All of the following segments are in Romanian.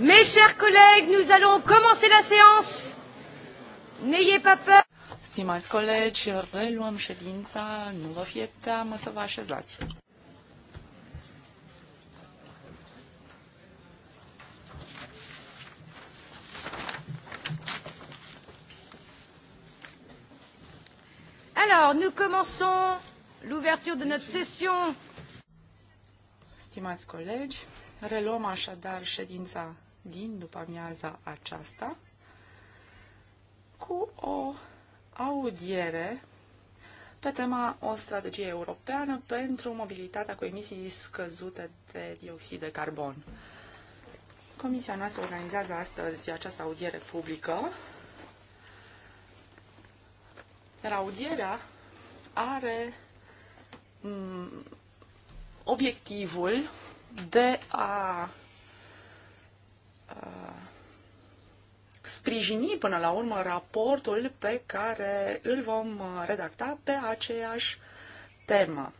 Mes chers collègues, nous allons commencer la séance. N'ayez pas peur. Stimați colegi, reluăm ședința, nu vă fie teamă să vă așezați. Alors, nous commençons l'ouverture de notre session. Stimați colegi, reluăm așadar ședința din după amiaza aceasta cu o audiere pe tema o strategie europeană pentru mobilitatea cu emisii scăzute de dioxid de carbon. Comisia noastră organizează astăzi această audiere publică, iar audierea are mm, obiectivul de a Uh, sprijini până la urmă raportul pe care îl vom redacta pe aceeași temă.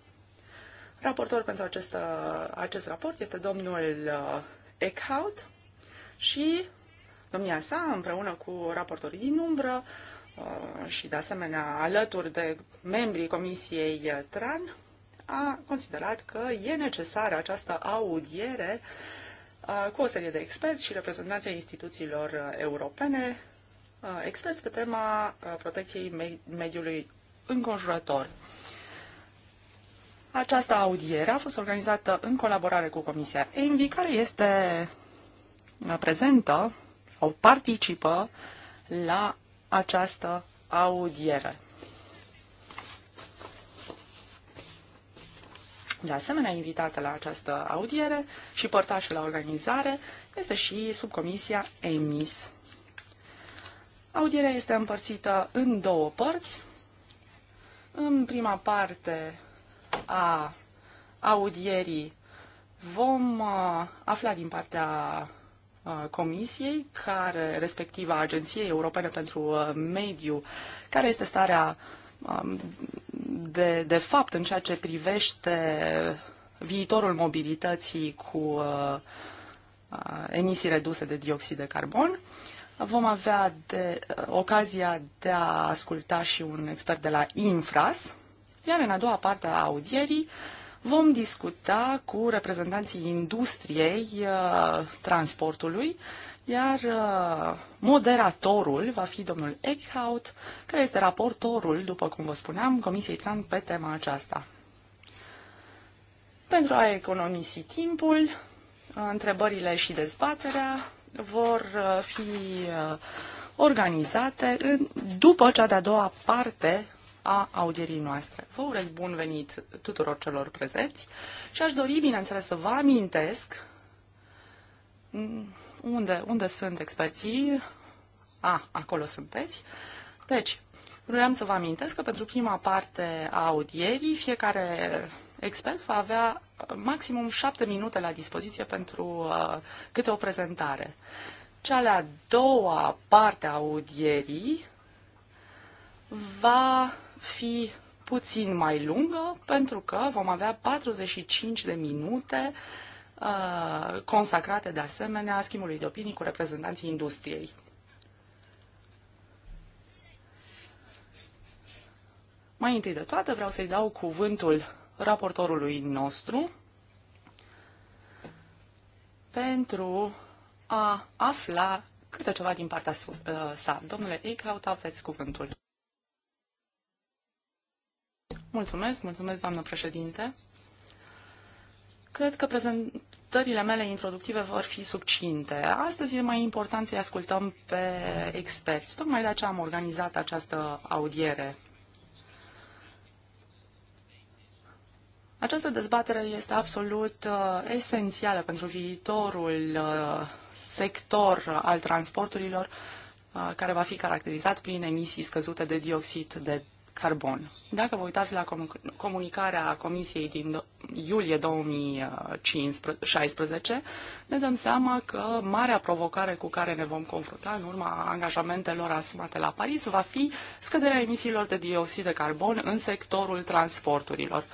Raportor pentru acest, uh, acest raport este domnul uh, Eckhout și domnia sa, împreună cu raportorii din umbră și, de asemenea, alături de membrii Comisiei TRAN, a considerat că e necesară această audiere uh, Uh, cu o serie de experți și reprezentanții instituțiilor uh, europene, uh, experți pe tema protecției mediului înconjurător. Această audiere a fost organizată în colaborare cu Comisia ENVI, care este prezentă sau participă la această audiere. De asemenea, invitată la această audiere și părtașul la organizare este și subcomisia EMIS. Audierea este împărțită în două părți. În prima parte a audierii vom uh, afla din partea uh, Comisiei, care, respectiva Agenției Europene pentru uh, Mediu, care este starea uh, Um, de, de fapt în ceea ce privește viitorul mobilității cu uh, uh, emisii reduse de dioxid de carbon. Vom avea de, uh, ocazia de a asculta și un expert de la Infras, iar în a doua parte a audierii vom discuta cu reprezentanții industriei transportului iar uh, moderatorul va fi domnul Eckhout, care este raportorul, după cum vă spuneam, Comisiei Trump pe tema aceasta. Pentru a economisi timpul, uh, întrebările și dezbaterea vor uh, fi organizate în, după cea de-a doua parte a audierii noastre. Vă urez bun venit tuturor celor prezenți și aș dori, bineînțeles, să vă amintesc mm, unde, unde sunt experții? A, acolo sunteți. Deci, vreau să vă amintesc că pentru prima parte a audierii, fiecare expert va avea maximum șapte minute la dispoziție pentru uh, câte o prezentare. Cea de-a doua parte a audierii va fi puțin mai lungă pentru că vom avea 45 de minute uh, Uh, consacrate de asemenea schimbului de opinii cu reprezentanții industriei. Mai întâi de toate vreau să-i dau cuvântul raportorului nostru pentru a afla câte ceva din partea uh, sa. Domnule Eichhout, aveți cuvântul. Mulțumesc, mulțumesc, doamnă președinte. Cred că prezentările mele introductive vor fi succinte. Astăzi e mai important să-i ascultăm pe experți. Tocmai de aceea am organizat această audiere. Această dezbatere este absolut uh, esențială pentru viitorul uh, sector al transporturilor, uh, care va fi caracterizat prin emisii scăzute de dioxid de carbon. Dacă vă uitați la comunicarea Comisiei din iulie 2016, ne dăm seama că marea provocare cu care ne vom confrunta în urma angajamentelor asumate la Paris va fi scăderea emisiilor de dioxid de carbon în sectorul transporturilor.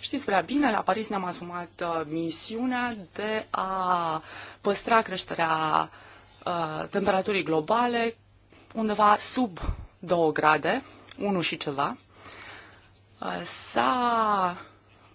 Știți prea bine, la Paris ne-am asumat uh, misiunea de a păstra creșterea uh, temperaturii globale undeva sub 2 grade 1 și ceva, uh, s-a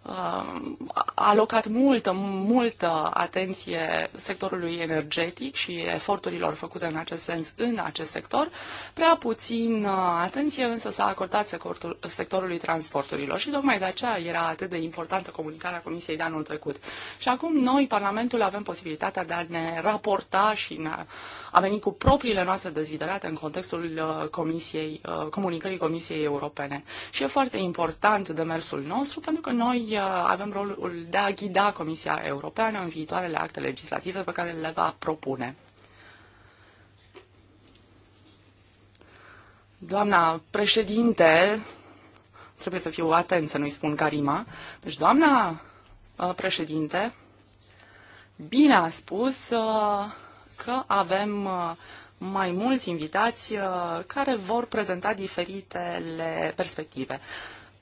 Um, a alocat multă, multă atenție sectorului energetic și eforturilor făcute în acest sens în acest sector, prea puțin uh, atenție însă s-a acordat sectorul, sectorului transporturilor și tocmai de aceea era atât de importantă comunicarea Comisiei de anul trecut. Și acum noi, Parlamentul, avem posibilitatea de a ne raporta și ne a venit cu propriile noastre deziderate în contextul uh, comisiei, uh, comunicării Comisiei Europene. Și e foarte important demersul nostru pentru că noi Uh, avem rolul de a ghida Comisia Europeană în viitoarele acte legislative pe care le va propune. Doamna președinte, trebuie să fiu atent să nu-i spun Karima, deci doamna uh, președinte, bine a spus uh, că avem mai mulți invitați care vor prezenta diferitele perspective.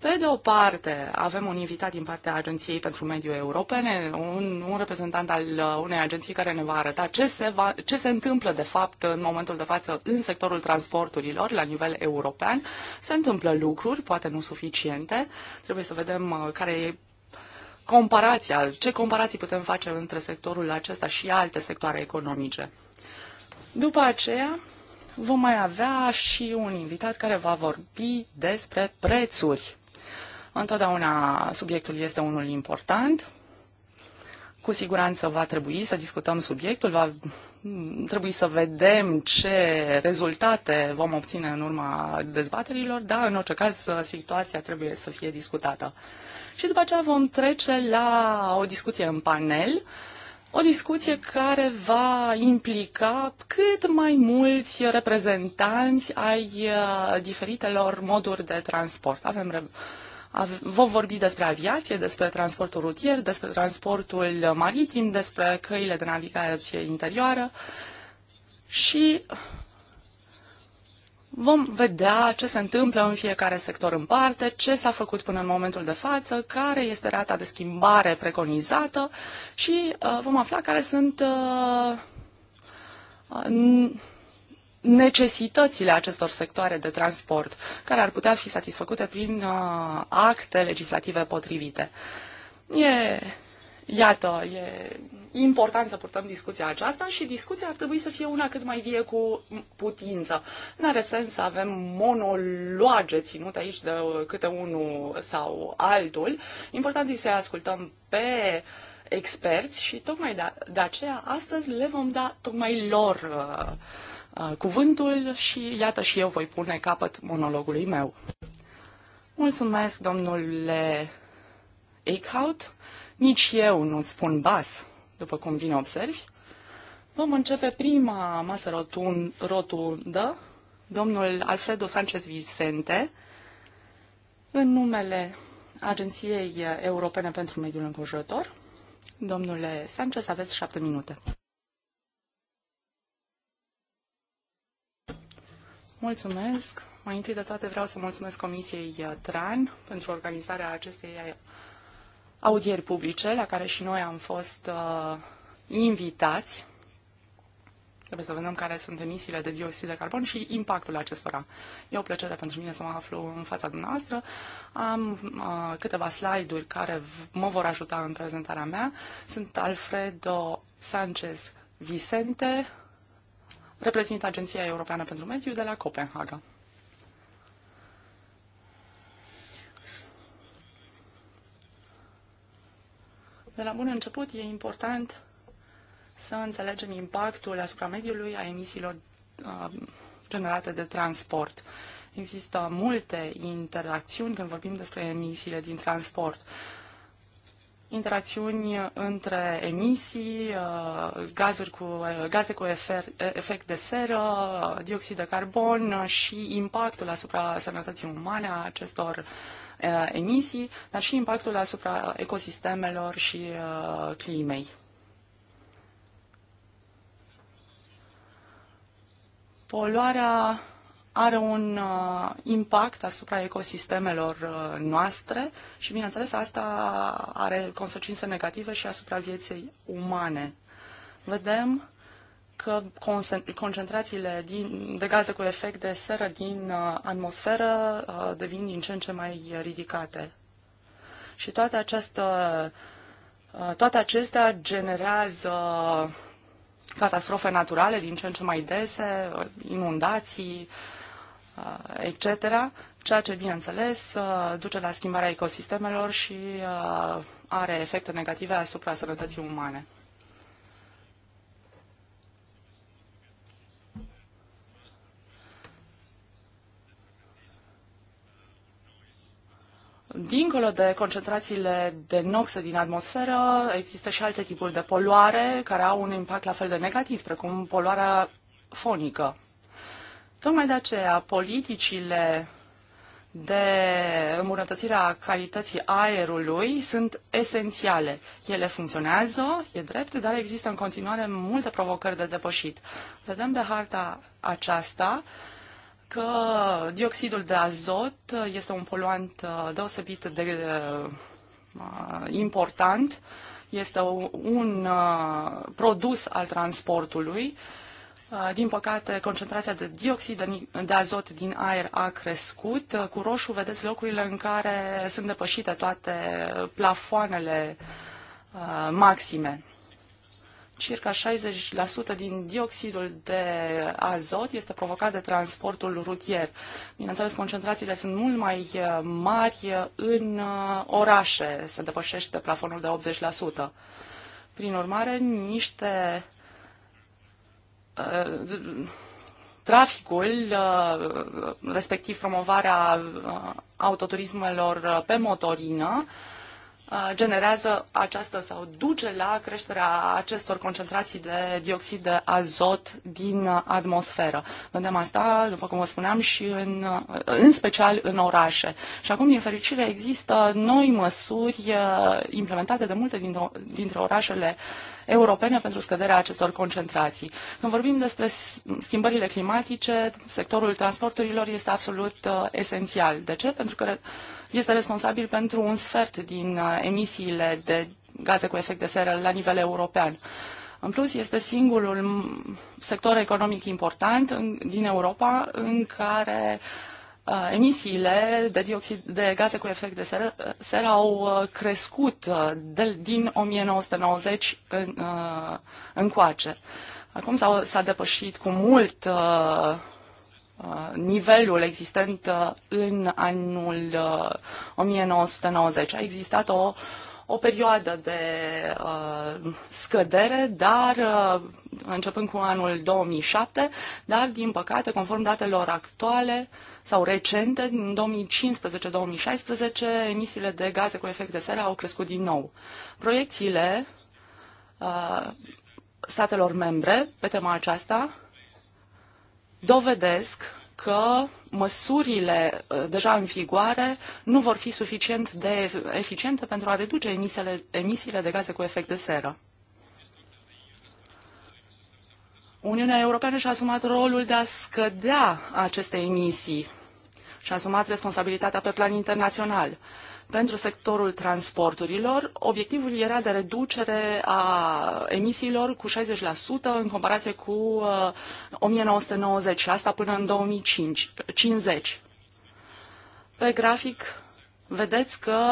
Pe de o parte, avem un invitat din partea Agenției pentru Mediul Europene, un, un reprezentant al uh, unei agenții care ne va arăta ce se, va, ce se întâmplă, de fapt, în momentul de față în sectorul transporturilor la nivel european. Se întâmplă lucruri, poate nu suficiente. Trebuie să vedem uh, care e comparația, ce comparații putem face între sectorul acesta și alte sectoare economice. După aceea, vom mai avea și un invitat care va vorbi despre prețuri. Întotdeauna subiectul este unul important. Cu siguranță va trebui să discutăm subiectul, va trebui să vedem ce rezultate vom obține în urma dezbaterilor, dar în orice caz situația trebuie să fie discutată. Și după aceea vom trece la o discuție în panel o discuție care va implica cât mai mulți reprezentanți ai uh, diferitelor moduri de transport. Avem Vom vorbi despre aviație, despre transportul rutier, despre transportul maritim, despre căile de navigație interioară și vom vedea ce se întâmplă în fiecare sector în parte, ce s-a făcut până în momentul de față, care este rata de schimbare preconizată și uh, vom afla care sunt uh, uh, necesitățile acestor sectoare de transport, care ar putea fi satisfăcute prin uh, acte legislative potrivite. E, iată, e important să purtăm discuția aceasta și discuția ar trebui să fie una cât mai vie cu putință. Nu are sens să avem monologe ținute aici de câte unul sau altul. Important este să ascultăm pe experți și tocmai de, de aceea astăzi le vom da tocmai lor uh, Uh, cuvântul și iată și eu voi pune capăt monologului meu. Mulțumesc, domnule Eichhout. Nici eu nu-ți spun bas, după cum bine observi. Vom începe prima masă rotundă. Domnul Alfredo Sanchez Vicente, în numele Agenției Europene pentru Mediul Înconjurător. Domnule Sanchez, aveți șapte minute. Mulțumesc. Mai întâi de toate vreau să mulțumesc Comisiei uh, TRAN pentru organizarea acestei uh, audieri publice la care și noi am fost uh, invitați. Trebuie să vedem care sunt emisiile de dioxid de carbon și impactul acestora. E o plăcere pentru mine să mă aflu în fața dumneavoastră. Am uh, câteva slide-uri care mă vor ajuta în prezentarea mea. Sunt Alfredo Sanchez Vicente, reprezintă Agenția Europeană pentru Mediu de la Copenhaga. De la bun început e important să înțelegem impactul asupra mediului a emisiilor uh, generate de transport. Există multe interacțiuni când vorbim despre emisiile din transport. Uh, interacțiuni între emisii, uh, gazuri cu, uh, gaze cu efect de seră, dioxid de carbon și impactul asupra sănătății umane a acestor uh, emisii, dar și impactul asupra ecosistemelor și climei. Poluarea are un uh, impact asupra ecosistemelor uh, noastre și, bineînțeles, asta are consecințe negative și asupra vieții umane. Vedem că concentrațiile din, de gaze cu efect de seră din uh, atmosferă uh, devin din ce în ce mai ridicate. Și toate, această, uh, toate acestea generează catastrofe naturale din ce în ce mai dese, uh, inundații, uh, Uh, etc., ceea ce, bineînțeles, uh, duce la schimbarea ecosistemelor și uh, are efecte negative asupra sănătății umane. Dincolo de concentrațiile de noxe din atmosferă, există și alte tipuri de poluare care au un impact la fel de negativ, precum poluarea fonică. Tocmai de aceea, politicile de îmbunătățire a calității aerului sunt esențiale. Ele funcționează, e drept, dar există în continuare multe provocări de depășit. Vedem pe harta aceasta că dioxidul de azot este un poluant uh, deosebit de uh, important, este un uh, produs al transportului, Uh, din păcate, concentrația de dioxid de azot din aer a crescut. Uh, cu roșu vedeți locurile în care sunt depășite toate plafoanele uh, maxime. Circa 60% din dioxidul de azot este provocat de transportul rutier. Bineînțeles, concentrațiile sunt mult mai mari în orașe, se depășește plafonul de 80%. Prin urmare, niște uh, Uh, traficul, uh, respectiv promovarea uh, autoturismelor pe motorină, Uh, generează această sau duce la creșterea acestor concentrații de dioxid de azot din atmosferă. Vedem asta, după cum vă spuneam, și în, uh, în special în orașe. Și acum, din fericire, există noi măsuri uh, implementate de multe dintre orașele europene pentru scăderea acestor concentrații. Când vorbim despre schimbările climatice, sectorul transporturilor este absolut esențial. De ce? Pentru că este responsabil pentru un sfert din uh, emisiile de gaze cu efect de seră la nivel european. În plus, este singurul sector economic important din Europa în care uh, emisiile de dioxid de gaze cu efect de seră, uh, seră au crescut de, din 1990 în, încoace. Acum s-a, depășit cu mult uh, Uh, nivelul existent uh, în anul 1990. Uh, A existat o, o perioadă de uh, scădere, dar uh, începând cu anul 2007, dar din păcate, conform datelor actuale sau recente, în 2015-2016, emisiile de gaze cu efect de seră au crescut din nou. Proiecțiile uh, statelor membre pe tema aceasta dovedesc că măsurile uh, deja în vigoare nu vor fi suficient de eficiente pentru a reduce emisiile, emisiile de gaze cu efect de seră. Uniunea Europeană și-a asumat rolul de a scădea aceste emisii și-a asumat responsabilitatea pe plan internațional pentru sectorul transporturilor, obiectivul era de reducere a emisiilor cu 60% în comparație cu 1990 uh, și asta până în 2050. Pe grafic vedeți că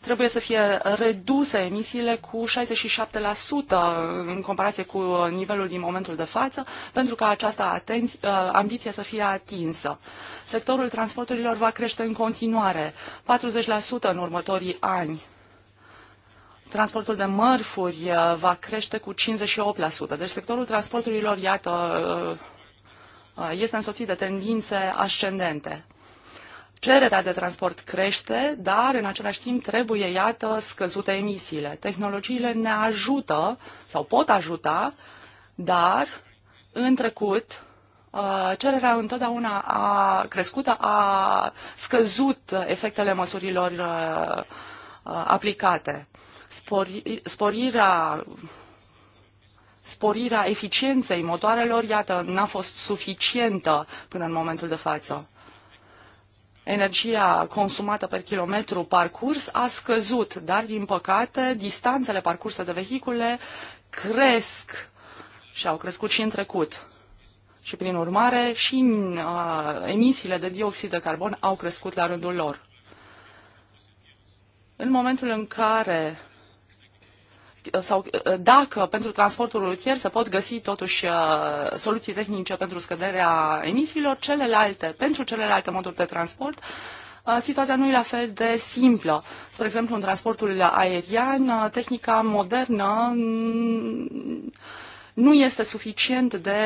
trebuie să fie reduse emisiile cu 67% în comparație cu nivelul din momentul de față, pentru ca această uh, ambiție să fie atinsă. Sectorul transporturilor va crește în continuare, 40% în următorii ani. Transportul de mărfuri uh, va crește cu 58%. Deci sectorul transporturilor, iată, uh, este însoțit de tendințe ascendente. Cererea de transport crește, dar în același timp trebuie, iată, scăzute emisiile. Tehnologiile ne ajută sau pot ajuta, dar în trecut uh, cererea întotdeauna a crescut, a scăzut efectele măsurilor uh, uh, aplicate. Spori, sporirea sporirea eficienței motoarelor, iată, n-a fost suficientă până în momentul de față energia consumată pe kilometru parcurs a scăzut, dar din păcate distanțele parcurse de vehicule cresc și au crescut și în trecut. Și prin urmare și uh, emisiile de dioxid de carbon au crescut la rândul lor. În momentul în care sau ă, dacă pentru transportul rutier se pot găsi totuși ă, soluții tehnice pentru scăderea emisiilor, celelalte, pentru celelalte moduri de transport, ă, situația nu e la fel de simplă. Spre exemplu, în transportul aerian, tehnica modernă mm, nu este suficient de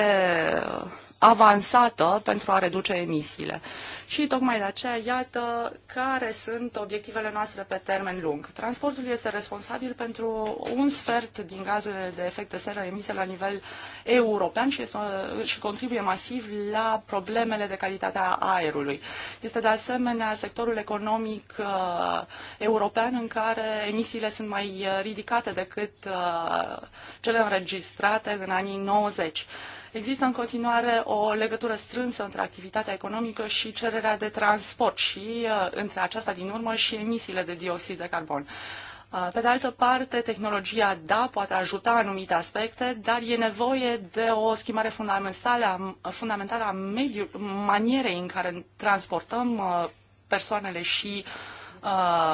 avansată pentru a reduce emisiile. Și tocmai de aceea, iată care sunt obiectivele noastre pe termen lung. Transportul este responsabil pentru un sfert din gazele de efect de seră emise la nivel european și, este, și contribuie masiv la problemele de calitate a aerului. Este de asemenea sectorul economic uh, european în care emisiile sunt mai ridicate decât uh, cele înregistrate în anii 90. Există în continuare o legătură strânsă între activitatea economică și cererea de transport și uh, între aceasta din urmă și emisiile de dioxid de carbon. Uh, pe de altă parte, tehnologia, da, poate ajuta anumite aspecte, dar e nevoie de o schimbare fundamentală, fundamentală a mediul, manierei în care transportăm uh, persoanele și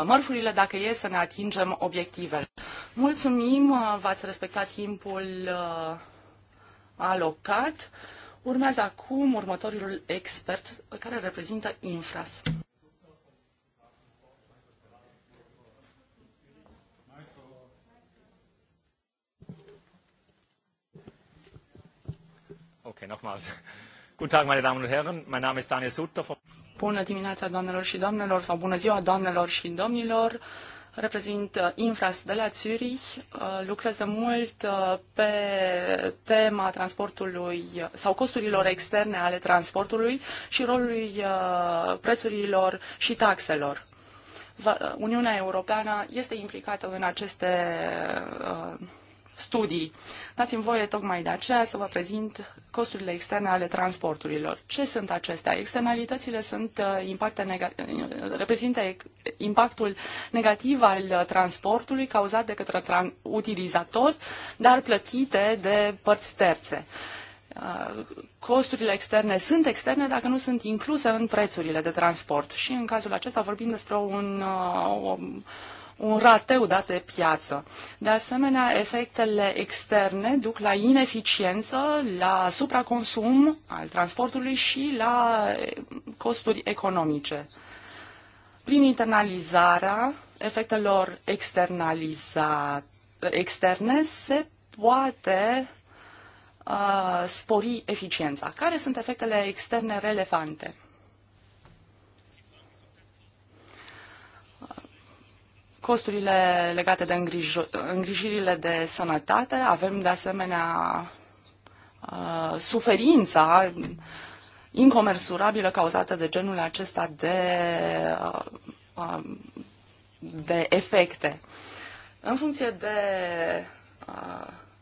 mărfurile dacă e să ne atingem obiectivele. Mulțumim, v-ați respectat timpul uh, alocat. Urmează acum următorul expert care reprezintă Infras. Okay, nochmals. Guten Tag, meine Damen und Herren. Mein Name ist Daniel Sutter. Bună dimineața, doamnelor și domnilor, sau bună ziua, doamnelor și domnilor reprezint uh, Infras de la Zürich. Uh, lucrez de mult uh, pe tema transportului sau costurilor externe ale transportului și rolului prețurilor și taxelor. Uniunea Europeană este implicată în aceste studii. Dați-mi voie tocmai de aceea să vă prezint costurile externe ale transporturilor. Ce sunt acestea? Externalitățile sunt uh, impacte neg- uh, reprezintă impactul negativ al uh, transportului cauzat de către utilizatori, dar plătite de părți terțe costurile externe sunt externe dacă nu sunt incluse în prețurile de transport. Și în cazul acesta vorbim despre un, o, un rateu dat de piață. De asemenea, efectele externe duc la ineficiență, la supraconsum al transportului și la eh, costuri economice. Prin internalizarea efectelor externe se poate uh, spori eficiența. Care sunt efectele externe relevante? costurile legate de îngrijirile de sănătate, avem de asemenea uh, suferința incomersurabilă cauzată de genul acesta de, uh, uh, de efecte. În funcție de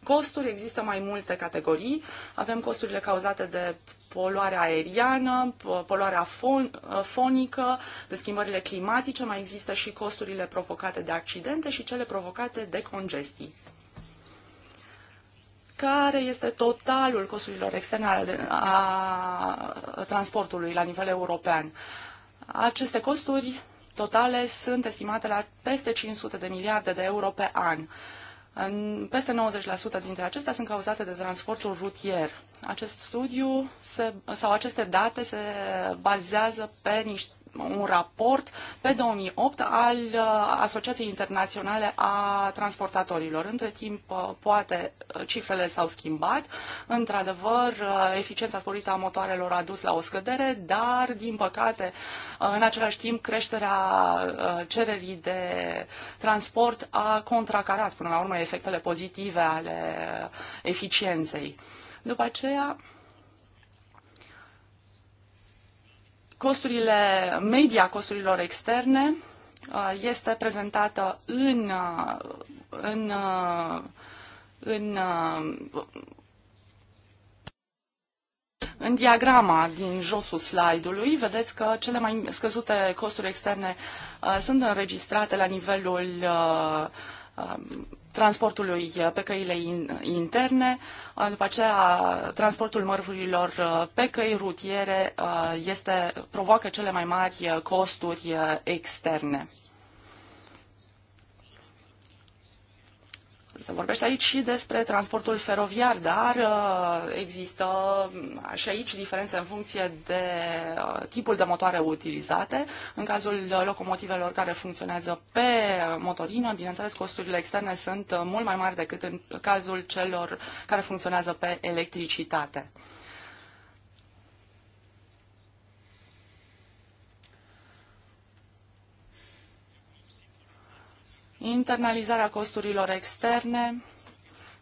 costuri, există mai multe categorii. Avem costurile cauzate de poluarea aeriană, poluarea fon, uh, fonică, de schimbările climatice, mai există și costurile provocate de accidente și cele provocate de congestii. Care este totalul costurilor externe a transportului la nivel european? Aceste costuri totale sunt estimate la peste 500 de miliarde de euro pe an peste 90% dintre acestea sunt cauzate de transportul rutier. Acest studiu se, sau aceste date se bazează pe niște un raport pe 2008 al uh, Asociației Internaționale a Transportatorilor. Între timp, uh, poate uh, cifrele s-au schimbat. Într-adevăr, eficiența sporită a motoarelor a dus la o scădere, dar, din păcate, în același timp, creșterea cererii de transport a contracarat, până la urmă, efectele pozitive ale eficienței. După aceea, costurile, media costurilor externe uh, este prezentată în, uh, în, uh, în, în diagrama din josul slide-ului. Vedeți că cele mai scăzute costuri externe sunt înregistrate la nivelul transportului uh, pe căile interne, uh, după aceea transportul mărfurilor uh, pe căi rutiere este, provoacă cele mai mari costuri externe. Se vorbește aici și despre transportul feroviar, dar uh, există mm, și aici diferențe în funcție de uh, tipul de motoare utilizate. În cazul uh, locomotivelor care funcționează pe motorină, bineînțeles, costurile externe sunt mult mai mari decât în cazul celor care funcționează pe electricitate. Internalizarea costurilor externe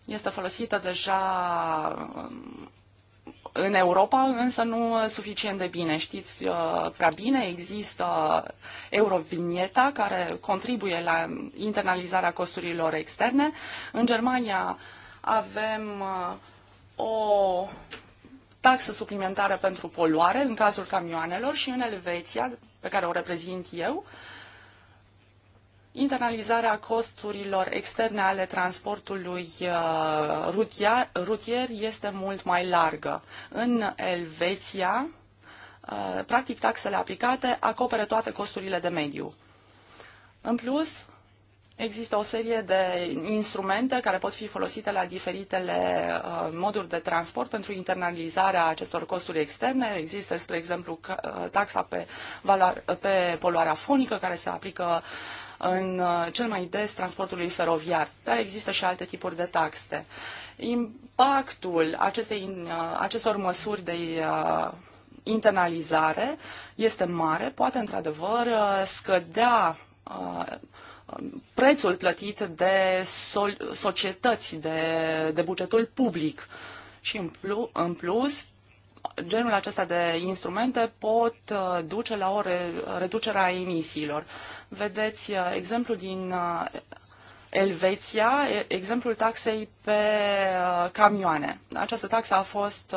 este folosită deja um, în Europa, însă nu suficient de bine. Știți uh, prea bine, există Eurovinieta care contribuie la internalizarea costurilor externe. În Germania avem uh, o taxă suplimentară pentru poluare în cazul camioanelor și în Elveția, pe care o reprezint eu, uh, Internalizarea costurilor externe ale transportului uh, rutier este mult mai largă. În Elveția, uh, practic taxele aplicate acoperă toate costurile de mediu. În plus, Există o serie de instrumente care pot fi folosite la diferitele uh, moduri de transport pentru internalizarea acestor costuri externe. Există, spre exemplu, taxa pe, valoare, pe poluarea fonică care se aplică uh, în uh, cel mai des transportului feroviar, dar există și alte tipuri de taxe. Impactul acestei, uh, acestor măsuri de uh, internalizare este mare, poate într-adevăr scădea prețul plătit de societăți, de, de bugetul public. Și în plus, în plus genul acesta de instrumente pot uh, duce la o reducere a emisiilor. Vedeți uh, exemplul din uh, Elveția, exemplul taxei pe camioane. Această taxă a fost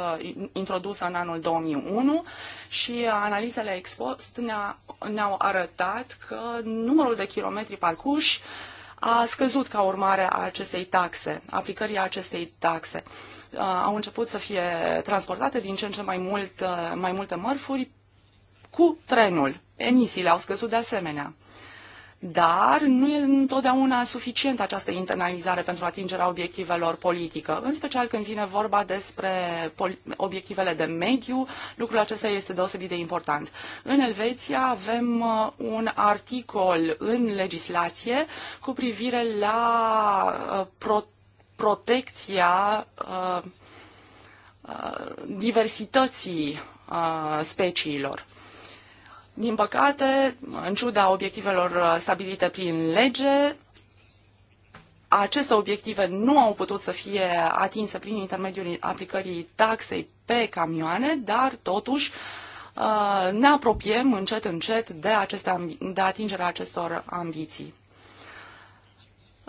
introdusă în anul 2001 și analizele expost ne-au ne arătat că numărul de kilometri parcurși a scăzut ca urmare a acestei taxe, aplicării acestei taxe. Uh, Uh, au început să fie transportate din ce în ce mai, mult, uh, mai multe mărfuri cu trenul. Emisiile au scăzut de asemenea. Dar nu e întotdeauna suficientă această internalizare pentru atingerea obiectivelor politică, în special când vine vorba despre obiectivele de mediu, lucrul acesta este deosebit de important. În Elveția avem uh, un articol în legislație cu privire la protecția protecția uh, uh, diversității uh, speciilor. Din păcate, în ciuda obiectivelor uh, stabilite prin lege, aceste obiective nu au putut să fie atinse prin intermediul aplicării taxei pe camioane, dar totuși uh, ne apropiem încet încet de, aceste, de atingerea acestor ambiții.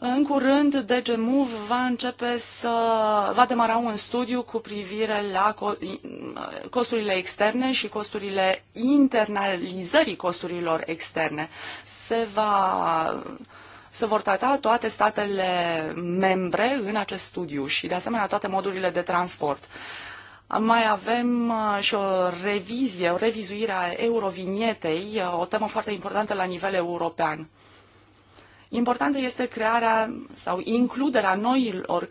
În curând, DG Move va începe să va demara un studiu cu privire la costurile externe și costurile internalizării costurilor externe. Se va se vor trata toate statele membre în acest studiu și, de asemenea, toate modurile de transport. Mai avem uh, și o revizie, o revizuire a eurovinietei, uh, o temă foarte importantă la nivel european. Importantă este crearea sau includerea noilor,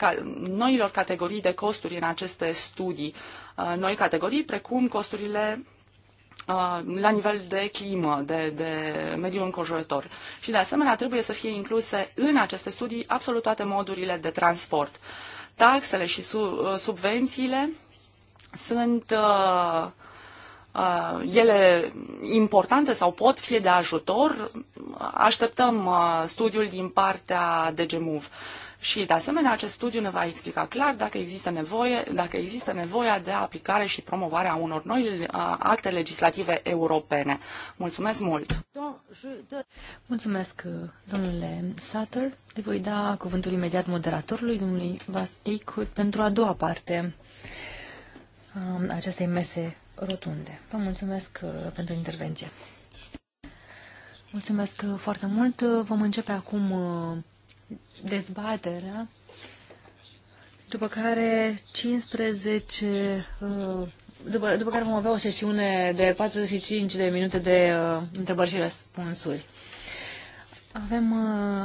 noilor categorii de costuri în aceste studii. Uh, noi categorii, precum costurile uh, la nivel de climă, de, de mediu înconjurător. Și de asemenea trebuie să fie incluse în aceste studii absolut toate modurile de transport. Taxele și uh, subvențiile sunt uh, ele importante sau pot fi de ajutor așteptăm uh, studiul din partea DGMUV. Și, de asemenea, acest studiu ne va explica clar dacă există, nevoie, dacă există nevoia de aplicare și promovarea unor noi uh, acte legislative europene. Mulțumesc mult! Mulțumesc, domnule Satter. Îi voi da cuvântul imediat moderatorului, domnului Vas Eichhut, pentru a doua parte um, acestei mese rotunde. Vă mulțumesc uh, pentru intervenție. Mulțumesc uh, foarte mult. Uh, vom începe acum uh, dezbaterea, după care 15, după, după care vom avea o sesiune de 45 de minute de întrebări și răspunsuri. Avem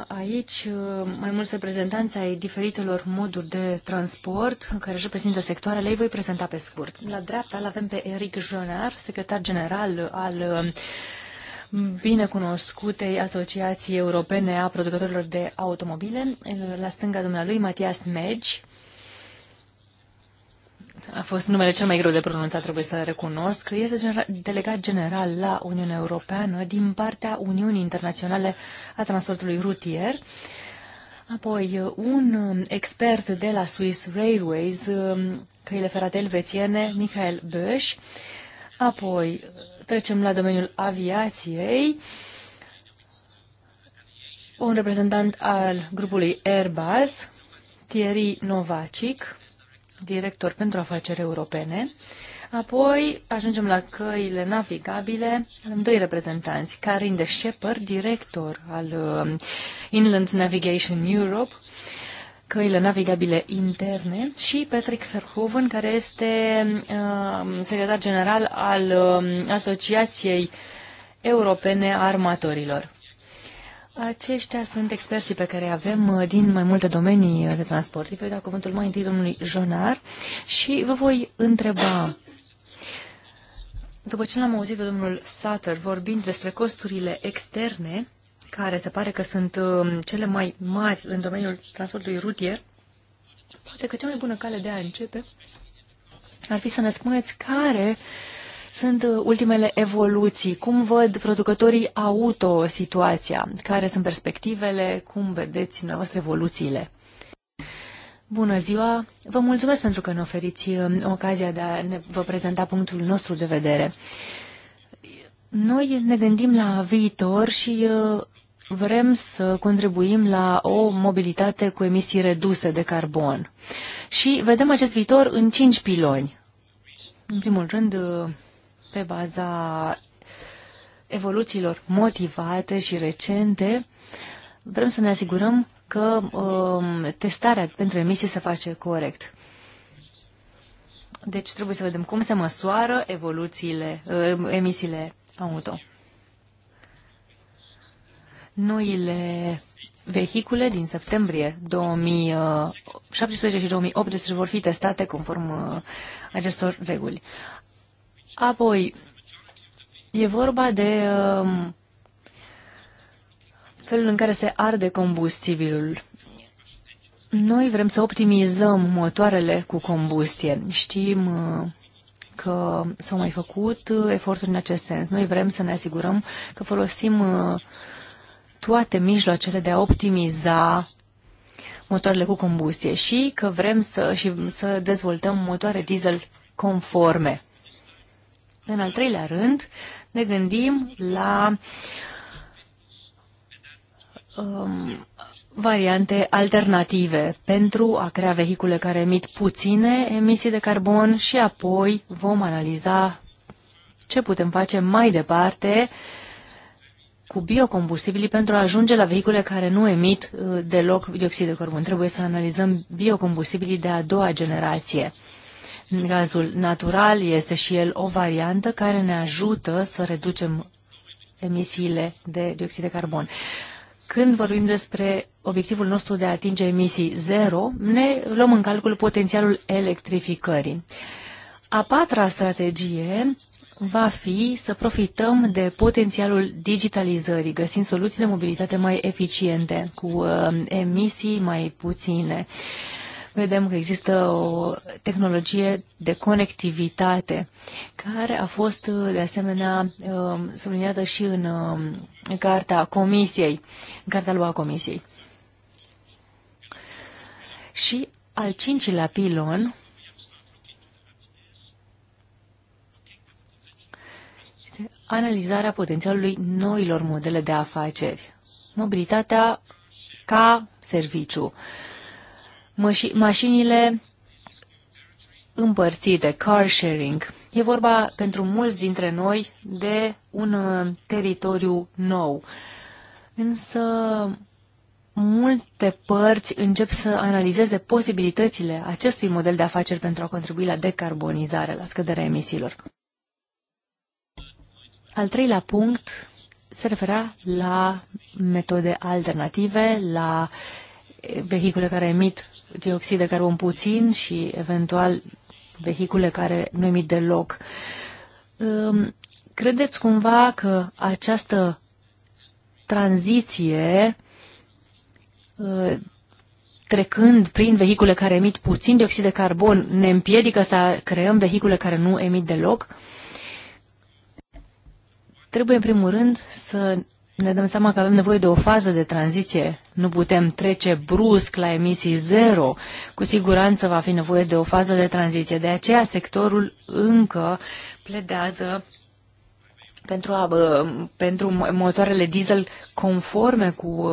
aici mai mulți reprezentanți ai diferitelor moduri de transport care își reprezintă sectoarele. Îi voi prezenta pe scurt. La dreapta îl avem pe Eric Jonar, secretar general al bine cunoscutei Asociații Europene a Producătorilor de Automobile. La stânga dumnealui, Matias Megi. A fost numele cel mai greu de pronunțat, trebuie să recunosc. Este delegat general la Uniunea Europeană din partea Uniunii Internaționale a Transportului Rutier. Apoi, un expert de la Swiss Railways, um, căile ferate elvețiene, Michael Bösch. Apoi, trecem la domeniul aviației. Un reprezentant al grupului Airbus, Thierry Novacic, director pentru afaceri europene. Apoi ajungem la căile navigabile. Avem doi reprezentanți, Karin de Shepard, director al um, Inland Navigation Europe, căile navigabile interne și Patrick Verhoeven, care este uh, secretar general al uh, Asociației Europene a Armatorilor. Aceștia sunt experții pe care avem uh, din mai multe domenii uh, de transport. Îi voi da cuvântul mai întâi domnului Jonar și vă voi întreba, după ce l-am auzit pe domnul Sutter vorbind despre costurile externe, care se pare că sunt um, cele mai mari în domeniul transportului rutier, poate că cea mai bună cale de a începe ar fi să ne spuneți care sunt uh, ultimele evoluții, cum văd producătorii auto situația, care sunt perspectivele, cum vedeți dumneavoastră evoluțiile. Bună ziua! Vă mulțumesc pentru că ne oferiți um, ocazia de a ne, vă prezenta punctul nostru de vedere. Noi ne gândim la viitor și uh, vrem să contribuim la o mobilitate cu emisii reduse de carbon. Și vedem acest viitor în cinci piloni. În primul rând, pe baza evoluțiilor motivate și recente, vrem să ne asigurăm că um, testarea pentru emisii se face corect. Deci trebuie să vedem cum se măsoară evoluțiile, uh, emisiile auto. Noile vehicule din septembrie 2017 și 2018 vor fi testate conform uh, acestor reguli. Apoi, e vorba de um, felul în care se arde combustibilul. Noi vrem să optimizăm motoarele cu combustie. Știm uh, că s-au mai făcut uh, eforturi în acest sens. Noi vrem să ne asigurăm că folosim toate mijloacele de a optimiza motoarele cu combustie și că vrem să, și, să dezvoltăm motoare diesel conforme. În al treilea rând, ne gândim la um, variante alternative pentru a crea vehicule care emit puține emisii de carbon și apoi vom analiza ce putem face mai departe uh, cu biocombustibilii pentru a ajunge la vehicule care nu emit uh, deloc dioxid de carbon. Trebuie să analizăm biocombustibilii de a doua generație. Gazul natural este și el o variantă care ne ajută să reducem emisiile de dioxid de carbon. Când vorbim despre obiectivul nostru de a atinge emisii zero, ne luăm în calcul potențialul electrificării. A patra strategie va fi să profităm de potențialul digitalizării, găsind soluții de mobilitate mai eficiente, cu uh, emisii mai puține. Vedem că există o tehnologie de conectivitate, care a fost uh, de asemenea um, subliniată și um, în cartea Comisiei, în cartea lui a Comisiei. Și al cincilea pilon analizarea potențialului noilor modele de afaceri. Mobilitatea ca serviciu. mașinile împărțite, car sharing. E vorba pentru mulți dintre noi de un uh, teritoriu nou. Însă multe părți încep să analizeze posibilitățile acestui model de afaceri pentru a contribui la decarbonizare, la scăderea emisiilor. Al treilea punct se refera la metode alternative, la vehicule care emit dioxid de carbon puțin și eventual vehicule care nu emit deloc. Credeți cumva că această tranziție trecând prin vehicule care emit puțin dioxid de carbon ne împiedică să creăm vehicule care nu emit deloc? Uh, Trebuie, în primul rând, să ne dăm seama că avem nevoie de o fază de tranziție. Nu putem trece brusc la emisii zero. Cu siguranță va fi nevoie de o fază de tranziție. De aceea sectorul încă pledează pentru, a, pentru motoarele diesel conforme cu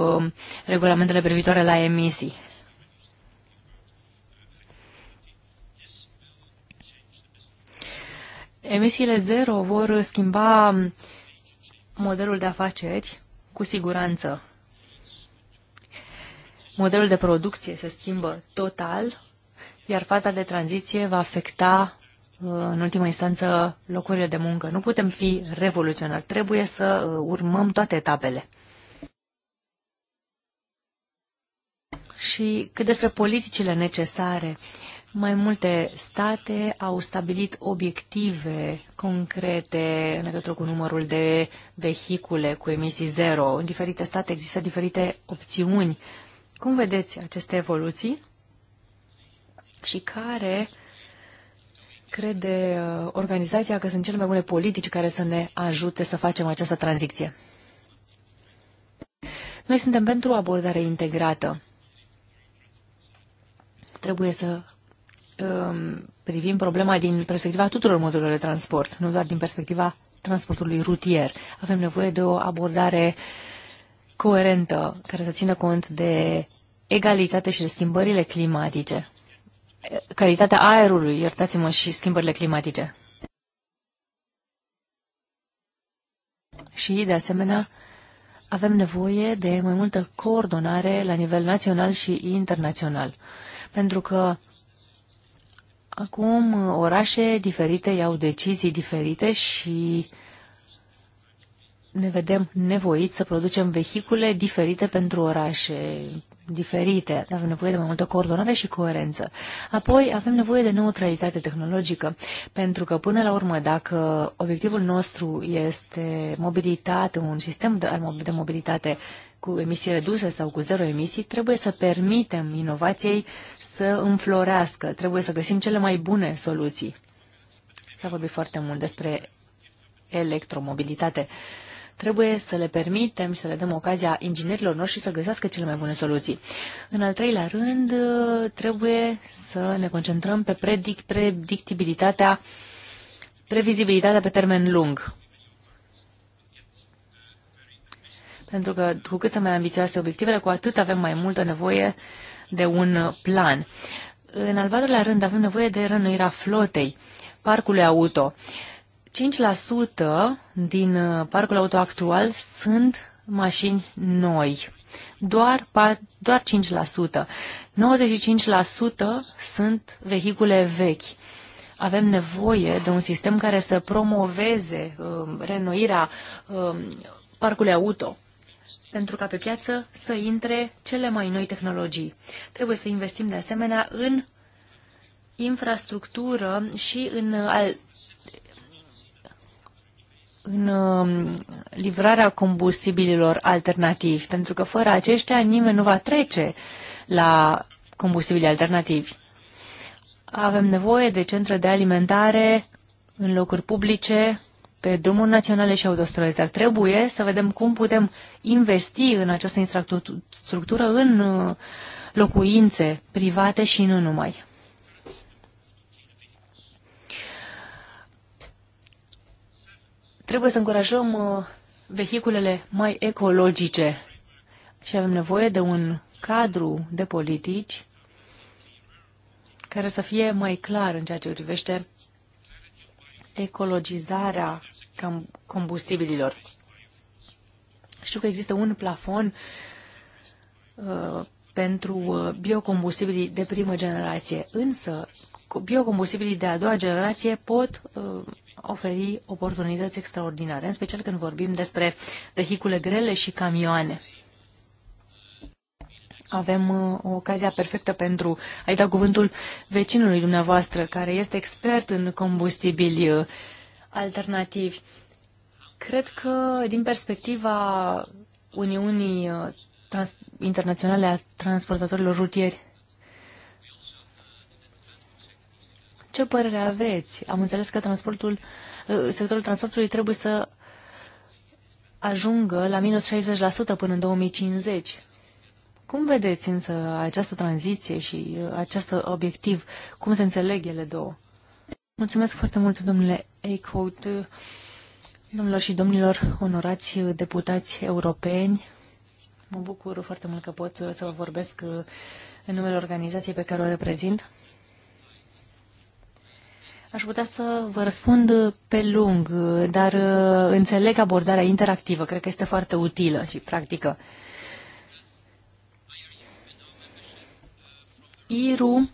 regulamentele privitoare la emisii. Emisiile zero vor schimba uh, modelul de afaceri, cu siguranță, modelul de producție se schimbă total, iar faza de tranziție va afecta uh, în ultima instanță locurile de muncă. Nu putem fi revoluționari, trebuie să uh, urmăm toate etapele. Și cât despre politicile necesare, uh, mai multe state au stabilit obiective concrete în legătură cu numărul de vehicule cu emisii zero. În diferite state există diferite opțiuni. Cum vedeți aceste evoluții și care crede uh, organizația că sunt cele mai bune politici care să ne ajute să facem această tranziție? Noi suntem pentru o abordare integrată. Trebuie să Um, privim problema din perspectiva tuturor modurilor de transport, nu doar din perspectiva transportului rutier. Avem nevoie de o abordare coerentă care să țină cont de egalitate și de schimbările climatice. Calitatea aerului, iertați-mă, și schimbările climatice. Și, de asemenea, avem nevoie de mai multă coordonare la nivel național și internațional. Pentru că Acum uh, orașe diferite iau decizii diferite și ne vedem nevoiți să producem vehicule diferite pentru orașe diferite. Avem nevoie de mai multă coordonare și coerență. Apoi avem nevoie de neutralitate tehnologică, pentru că până la urmă, dacă obiectivul nostru este mobilitate, un sistem de mobilitate cu emisii reduse sau cu zero emisii, trebuie să permitem inovației să înflorească. Trebuie să găsim cele mai bune soluții. S-a vorbit foarte mult despre electromobilitate. Trebuie să le permitem și să le dăm ocazia inginerilor noștri să găsească cele mai bune soluții. În al treilea rând, trebuie să ne concentrăm pe predictibilitatea, previzibilitatea pe termen lung pentru că cu cât sunt mai ambicioase obiectivele, cu atât avem mai multă nevoie de un plan. În al doilea rând, avem nevoie de rănuirea flotei, parcului auto. 5% din uh, parcul auto actual sunt mașini noi. Doar, doar 5%. 95% sunt vehicule vechi. Avem nevoie de un sistem care să promoveze uh, renoirea uh, parcului auto pentru ca pe piață să intre cele mai noi tehnologii. Trebuie să investim de asemenea în infrastructură și în, al, în um, livrarea combustibililor alternativi, pentru că fără aceștia nimeni nu va trece la combustibili alternativi. Avem nevoie de centre de alimentare în locuri publice, pe drumuri naționale și autostrăzi, dar trebuie să vedem cum putem investi în această infrastructură în uh, locuințe private și nu numai. Trebuie să încurajăm uh, vehiculele mai ecologice și avem nevoie de un cadru de politici care să fie mai clar în ceea ce privește ecologizarea combustibililor. Știu că există un plafon uh, pentru uh, biocombustibilii de primă generație, însă biocombustibilii de a doua generație pot uh, oferi oportunități extraordinare, în special când vorbim despre vehicule grele și camioane. Avem o ocazia perfectă pentru a-i da cuvântul vecinului dumneavoastră, care este expert în combustibili alternativi. Cred că din perspectiva Uniunii uh, trans- Internaționale a Transportatorilor Rutieri, ce părere aveți? Am înțeles că transportul, uh, sectorul transportului trebuie să ajungă la minus 60% până în 2050. Cum vedeți însă această tranziție și uh, acest obiectiv? Cum se înțeleg ele două? Mulțumesc foarte mult, domnule Eichhout, domnilor și domnilor onorați deputați europeni. Mă bucur foarte mult că pot să vă vorbesc în numele organizației pe care o reprezint. Aș putea să vă răspund pe lung, dar înțeleg abordarea interactivă. Cred că este foarte utilă și practică. IRU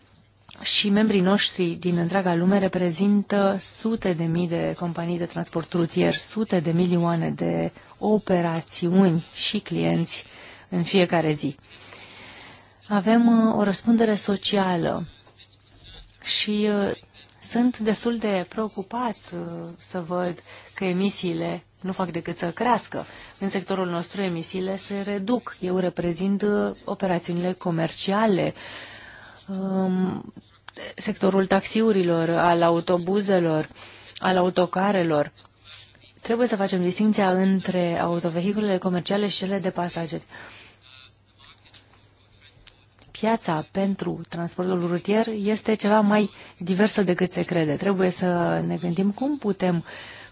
și membrii noștri din întreaga lume reprezintă sute de mii de companii de transport rutier, sute de milioane de operațiuni și clienți în fiecare zi. Avem uh, o răspundere socială și uh, sunt destul de preocupat uh, să văd că emisiile nu fac decât să crească. În sectorul nostru emisiile se reduc. Eu reprezint operațiunile comerciale, uh, um, sectorul taxiurilor, al autobuzelor, al autocarelor. Trebuie să facem distinția între autovehiculele comerciale și cele de pasageri. Piața pentru transportul rutier este ceva mai diversă decât se crede. Trebuie să ne gândim cum putem uh,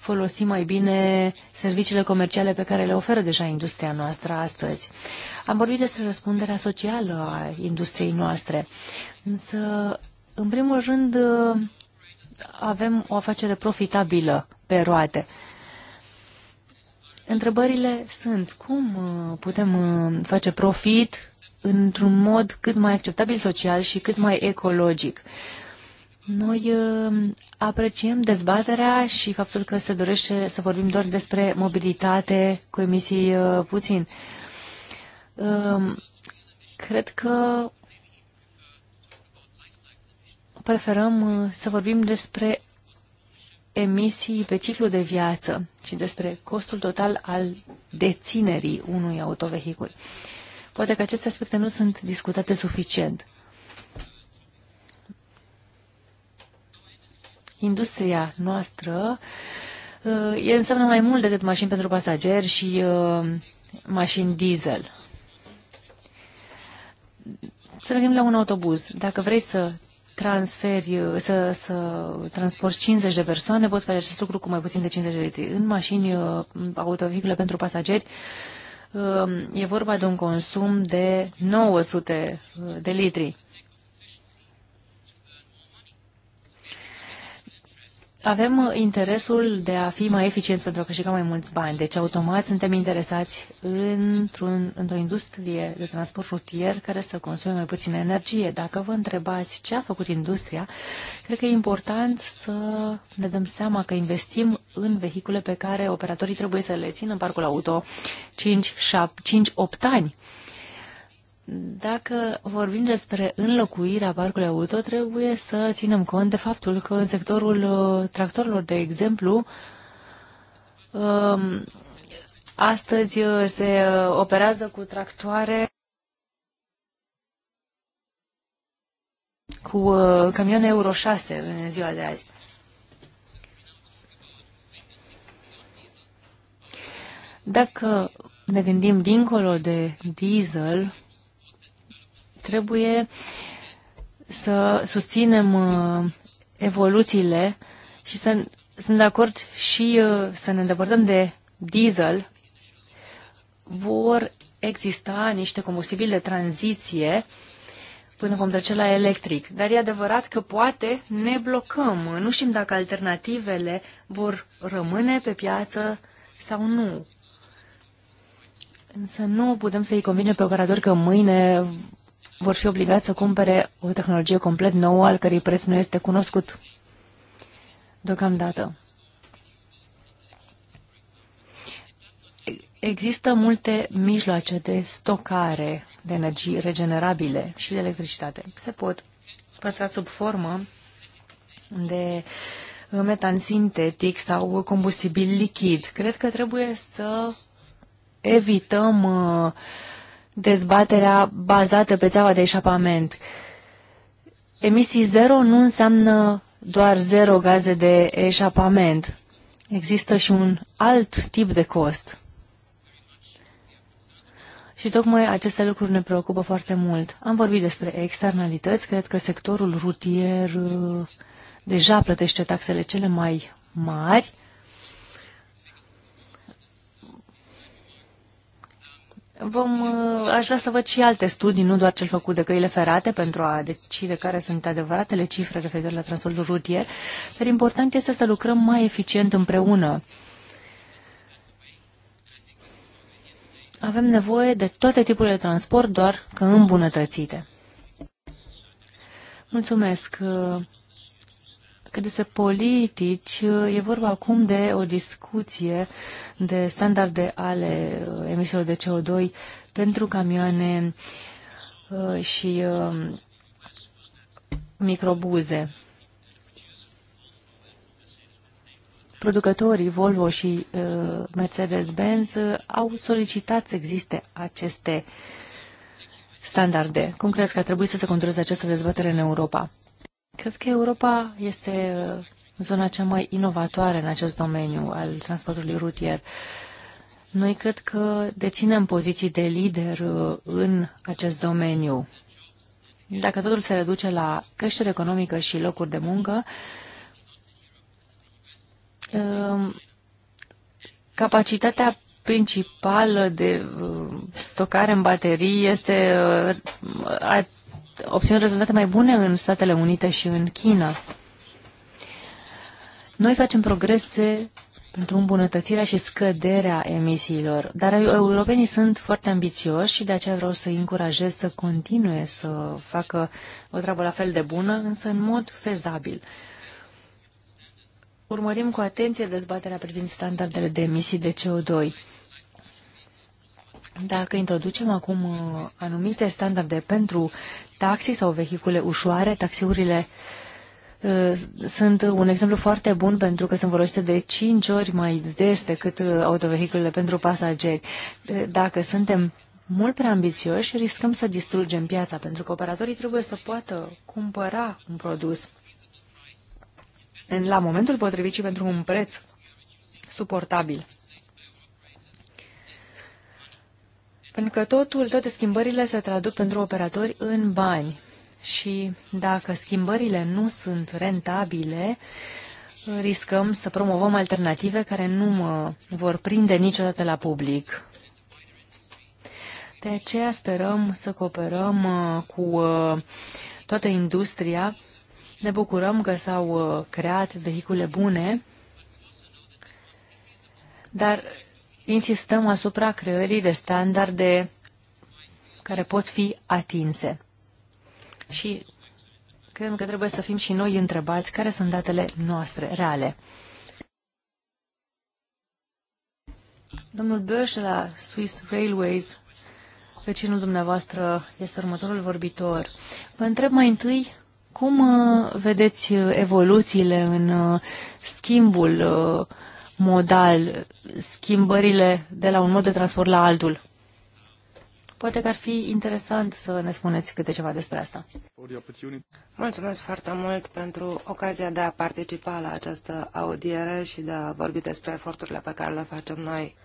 folosi mai bine serviciile comerciale pe care le oferă deja industria noastră astăzi. Am vorbit despre răspunderea socială a industriei noastre, însă, în primul rând, avem o afacere profitabilă pe roate. Întrebările sunt cum uh, putem uh, face profit într-un mod cât mai acceptabil social și cât mai ecologic. Noi uh, apreciem dezbaterea și faptul că se dorește să vorbim doar despre mobilitate cu emisii uh, puțin. Um, cred că preferăm uh, să vorbim despre emisii pe ciclu de viață și despre costul total al deținerii unui autovehicul. Poate că aceste aspecte nu sunt discutate suficient. Industria noastră uh, e înseamnă mai mult decât mașini pentru pasageri și uh, mașini diesel. Să ne gândim la un autobuz. Dacă vrei să transferi, uh, să, să transporti 50 de persoane, poți face acest lucru cu mai puțin de 50 de litri. În mașini, autovehicule pentru pasageri, e vorba de un consum de 900 de litri. avem uh, interesul de a fi mai eficienți pentru a câștiga mai mulți bani. Deci, automat, suntem interesați într o într-o industrie de transport rutier care să consume mai puțină energie. Dacă vă întrebați ce a făcut industria, cred că e important să ne dăm seama că investim în vehicule pe care operatorii trebuie să le țină în parcul auto 5-8 ani. Dacă vorbim despre înlocuirea parcului auto, trebuie să ținem cont de faptul că în sectorul uh, tractorilor, de exemplu, um, astăzi uh, se uh, operează cu tractoare cu camioane Euro 6 în ziua de azi. Dacă ne gândim dincolo de diesel, Trebuie să susținem uh, evoluțiile și să, sunt de acord și uh, să ne îndepărtăm de diesel. Vor exista niște combustibili de tranziție până vom trece la electric. Dar e adevărat că poate ne blocăm. Nu știm dacă alternativele vor rămâne pe piață sau nu. Însă nu putem să-i convingem pe operatori că mâine vor fi obligați să cumpere o tehnologie complet nouă, al cărei preț nu este cunoscut deocamdată. Există multe mijloace de stocare de energii regenerabile și de electricitate. Se pot păstra sub formă de metan sintetic sau combustibil lichid. Cred că trebuie să evităm uh, dezbaterea bazată pe țeava de eșapament. Emisii zero nu înseamnă doar zero gaze de eșapament. Există și un alt tip de cost. Și tocmai aceste lucruri ne preocupă foarte mult. Am vorbit despre externalități. Cred că sectorul rutier uh, deja plătește taxele cele mai mari vom, uh, aș vrea să văd și alte studii, nu doar cel făcut de căile ferate, pentru a decide care sunt adevăratele cifre referitoare la transportul rutier, dar important este să lucrăm mai eficient împreună. Avem nevoie de toate tipurile de transport, doar că îmbunătățite. Mulțumesc. Uh, că despre politici e vorba acum de o discuție de standarde ale uh, emisiilor de CO2 pentru camioane uh, și uh, microbuze. Producătorii Volvo și Mercedes-Benz au solicitat să existe aceste standarde. Cum crezi că ar trebui să se controleze această dezbatere în Europa? Cred că Europa este uh, zona cea mai inovatoare în acest domeniu al transportului rutier. Noi cred că deținem poziții de lider uh, în acest domeniu. Dacă totul se reduce la creștere economică și locuri de muncă, um, capacitatea principală de uh, stocare în baterii este obținut rezultate mai bune în Statele Unite și în China. Noi facem progrese pentru îmbunătățirea și scăderea emisiilor, dar europenii sunt foarte ambițioși și de aceea vreau să-i încurajez să continue să facă o treabă la fel de bună, însă în mod fezabil. Urmărim cu atenție dezbaterea privind standardele de emisii de CO2. Dacă introducem acum uh, anumite standarde pentru taxi sau vehicule ușoare, taxiurile uh, sunt un exemplu foarte bun pentru că sunt folosite de 5 ori mai des decât uh, autovehiculele pentru pasageri. Dacă suntem mult prea ambițioși, riscăm să distrugem piața, pentru că operatorii trebuie să poată cumpăra un produs la momentul potrivit și pentru un preț suportabil. Pentru că totul, toate schimbările se traduc pentru operatori în bani. Și dacă schimbările nu sunt rentabile, riscăm să promovăm alternative care nu mă vor prinde niciodată la public. De aceea sperăm să cooperăm uh, cu uh, toată industria. Ne bucurăm că s-au uh, creat vehicule bune, dar insistăm asupra creării de standarde care pot fi atinse. Și credem că trebuie să fim și noi întrebați care sunt datele noastre reale. Domnul Bösch la Swiss Railways, vecinul dumneavoastră, este următorul vorbitor. Vă întreb mai întâi cum uh, vedeți uh, evoluțiile în uh, schimbul uh, modal, schimbările de la un mod de transport la altul. Poate că ar fi interesant să ne spuneți câte ceva despre asta. Mulțumesc foarte mult pentru ocazia de a participa la această audiere și de a vorbi despre eforturile pe care le facem noi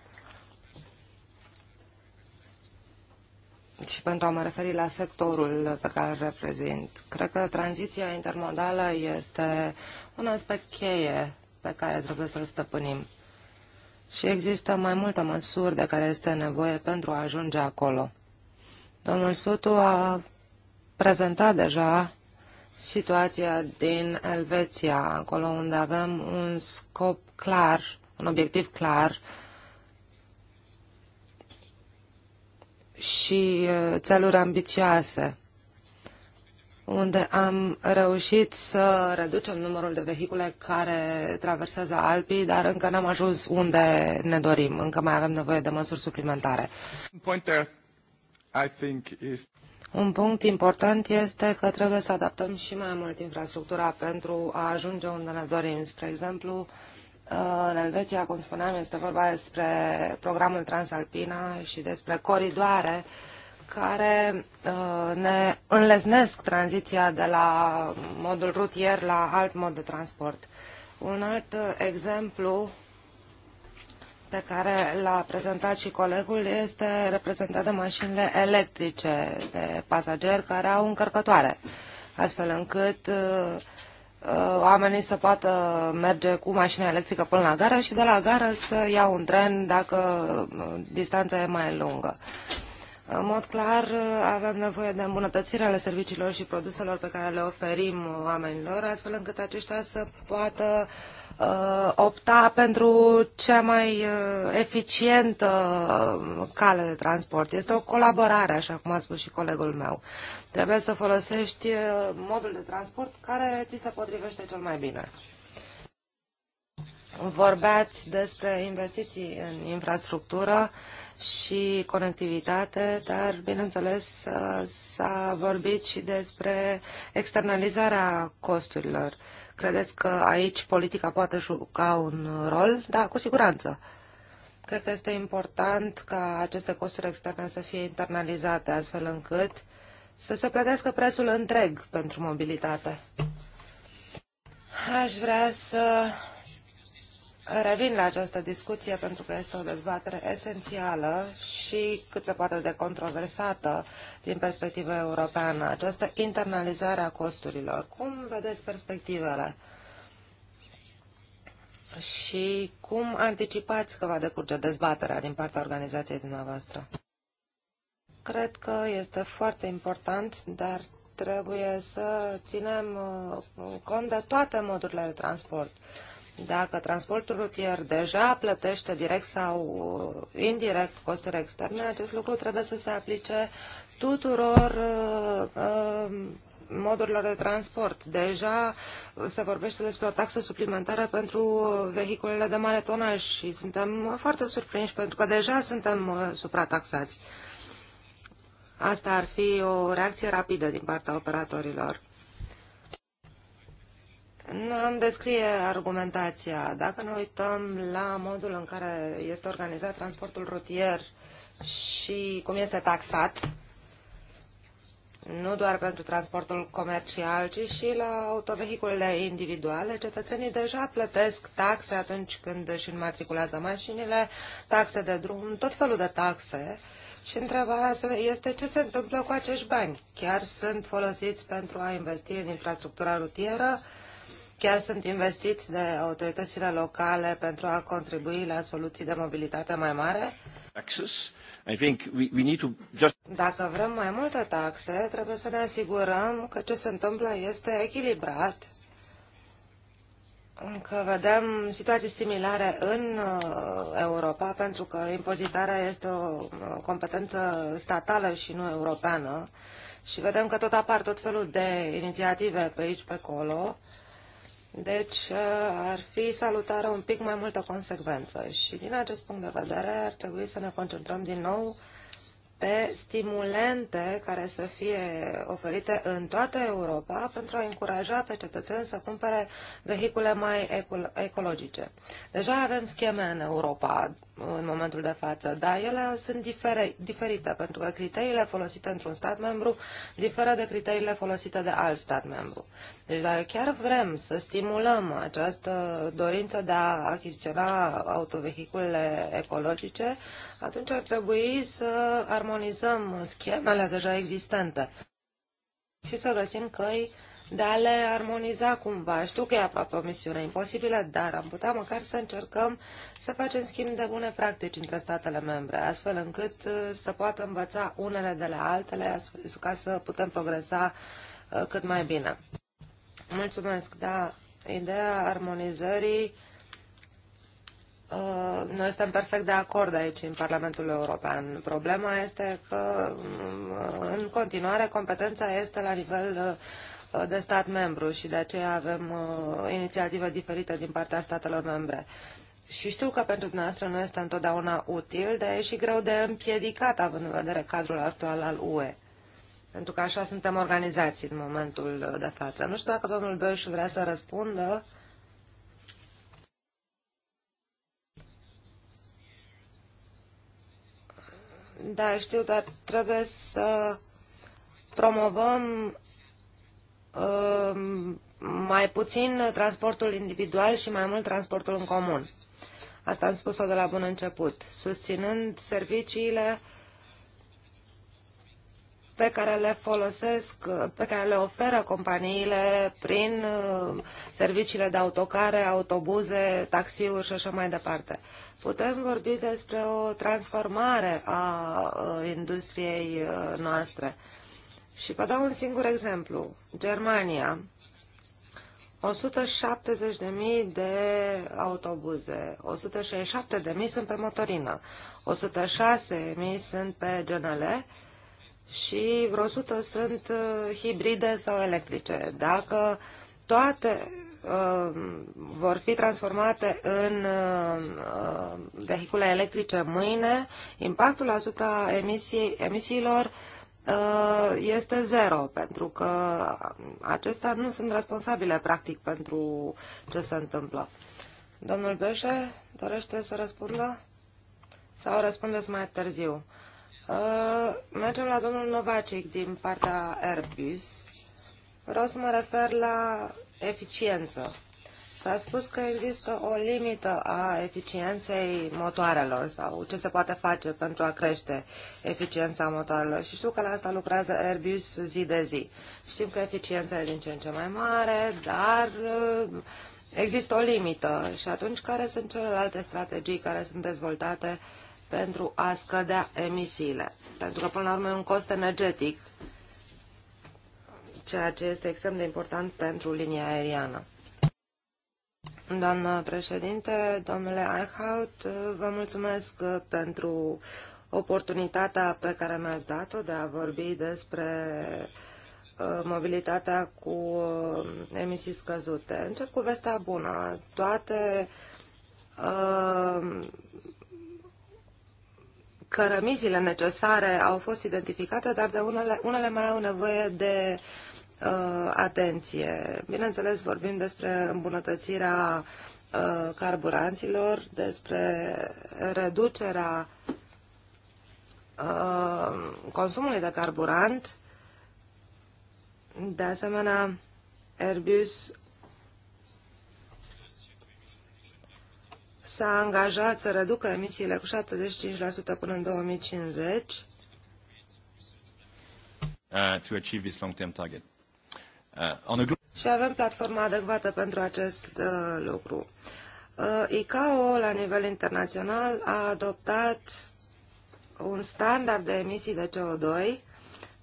și pentru a mă referi la sectorul pe care îl reprezint. Cred că tranziția intermodală este un aspect cheie pe care trebuie să-l stăpânim. Și există mai multe măsuri de care este nevoie pentru a ajunge acolo. Domnul Sutu a prezentat deja situația din Elveția, acolo unde avem un scop clar, un obiectiv clar și uh, țeluri ambițioase unde am reușit să reducem numărul de vehicule care traversează Alpii, dar încă n-am ajuns unde ne dorim. Încă mai avem nevoie de măsuri suplimentare. Un punct important este că trebuie să adaptăm și mai mult infrastructura pentru a ajunge unde ne dorim. Spre exemplu, în Elveția, cum spuneam, este vorba despre programul Transalpina și despre coridoare uh, care uh, ne înleznesc tranziția de la modul rutier la alt mod de transport. Un alt exemplu pe care l-a prezentat și colegul este reprezentat de mașinile electrice de pasageri care au încărcătoare, astfel încât uh, uh, oamenii să poată merge cu mașina electrică până la gară și de la gară să iau un tren dacă distanța e mai lungă. În mod clar, avem nevoie de îmbunătățirea ale serviciilor și produselor pe care le oferim oamenilor, astfel încât aceștia să poată uh, opta pentru cea mai uh, eficientă uh, cale de transport. Este o colaborare, așa cum a spus și colegul meu. Trebuie să folosești uh, modul de transport care ți se potrivește cel mai bine. Vorbeați despre investiții în infrastructură. Uh, și conectivitate, dar, bineînțeles, s-a vorbit și despre externalizarea costurilor. Credeți că aici politica poate juca un rol? Da, cu siguranță. Cred că este important ca aceste costuri externe să fie internalizate, astfel încât să se plătească prețul întreg pentru mobilitate. Aș vrea să Revin la această discuție pentru că este o dezbatere esențială și cât se poate de controversată din perspectiva europeană, această internalizare a costurilor. Cum vedeți perspectivele? Și cum anticipați că va decurge dezbaterea din partea organizației dumneavoastră? Cred că este foarte important, dar trebuie să ținem uh, cont de toate modurile de transport dacă transportul rutier deja plătește direct sau indirect costuri externe, acest lucru trebuie să se aplice tuturor uh, uh, modurilor de transport. Deja se vorbește despre o taxă suplimentară pentru vehiculele de mare tonaj și suntem foarte surprinși pentru că deja suntem uh, suprataxați. Asta ar fi o reacție rapidă din partea operatorilor. Îmi descrie argumentația. Dacă ne uităm la modul în care este organizat transportul rutier și cum este taxat, nu doar pentru transportul comercial, ci și la autovehiculele individuale. Cetățenii deja plătesc taxe atunci când își înmatriculează mașinile, taxe de drum, tot felul de taxe. Și întrebarea este ce se întâmplă cu acești bani? Chiar sunt folosiți pentru a investi în infrastructura rutieră? chiar sunt investiți de autoritățile locale pentru a contribui la soluții de mobilitate mai mare? I think we, we need to just... Dacă vrem mai multe taxe, trebuie să ne asigurăm că ce se întâmplă este echilibrat, că vedem situații similare în uh, Europa, pentru că impozitarea este o competență statală și nu europeană și vedem că tot apar tot felul de inițiative pe aici, pe acolo, deci uh, ar fi salutară un pic mai multă consecvență și din acest punct de vedere ar trebui să ne concentrăm din nou pe stimulente care să fie oferite în toată Europa pentru a încuraja pe cetățeni să cumpere vehicule mai ecologice. Deja avem scheme în Europa în momentul de față, dar ele sunt diferite pentru că criteriile folosite într-un stat membru diferă de criteriile folosite de alt stat membru. Deci dacă chiar vrem să stimulăm această dorință de a achiziționa autovehiculele ecologice, atunci ar trebui să armonizăm schemele deja existente și să găsim căi de a le armoniza cumva. Știu că e aproape o misiune imposibilă, dar am putea măcar să încercăm să facem schimb de bune practici între statele membre, astfel încât uh, să poată învăța unele de la altele, astfel ca să putem progresa uh, cât mai bine. Mulțumesc, da, ideea armonizării Uh, noi suntem perfect de acord aici în Parlamentul European. Problema este că uh, în continuare competența este la nivel uh, de stat membru și de aceea avem inițiative diferite din partea statelor membre. Și știu că pentru dumneavoastră nu este întotdeauna util, dar e și greu de împiedicat, având în vedere cadrul actual al UE. Pentru că așa suntem organizați în momentul de față. Nu știu dacă domnul Băș vrea să răspundă. Uh, Da, știu, dar trebuie să promovăm uh, mai puțin transportul individual și mai mult transportul în comun. Asta am spus-o de la bun început, susținând serviciile pe care le folosesc, pe care le oferă companiile prin uh, serviciile de autocare, autobuze, taxiuri și așa mai departe. Putem vorbi despre o transformare a industriei noastre. Și vă dau un singur exemplu. Germania, 170.000 de autobuze, 167.000 sunt pe motorină, 106.000 sunt pe GNL și vreo 100 sunt uh, hibride sau electrice. Dacă toate Uh, vor fi transformate în uh, vehicule electrice mâine, impactul asupra emisii, emisiilor uh, este zero, pentru că acestea nu sunt responsabile, practic, pentru ce se întâmplă. Domnul Beșe dorește să răspundă? Sau răspundeți mai târziu? Mergem la domnul Novacic din partea Airbus. Vreau să mă refer la eficiență. S-a spus că există o limită a eficienței motoarelor sau ce se poate face pentru a crește eficiența motoarelor și știu că la asta lucrează Airbus zi de zi. Știm că eficiența e din ce în ce mai mare, dar uh, există o limită și atunci care sunt celelalte strategii care sunt dezvoltate pentru a scădea emisiile? Pentru că până la urmă e un cost energetic ceea ce este extrem de important pentru linia aeriană. Doamnă președinte, domnule Eichhout, vă mulțumesc pentru oportunitatea pe care mi-ați dat-o de a vorbi despre uh, mobilitatea cu uh, emisii scăzute. Încep cu vestea bună. Toate uh, cărămizile necesare au fost identificate, dar de unele, unele mai au nevoie de uh, uh, atenție. Bineînțeles, vorbim despre îmbunătățirea uh, carburanților, despre reducerea uh, consumului de carburant. De asemenea, Airbus s-a angajat să reducă emisiile cu 75% până în 2050. Uh, to achieve this long-term target. Uh, Și avem platforma adecvată pentru acest uh, lucru. Uh, ICAO, la nivel internațional, a adoptat un standard de emisii de CO2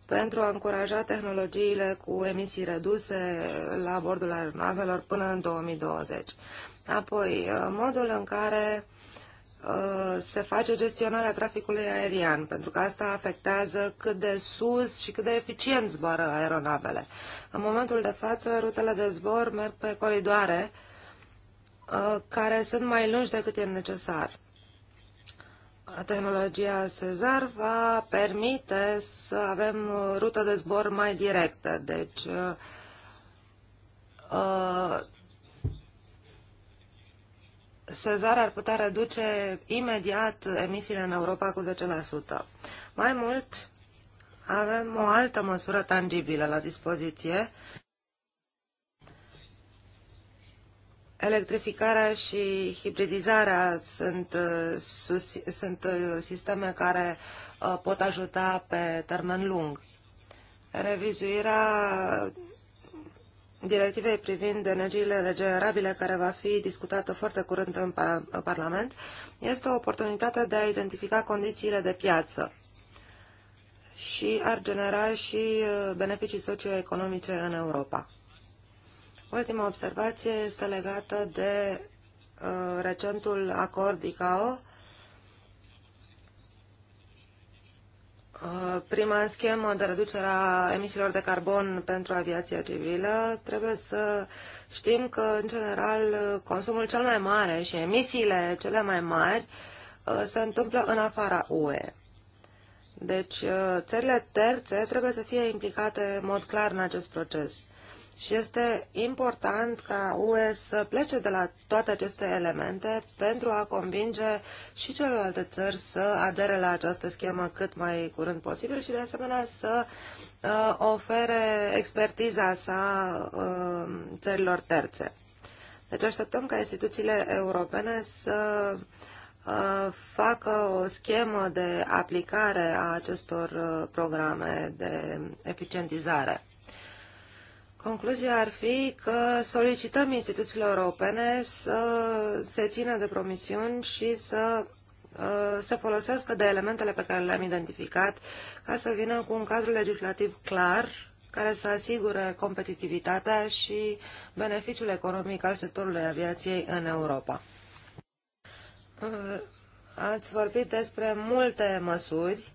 pentru a încuraja tehnologiile cu emisii reduse la bordul aeronavelor până în 2020. Apoi, uh, modul în care Uh, se face gestionarea traficului aerian, pentru că asta afectează cât de sus și cât de eficient zboară aeronavele. În momentul de față, rutele de zbor merg pe coridoare uh, care sunt mai lungi decât e necesar. Tehnologia Cezar va permite să avem rută de zbor mai directă, deci uh, sezar ar putea reduce imediat emisiile în Europa cu 10%. Mai mult, avem o altă măsură tangibilă la dispoziție, Electrificarea și hibridizarea sunt, uh, sus, sunt uh, sisteme care uh, pot ajuta pe termen lung. Revizuirea directivei privind energiile regenerabile, care va fi discutată foarte curând în Parlament, este o oportunitate de a identifica condițiile de piață și ar genera și uh, beneficii socioeconomice în Europa. Ultima observație este legată de uh, recentul acord ICAO Uh, prima schemă de reducere a emisiilor de carbon pentru aviația civilă trebuie să știm că, în general, consumul cel mai mare și emisiile cele mai mari uh, se întâmplă în afara UE. Deci, uh, țările terțe trebuie să fie implicate în mod clar în acest proces. Și este important ca UE să plece de la toate aceste elemente pentru a convinge și celelalte țări să adere la această schemă cât mai curând posibil și de asemenea să uh, ofere expertiza sa uh, țărilor terțe. Deci așteptăm ca instituțiile europene să uh, facă o schemă de aplicare a acestor uh, programe de eficientizare. Concluzia ar fi că solicităm instituțiilor europene să se țină de promisiuni și să uh, se folosească de elementele pe care le-am identificat ca să vină cu un cadru legislativ clar care să asigure competitivitatea și beneficiul economic al sectorului aviației în Europa. Uh, ați vorbit despre multe măsuri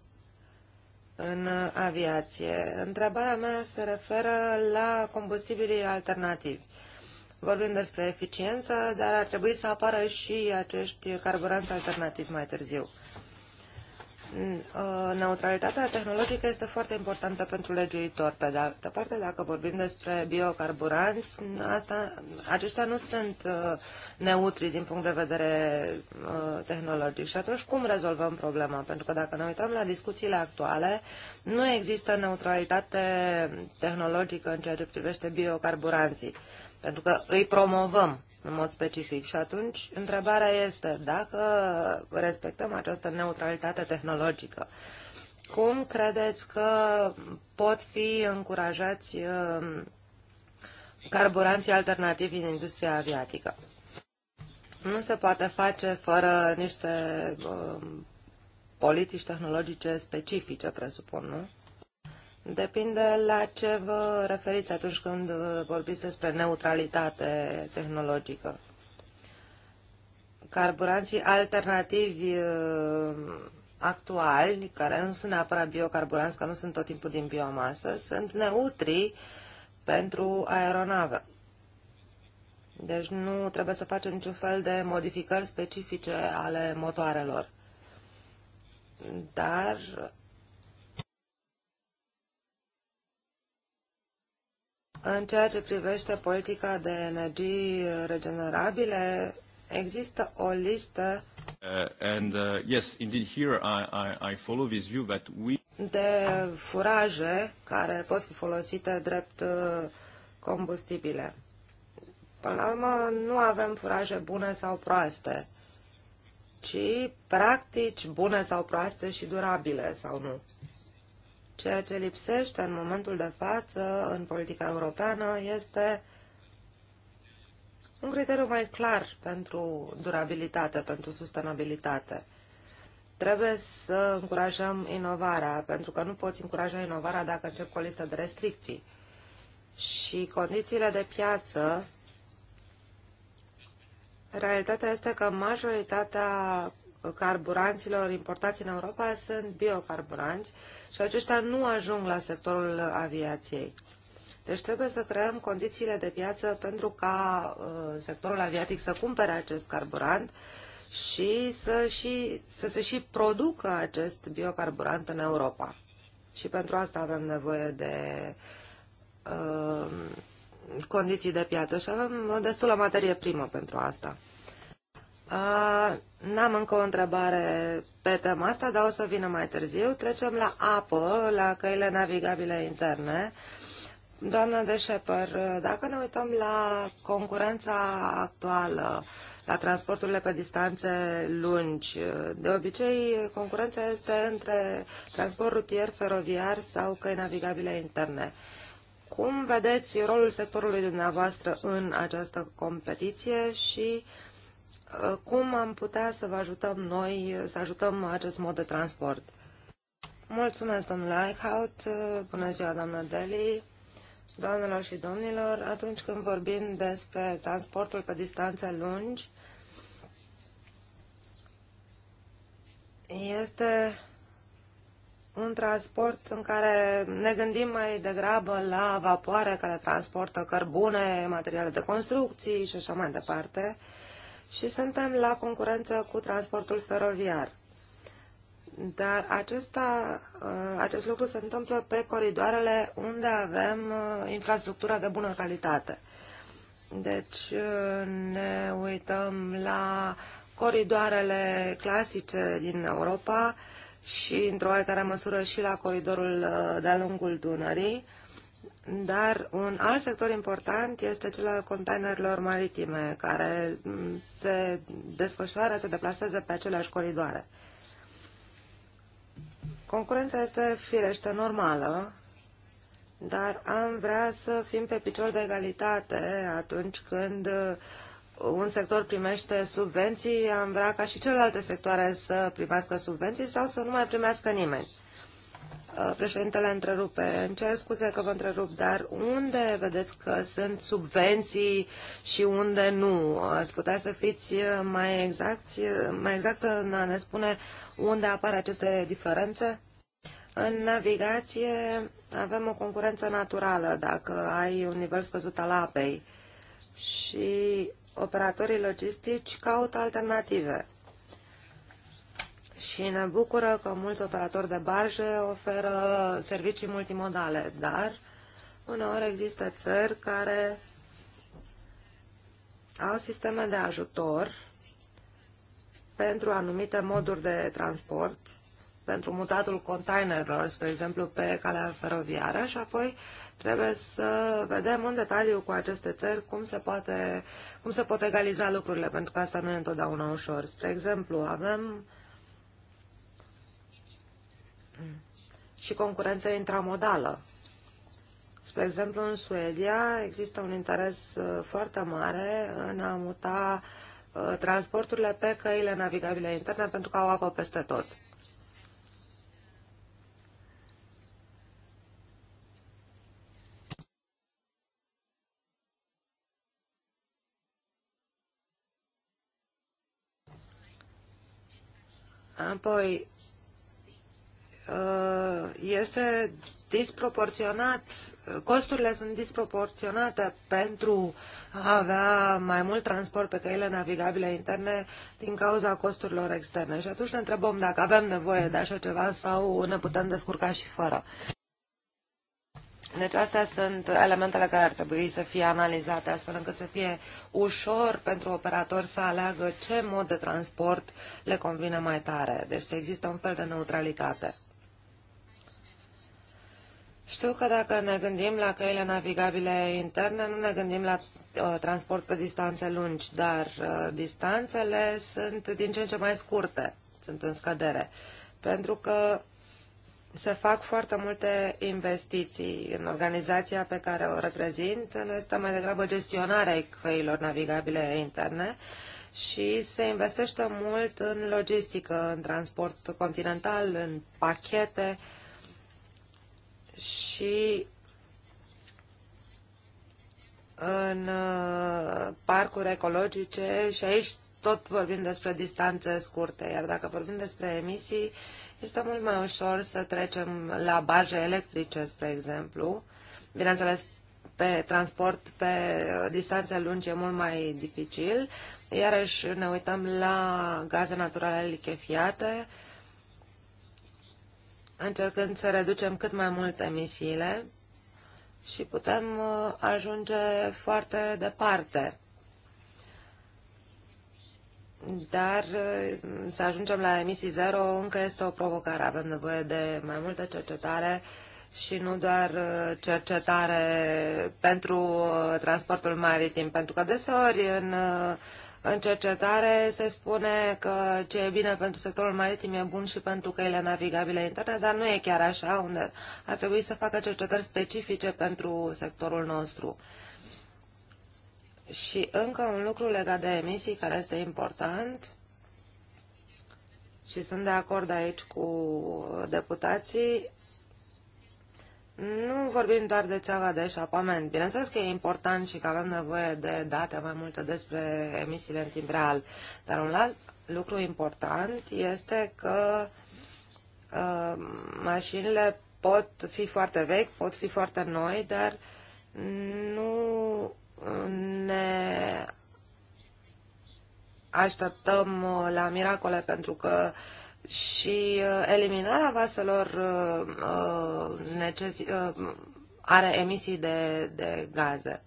în aviație. Întrebarea mea se referă la combustibilii alternativi. Vorbim despre eficiență, dar ar trebui să apară și acești carburanți alternativi mai târziu. Uh, neutralitatea tehnologică este foarte importantă pentru legiuitor. Pe de altă parte, dacă vorbim despre biocarburanți, asta, aceștia nu sunt uh, neutri din punct de vedere uh, tehnologic. Și atunci cum rezolvăm problema? Pentru că dacă ne uităm la discuțiile actuale, nu există neutralitate tehnologică în ceea ce privește biocarburanții, pentru că îi promovăm în mod specific. Și atunci, întrebarea este dacă respectăm această neutralitate tehnologică. Cum credeți că pot fi încurajați um, carburanții alternativi în industria aviatică? Nu se poate face fără niște um, politici tehnologice specifice, presupun, nu? Depinde la ce vă referiți atunci când uh, vorbiți despre neutralitate tehnologică. Carburanții alternativi uh, actuali, care nu sunt neapărat biocarburanți, că nu sunt tot timpul din biomasă, sunt neutri pentru aeronave. Deci nu trebuie să facem niciun fel de modificări specifice ale motoarelor. Dar În ceea ce privește politica de energii regenerabile, există o listă uh, and uh, yes, indeed here I, I, I follow this view that we de furaje care pot fi folosite drept uh, combustibile. Până la urmă, nu avem furaje bune sau proaste, ci practici bune sau proaste și durabile sau nu. Ceea ce lipsește în momentul de față în politica europeană este un criteriu mai clar pentru durabilitate, pentru sustenabilitate. Trebuie să încurajăm inovarea, pentru că nu poți încuraja inovarea dacă încep cu o listă de restricții. Și condițiile de piață Realitatea este că majoritatea carburanților importați în Europa sunt biocarburanți și aceștia nu ajung la sectorul aviației. Deci trebuie să creăm condițiile de piață pentru ca uh, sectorul aviatic să cumpere acest carburant și să, și să se și producă acest biocarburant în Europa. Și pentru asta avem nevoie de uh, condiții de piață și avem destulă materie primă pentru asta. N-am încă o întrebare pe tema asta, dar o să vină mai târziu. Trecem la apă, la căile navigabile interne. Doamna de Șeper, dacă ne uităm la concurența actuală, la transporturile pe distanțe lungi, de obicei concurența este între transport rutier, feroviar sau căi navigabile interne. Cum vedeți rolul sectorului dumneavoastră în această competiție și uh, Uh, cum am putea să vă ajutăm noi uh, să ajutăm acest mod de transport. Mulțumesc, domnule Eichhout, uh, bună ziua, doamnă Deli, doamnelor și domnilor. Atunci când vorbim despre transportul pe distanțe lungi, este un transport în care ne gândim mai degrabă la vapoare care transportă cărbune, materiale de construcții și așa mai departe, uh, și suntem la concurență cu transportul feroviar. Dar acesta, uh, acest lucru se întâmplă pe coridoarele unde avem uh, infrastructura de bună calitate. Deci uh, ne uităm la coridoarele clasice din Europa și, într-o oarecare măsură, și la coridorul de-a lungul Dunării, dar un alt sector important este cel al containerilor maritime, care mm, se desfășoară, se deplasează pe aceleași coridoare. Concurența este firește normală, dar am vrea să fim pe picior de egalitate atunci când uh, un sector primește subvenții, am vrea ca și celelalte sectoare să primească subvenții sau să nu mai primească nimeni. Uh, președintele întrerupe. Îmi cer scuze că vă întrerup, dar unde vedeți că sunt subvenții și unde nu? Ați putea să fiți mai exact, mai exact în a ne spune unde apar aceste diferențe? În navigație avem o concurență naturală dacă ai un nivel scăzut al apei și operatorii logistici caută alternative și ne bucură că mulți operatori de barge oferă servicii multimodale, dar uneori există țări care au sisteme de ajutor pentru anumite moduri de transport, pentru mutatul containerelor, spre exemplu, pe calea feroviară și apoi trebuie să vedem în detaliu cu aceste țări cum se, poate, cum se pot egaliza lucrurile, pentru că asta nu e întotdeauna ușor. Spre exemplu, avem uh, și concurență intramodală. Spre exemplu, în Suedia există un interes uh, foarte mare în a muta uh, transporturile pe căile navigabile interne pentru că au apă peste tot. Apoi, Uh, este disproporționat, uh, costurile sunt disproporționate pentru a avea mai mult transport pe căile navigabile interne din cauza costurilor externe. Și atunci ne întrebăm dacă avem nevoie de așa ceva sau ne putem descurca și fără. Deci astea sunt elementele care ar trebui să fie analizate, astfel încât să fie ușor pentru operator să aleagă ce mod de transport le convine mai tare. Deci să există un fel de neutralitate. Știu că dacă ne gândim la căile navigabile interne, nu ne gândim la uh, transport pe distanțe lungi, dar uh, distanțele sunt din ce în ce mai scurte, sunt în scădere, pentru că se fac foarte multe investiții în organizația pe care o reprezint. Nu este mai degrabă gestionarea căilor navigabile interne și se investește mult în logistică, în transport continental, în pachete, uh, și în uh, parcuri ecologice și aici tot vorbim despre distanțe scurte, iar dacă vorbim despre emisii, este mult mai ușor să trecem la baje electrice, spre exemplu. Bineînțeles, pe transport pe uh, distanțe lungi e mult mai dificil. Iarăși ne uităm la gaze naturale lichefiate, încercând să reducem cât mai mult emisiile și putem uh, ajunge foarte departe. Dar uh, să ajungem la emisii zero încă este o provocare. Avem nevoie de mai multă cercetare și nu doar uh, cercetare pentru transportul maritim, pentru că deseori în în cercetare se spune că ce e bine pentru sectorul maritim e bun și pentru căile navigabile interne, dar nu e chiar așa, unde ar trebui să facă cercetări specifice pentru sectorul nostru. Și încă un lucru legat de emisii care este important și sunt de acord aici cu deputații, nu vorbim doar de țeava de eșapament. Bineînțeles că e important și că avem nevoie de date mai multe despre emisiile în timp real, dar un alt lucru important este că uh, mașinile pot fi foarte vechi, pot fi foarte noi, dar nu ne așteptăm la miracole pentru că uh, și uh, eliminarea vaselor uh, uh, are emisii de, de gaze.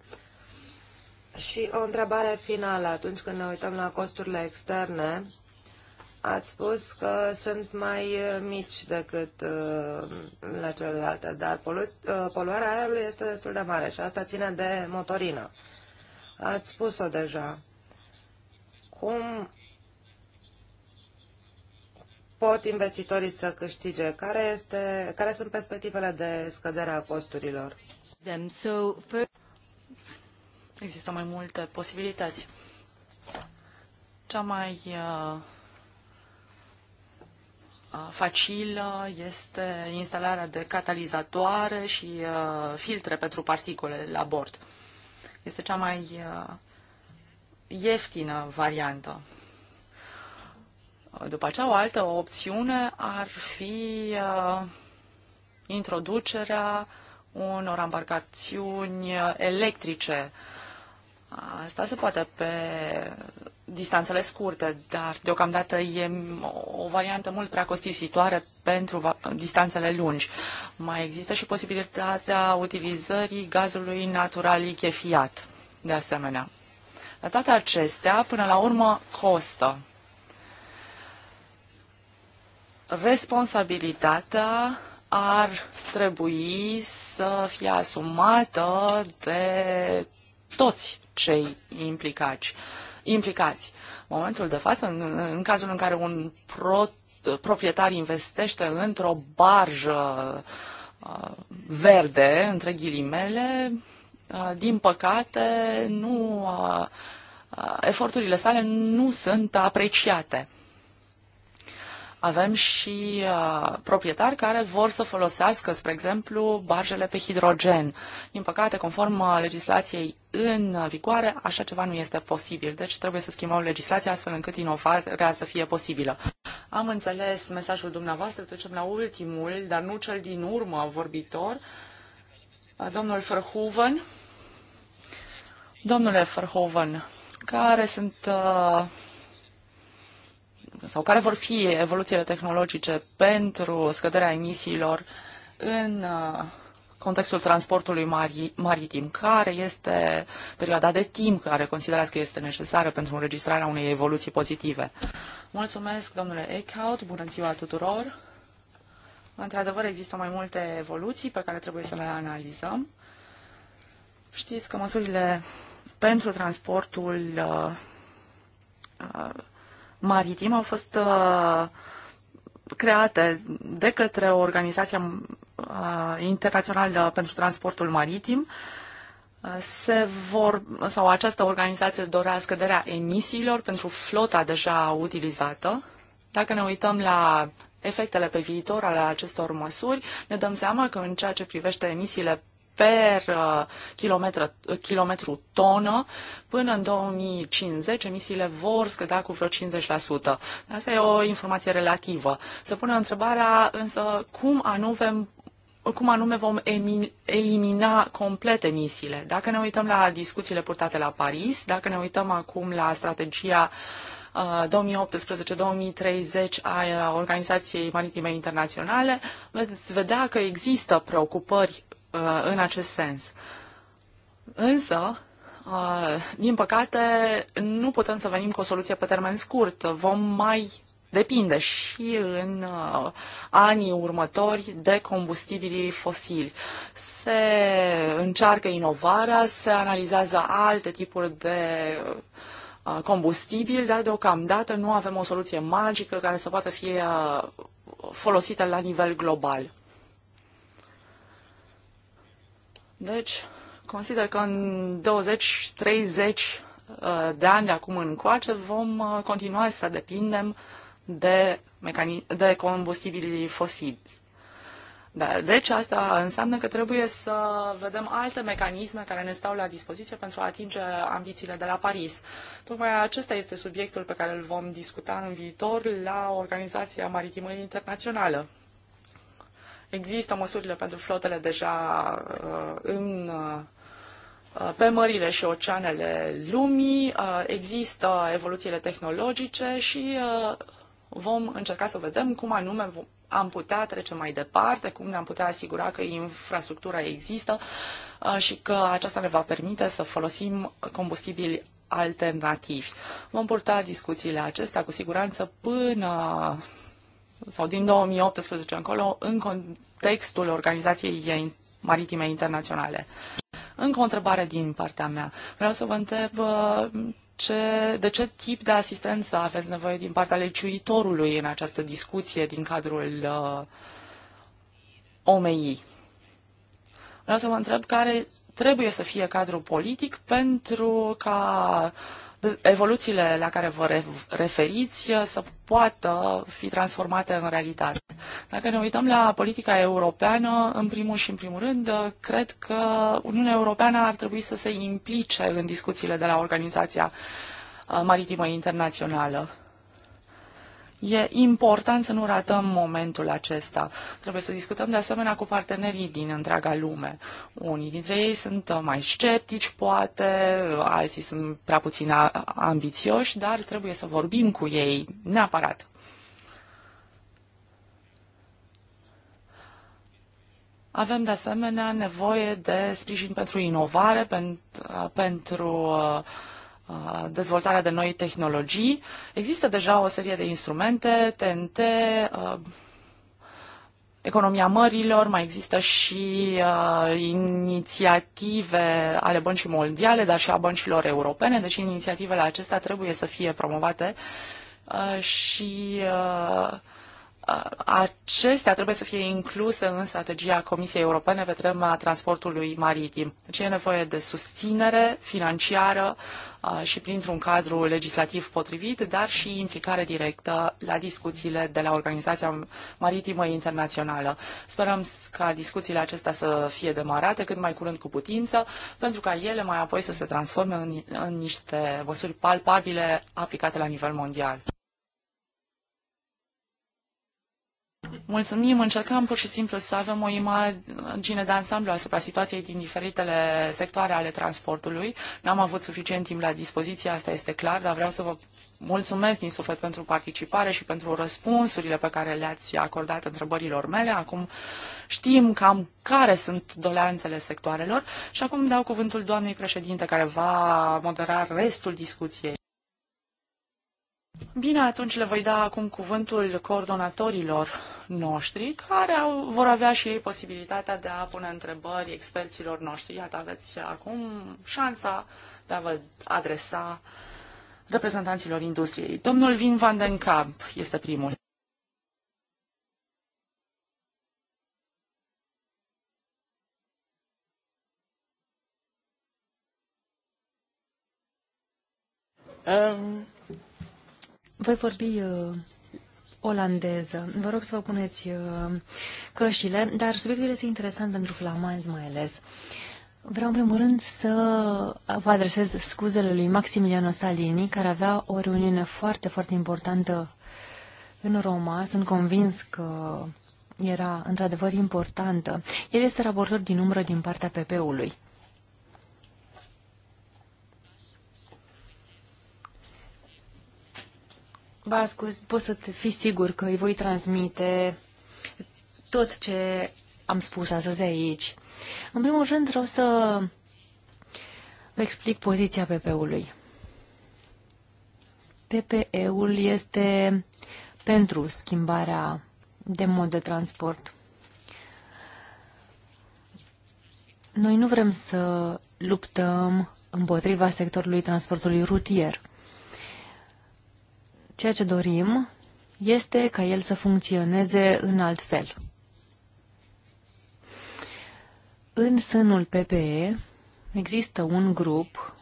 Și o întrebare finală, atunci când ne uităm la costurile externe, ați spus că sunt mai mici decât la celelalte, dar polu poluarea aerului este destul de mare și asta ține de motorină. Ați spus-o deja. Cum pot investitorii să câștige? Care, este, care sunt perspectivele de scădere a costurilor? Există mai multe posibilități. Cea mai uh, facilă este instalarea de catalizatoare și uh, filtre pentru particule la bord. Este cea mai uh, ieftină variantă. După aceea, o altă opțiune ar fi uh, introducerea unor embarcațiuni electrice. Asta se poate pe distanțele scurte, dar deocamdată e o variantă mult prea costisitoare pentru distanțele lungi. Mai există și posibilitatea utilizării gazului natural lichefiat, de asemenea. Dar toate acestea, până la urmă, costă responsabilitatea ar trebui să fie asumată de toți cei implicați. implicați. În momentul de față, în, în cazul în care un pro, proprietar investește într-o barjă uh, verde, între ghilimele, uh, din păcate, nu, uh, uh eforturile sale nu sunt apreciate. Avem și uh, proprietari care vor să folosească, spre exemplu, barjele pe hidrogen. Din păcate, conform uh, legislației în vigoare, așa ceva nu este posibil. Deci trebuie să schimbăm legislația astfel încât inovarea să fie posibilă. Am înțeles mesajul dumneavoastră, trecem la ultimul, dar nu cel din urmă vorbitor, uh, domnul Verhoeven. Domnule Verhoeven, care sunt uh, sau care vor fi evoluțiile tehnologice pentru scăderea emisiilor în uh, contextul transportului mari, maritim, care este perioada de timp care considerați că este necesară pentru înregistrarea unei evoluții pozitive. Mulțumesc, domnule Eichhout, bună ziua tuturor! Într-adevăr, există mai multe evoluții pe care trebuie să le analizăm. Știți că măsurile pentru transportul uh, uh, maritim au fost uh, create de către Organizația uh, Internațională pentru Transportul Maritim uh, se vor, sau această organizație dorea scăderea emisiilor pentru flota deja utilizată. Dacă ne uităm la efectele pe viitor ale acestor măsuri, ne dăm seama că în ceea ce privește emisiile per uh, uh, kilometru, tonă. Până în 2050 emisiile vor scădea cu vreo 50%. Asta e o informație relativă. Se pune întrebarea însă cum anume cum anume vom elimina complet emisiile. Dacă ne uităm la discuțiile purtate la Paris, dacă ne uităm acum la strategia 2018-2030 uh, a Organizației Maritime Internaționale, veți vedea că există preocupări Uh, în acest sens. Însă, uh, din păcate, nu putem să venim cu o soluție pe termen scurt. Vom mai depinde și în uh, anii următori de combustibilii fosili. Se încearcă inovarea, se analizează alte tipuri de combustibil, dar deocamdată nu avem o soluție magică care să poată fi folosită la nivel global. Deci, consider că în 20-30 uh, de ani de acum încoace vom uh, continua să depindem de, mecani- de combustibilii fosili. Da, deci asta înseamnă că trebuie să vedem alte mecanisme care ne stau la dispoziție pentru a atinge ambițiile de la Paris. Tocmai acesta este subiectul pe care îl vom discuta în viitor la Organizația Maritimă Internațională. Există măsurile pentru flotele deja uh, în uh, pe mările și oceanele lumii, uh, există evoluțiile tehnologice și vom încerca să vedem cum anume am putea trece mai departe, cum ne-am putea asigura că infrastructura există și că aceasta ne va permite să folosim combustibili alternativi. Vom purta discuțiile acestea cu siguranță până sau din 2018 încolo în contextul Organizației Maritime Internaționale. Încă o întrebare din partea mea. Vreau să vă întreb uh, ce, de ce tip de asistență aveți nevoie din partea legiuitorului în această discuție din cadrul uh, OMI. Vreau să vă întreb care trebuie să fie cadrul politic pentru ca uh, evoluțiile la care vă referiți uh, să poată fi transformate în realitate. Dacă ne uităm la politica europeană, în primul și în primul rând, uh, cred că Uniunea Europeană ar trebui să se implice în discuțiile de la Organizația uh, Maritimă Internațională. E important să nu ratăm momentul acesta. Trebuie să discutăm de asemenea cu partenerii din întreaga lume. Unii dintre ei sunt mai sceptici, poate, alții sunt prea puțin ambițioși, dar trebuie să vorbim cu ei neapărat. Avem de asemenea nevoie de sprijin pentru inovare, pentru, pentru uh, Uh, dezvoltarea de noi tehnologii. Există deja o serie de instrumente, TNT, uh, economia mărilor, mai există și uh, inițiative ale băncii mondiale, dar și a băncilor europene, deci inițiativele acestea trebuie să fie promovate uh, și uh, Acestea trebuie să fie incluse în strategia Comisiei Europene pe tema transportului maritim. Deci e nevoie de susținere financiară și printr-un cadru legislativ potrivit, dar și implicare directă la discuțiile de la Organizația Maritimă Internațională. Sperăm ca discuțiile acestea să fie demarate cât mai curând cu putință, pentru ca ele mai apoi să se transforme în, în niște măsuri palpabile aplicate la nivel mondial. Mulțumim, încercăm pur și simplu să avem o imagine de ansamblu asupra situației din diferitele sectoare ale transportului. N-am avut suficient timp la dispoziție, asta este clar, dar vreau să vă mulțumesc din suflet pentru participare și pentru răspunsurile pe care le-ați acordat întrebărilor mele. Acum știm cam care sunt doleanțele sectoarelor și acum dau cuvântul doamnei președinte care va modera restul discuției. Bine, atunci le voi da acum cuvântul coordonatorilor noștri, care au, vor avea și ei posibilitatea de a pune întrebări experților noștri. Iată, aveți acum șansa de a vă adresa reprezentanților industriei. Domnul Vin van den Kamp este primul. Um... Voi vorbi uh, olandeză. Vă rog să vă puneți uh, cășile, dar subiectul este interesant pentru flamanzi mai ales. Vreau în primul rând să vă adresez scuzele lui Maximiliano Salini, care avea o reuniune foarte, foarte importantă în Roma. Sunt convins că era într-adevăr importantă. El este raportor din umbră din partea PP-ului. ascult, poți să fii sigur că îi voi transmite tot ce am spus astăzi aici. În primul rând vreau să vă explic poziția PP-ului. PPE-ul este pentru schimbarea de mod de transport. Noi nu vrem să luptăm împotriva sectorului transportului rutier. Ceea ce dorim este ca el să funcționeze în alt fel. În sânul PPE există un grup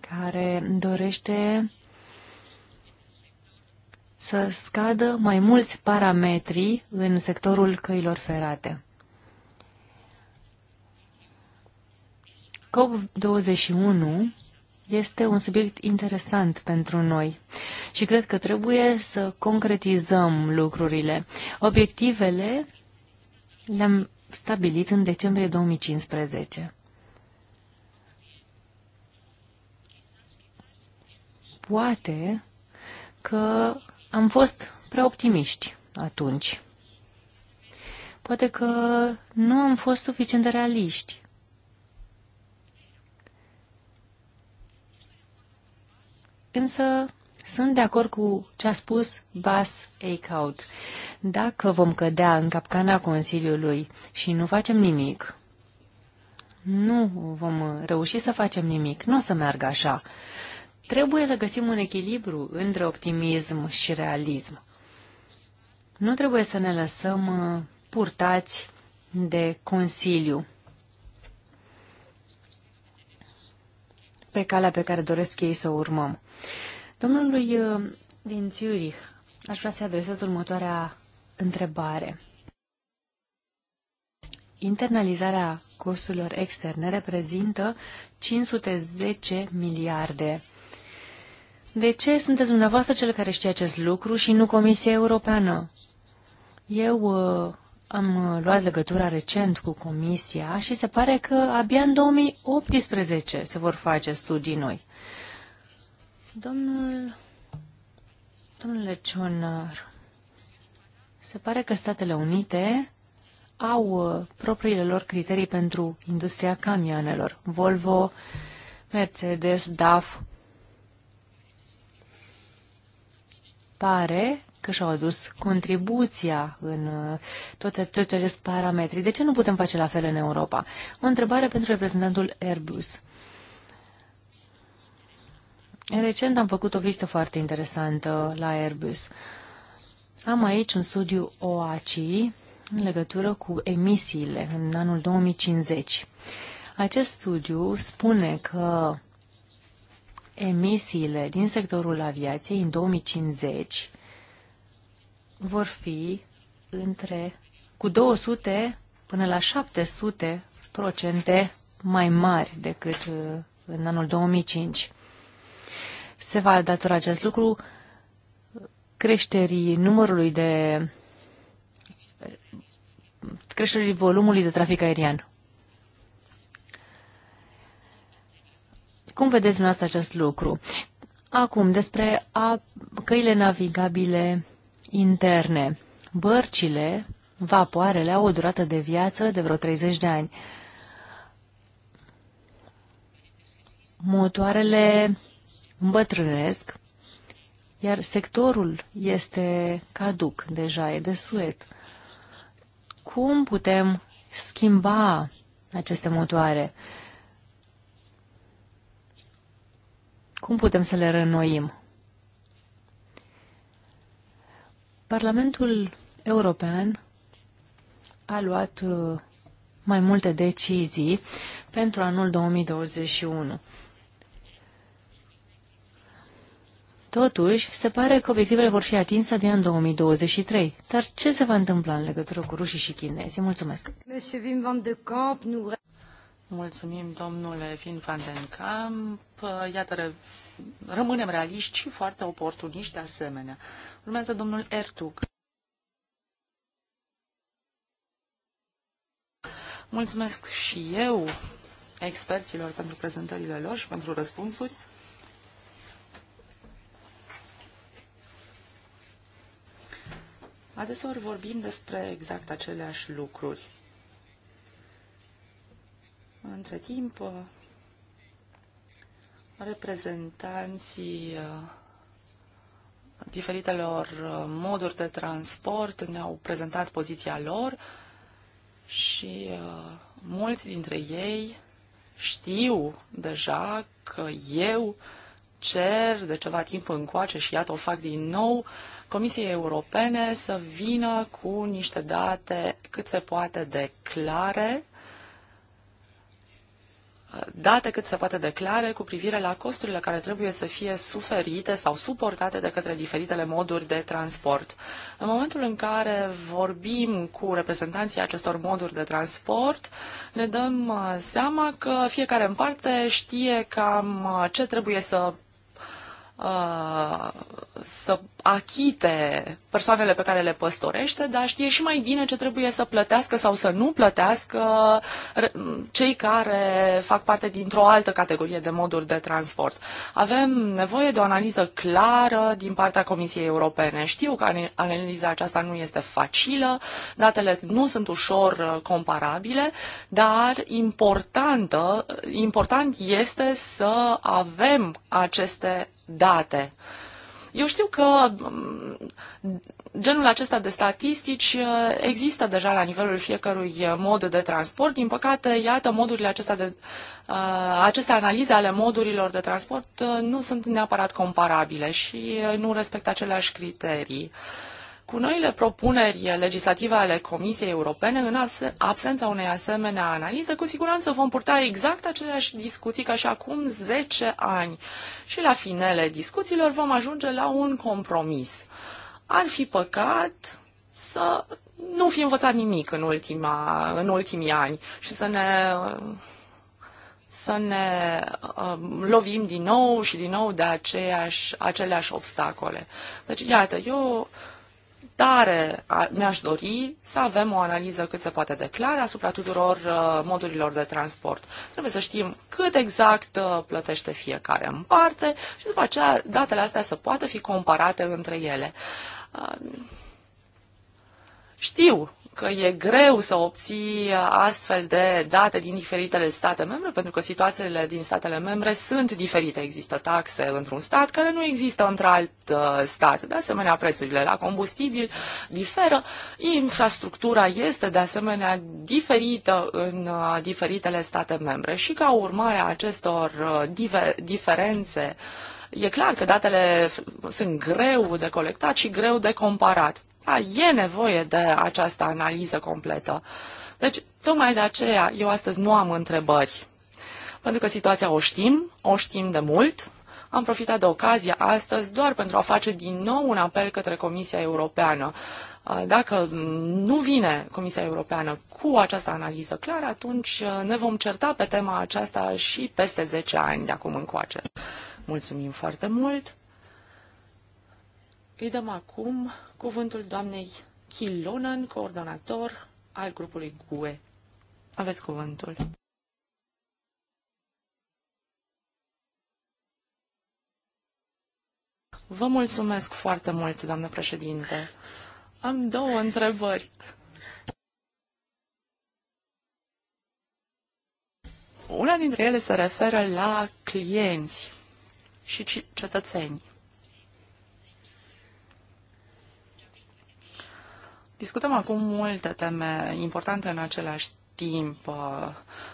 care dorește să scadă mai mulți parametri în sectorul căilor ferate. COP21 este un subiect interesant pentru noi și cred că trebuie să concretizăm lucrurile. Obiectivele le-am stabilit în decembrie 2015. Poate că am fost prea optimiști atunci. Poate că nu am fost suficient de realiști. însă sunt de acord cu ce a spus Bas Eichhout. Dacă vom cădea în capcana Consiliului și nu facem nimic, nu vom reuși să facem nimic, nu o să meargă așa. Trebuie să găsim un echilibru între optimism și realism. Nu trebuie să ne lăsăm uh, purtați de Consiliu. pe calea pe care doresc ei să o urmăm. Domnului uh, din Zurich, aș vrea să adresez următoarea întrebare. Internalizarea costurilor externe reprezintă 510 miliarde. De ce sunteți dumneavoastră cel care știe acest lucru și nu Comisia Europeană? Eu uh, am uh, luat legătura recent cu comisia și se pare că abia în 2018 se vor face studii noi. Domnul, domnule Cionar, se pare că Statele Unite au uh, propriile lor criterii pentru industria camioanelor. Volvo, Mercedes, DAF. Pare că și-au adus contribuția în uh, toate, toate aceste parametri. De ce nu putem face la fel în Europa? O întrebare pentru reprezentantul Airbus. Recent am făcut o vizită foarte interesantă la Airbus. Am aici un studiu OACI în legătură cu emisiile în anul 2050. Acest studiu spune că emisiile din sectorul aviației în 2050 vor fi între cu 200 până la 700 procente mai mari decât uh, în anul 2005. Se va datora acest lucru creșterii numărului de creșterii volumului de trafic aerian. Cum vedeți dumneavoastră acest lucru? Acum, despre a, căile navigabile interne. Bărcile, vapoarele, au o durată de viață de vreo 30 de ani. Motoarele îmbătrânesc, iar sectorul este caduc deja, e de suet. Cum putem schimba aceste motoare? Cum putem să le reînnoim? Parlamentul European a luat uh, mai multe decizii pentru anul 2021. Totuși, se pare că obiectivele vor fi atinse abia în 2023. Dar ce se va întâmpla în legătură cu rușii și chinezii? Mulțumesc! Mulțumim, domnule Vin van den Kamp. Iată, rămânem realiști și foarte oportuniști de asemenea. Urmează domnul Ertug. Mulțumesc și eu experților pentru prezentările lor și pentru răspunsuri. Adeseori vorbim despre exact aceleași lucruri. Între timp, reprezentanții uh, diferitelor uh, moduri de transport, ne-au prezentat poziția lor și uh, mulți dintre ei știu deja că eu cer de ceva timp încoace și iată o fac din nou Comisiei Europene să vină cu niște date cât se poate de clare date cât se poate de clare cu privire la costurile care trebuie să fie suferite sau suportate de către diferitele moduri de transport. În momentul în care vorbim cu reprezentanții acestor moduri de transport, ne dăm uh, seama că fiecare în parte știe cam uh, ce trebuie să Uh, să achite persoanele pe care le păstorește, dar știe și mai bine ce trebuie să plătească sau să nu plătească cei care fac parte dintr-o altă categorie de moduri de transport. Avem nevoie de o analiză clară din partea Comisiei Europene. Știu că analiza aceasta nu este facilă, datele nu sunt ușor uh, comparabile, dar importantă, important este să avem aceste date. Eu știu că mm, genul acesta de statistici uh, există deja la nivelul fiecărui uh, mod de transport. Din păcate, iată, modurile acestea de, uh, aceste analize ale modurilor de transport nu sunt neapărat comparabile și nu respectă aceleași criterii. Uh, cu noile propuneri legislative ale Comisiei Europene, în absența unei asemenea analize, cu siguranță vom purta exact aceleași discuții ca și acum 10 ani și la finele discuțiilor vom ajunge la un compromis. Ar fi păcat să nu fi învățat nimic în, ultima, în ultimii ani și să ne să ne um, lovim din nou și din nou de aceeași, aceleași obstacole. Deci, iată, eu tare mi-aș dori să avem o analiză cât se poate de clară asupra tuturor uh, modurilor de transport. Trebuie să știm cât exact uh, plătește fiecare în parte și după aceea datele astea să poată fi comparate între ele. Uh, știu că e greu să obții astfel de date din diferitele state membre, pentru că situațiile din statele membre sunt diferite. Există taxe într-un stat care nu există într-alt uh, stat. De asemenea, prețurile la combustibil diferă. Infrastructura este, de asemenea, diferită în uh, diferitele state membre și ca urmare a acestor uh, diferențe E clar că datele sunt greu de colectat și greu de comparat. A, da, e nevoie de această analiză completă. Deci, tocmai de aceea, eu astăzi nu am întrebări. Pentru că situația o știm, o știm de mult. Am profitat de ocazia astăzi doar pentru a face din nou un apel către Comisia Europeană. Uh, dacă nu vine Comisia Europeană cu această analiză clară, atunci uh, ne vom certa pe tema aceasta și peste 10 ani de acum încoace. Mulțumim foarte mult! Îi dăm acum cuvântul doamnei Kilonen, coordonator al grupului GUE. Aveți cuvântul. Vă mulțumesc foarte mult, doamnă președinte. Am două întrebări. Una dintre ele se referă la clienți și cetățeni. Discutăm acum multe teme importante în același timp,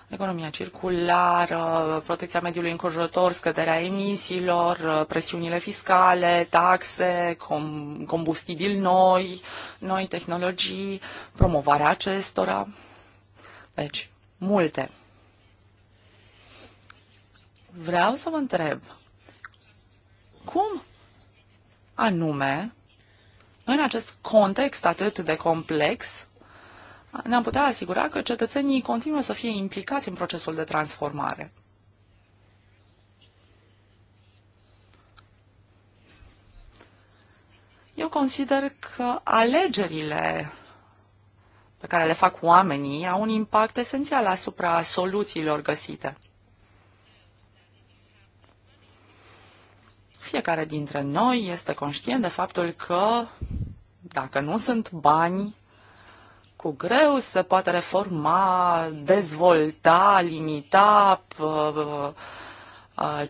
economia circulară, protecția mediului înconjurător, scăderea emisiilor, presiunile fiscale, taxe, com- noi, noi tehnologii, promovarea acestora. Deci, multe. Vreau să vă întreb, cum anume în acest context atât de complex, ne-am putea asigura că cetățenii continuă să fie implicați în procesul de transformare. Eu consider că alegerile pe care le fac oamenii au un impact esențial asupra soluțiilor găsite. Fiecare dintre noi este conștient de faptul că dacă nu sunt bani, cu greu se poate reforma, dezvolta, limita uh,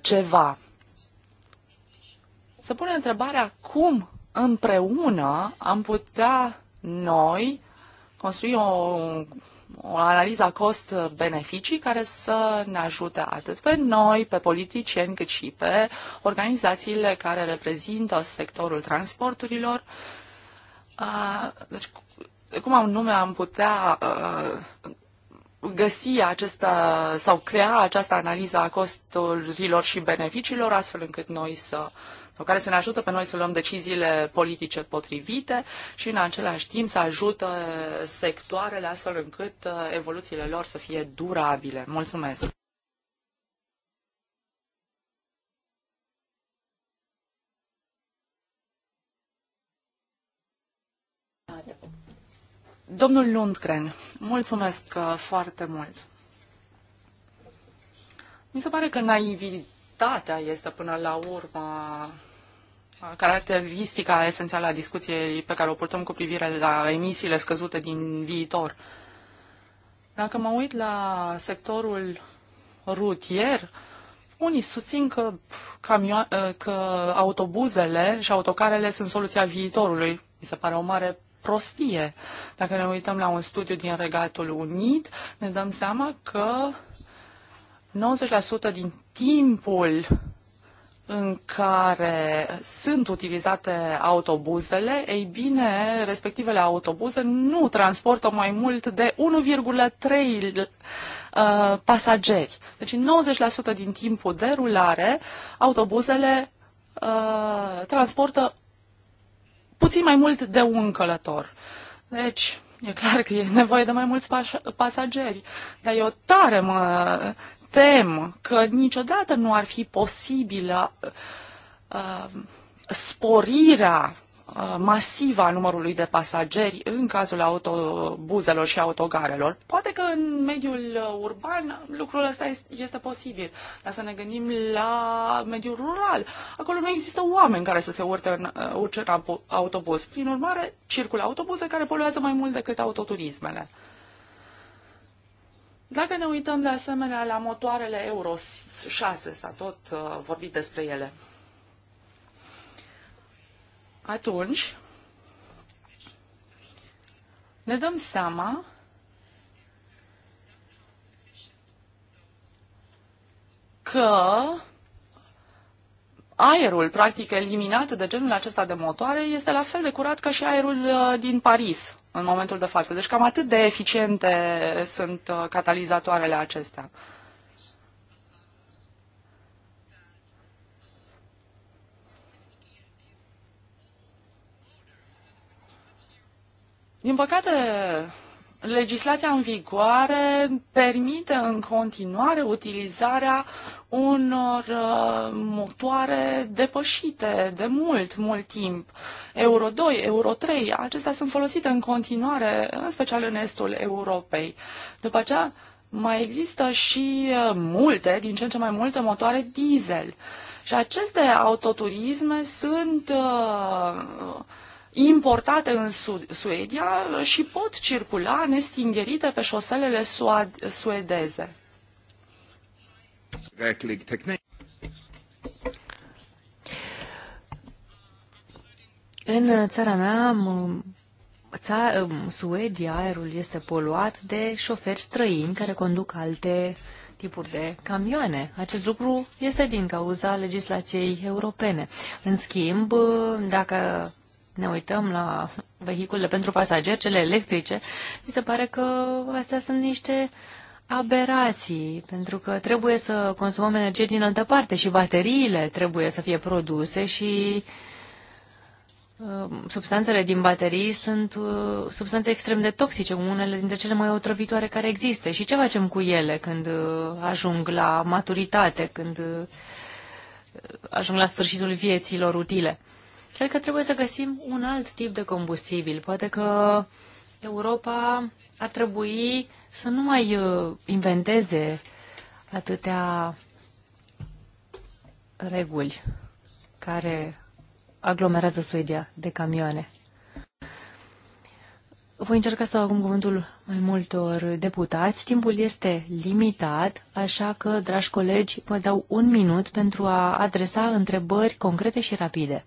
ceva. Se pune întrebarea cum împreună am putea noi construi o o analiză cost-beneficii care să ne ajute atât pe noi, pe politicieni, cât și pe organizațiile care reprezintă sectorul transporturilor. Deci, cum am nume am putea găsi acesta sau crea această analiză a costurilor și beneficiilor, astfel încât noi să uh, sau care să ne ajută pe noi să luăm deciziile politice potrivite și în același timp să ajută sectoarele astfel încât uh, evoluțiile lor să fie durabile. Mulțumesc! Domnul Lundgren, mulțumesc uh, foarte mult. Mi se pare că naivit libertatea este până la urmă uh, caracteristica esențială a discuției pe care o purtăm cu privire la emisiile scăzute din viitor. Dacă mă uit la sectorul rutier, unii susțin că, camio- uh, că autobuzele și autocarele sunt soluția viitorului. Mi se pare o mare prostie. Dacă ne uităm la un studiu din Regatul Unit, ne dăm seama că 90% din timpul în care sunt utilizate autobuzele, ei bine, respectivele autobuze nu transportă mai mult de 1,3 uh, pasageri. Deci 90% din timpul de rulare, autobuzele uh, transportă puțin mai mult de un călător. Deci, E clar că e nevoie de mai mulți pasageri, dar eu tare mă tem că niciodată nu ar fi posibilă uh, sporirea masiva uh, masivă a numărului de pasageri în cazul autobuzelor și autogarelor. Poate că în mediul uh, urban lucrul ăsta este, posibil, dar să ne gândim la mediul rural. Acolo nu există oameni care să se urte în, uh, urce în autobuz. Prin urmare, circulă autobuze care poluează mai mult decât autoturismele. Dacă ne uităm de asemenea la motoarele Euro 6, s-a tot uh, vorbit despre ele, atunci ne dăm seama că aerul, practic, eliminat de genul acesta de motoare este la fel de curat ca și aerul uh, din Paris în momentul de față. Deci cam atât de eficiente sunt uh, catalizatoarele acestea. Din păcate, legislația în vigoare permite în continuare utilizarea unor uh, motoare depășite de mult, mult timp. Euro 2, Euro 3, acestea sunt folosite în continuare, în special în estul Europei. După aceea, mai există și uh, multe, din ce în ce mai multe motoare diesel. Și aceste autoturisme sunt uh, importate în Suedia și pot circula nestingerite pe șoselele suedeze. În țara mea, ța, Suedia, aerul este poluat de șoferi străini care conduc alte tipuri de camioane. Acest lucru este din cauza legislației europene. În schimb, dacă ne uităm la vehiculele pentru pasageri, cele electrice, mi se pare că astea sunt niște aberații, pentru că trebuie să consumăm energie din altă parte și bateriile trebuie să fie produse și uh, substanțele din baterii sunt uh, substanțe extrem de toxice, unele dintre cele mai otrăvitoare care există. Și ce facem cu ele când uh, ajung la maturitate, când ajung la sfârșitul vieților utile? Cred că trebuie să găsim un alt tip de combustibil. Poate că Europa ar trebui să nu mai uh, inventeze atâtea reguli care aglomerează Suedia de camioane. Voi încerca să acum cuvântul mai multor deputați. Timpul este limitat, așa că, dragi colegi, vă dau un minut pentru a adresa întrebări concrete și rapide.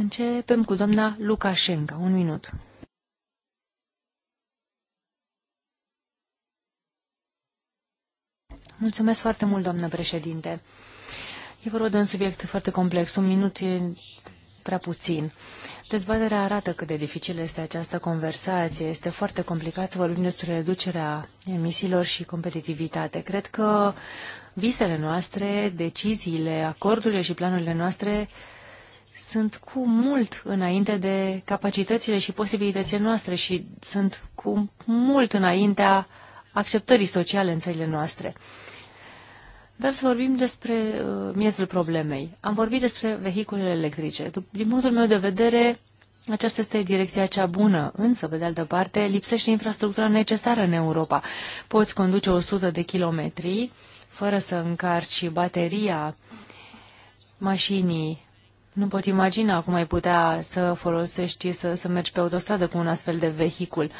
Începem cu doamna Lukashenko. Un minut. Mulțumesc foarte mult, doamnă președinte. E vorba de un subiect foarte complex. Un minut e prea puțin. Dezbaterea arată cât de dificilă este această conversație. Este foarte complicat să vorbim despre reducerea emisiilor și competitivitate. Cred că visele noastre, deciziile, acordurile și planurile noastre sunt cu mult înainte de capacitățile și posibilitățile noastre și sunt cu mult înaintea acceptării sociale în țările noastre. Dar să vorbim despre uh, miezul problemei. Am vorbit despre vehiculele electrice. Din punctul meu de vedere, aceasta este direcția cea bună, însă, pe de altă parte, lipsește infrastructura necesară în Europa. Poți conduce 100 de kilometri fără să încarci bateria mașinii nu pot imagina cum ai putea să folosești, să, să mergi pe autostradă cu un astfel de vehicul.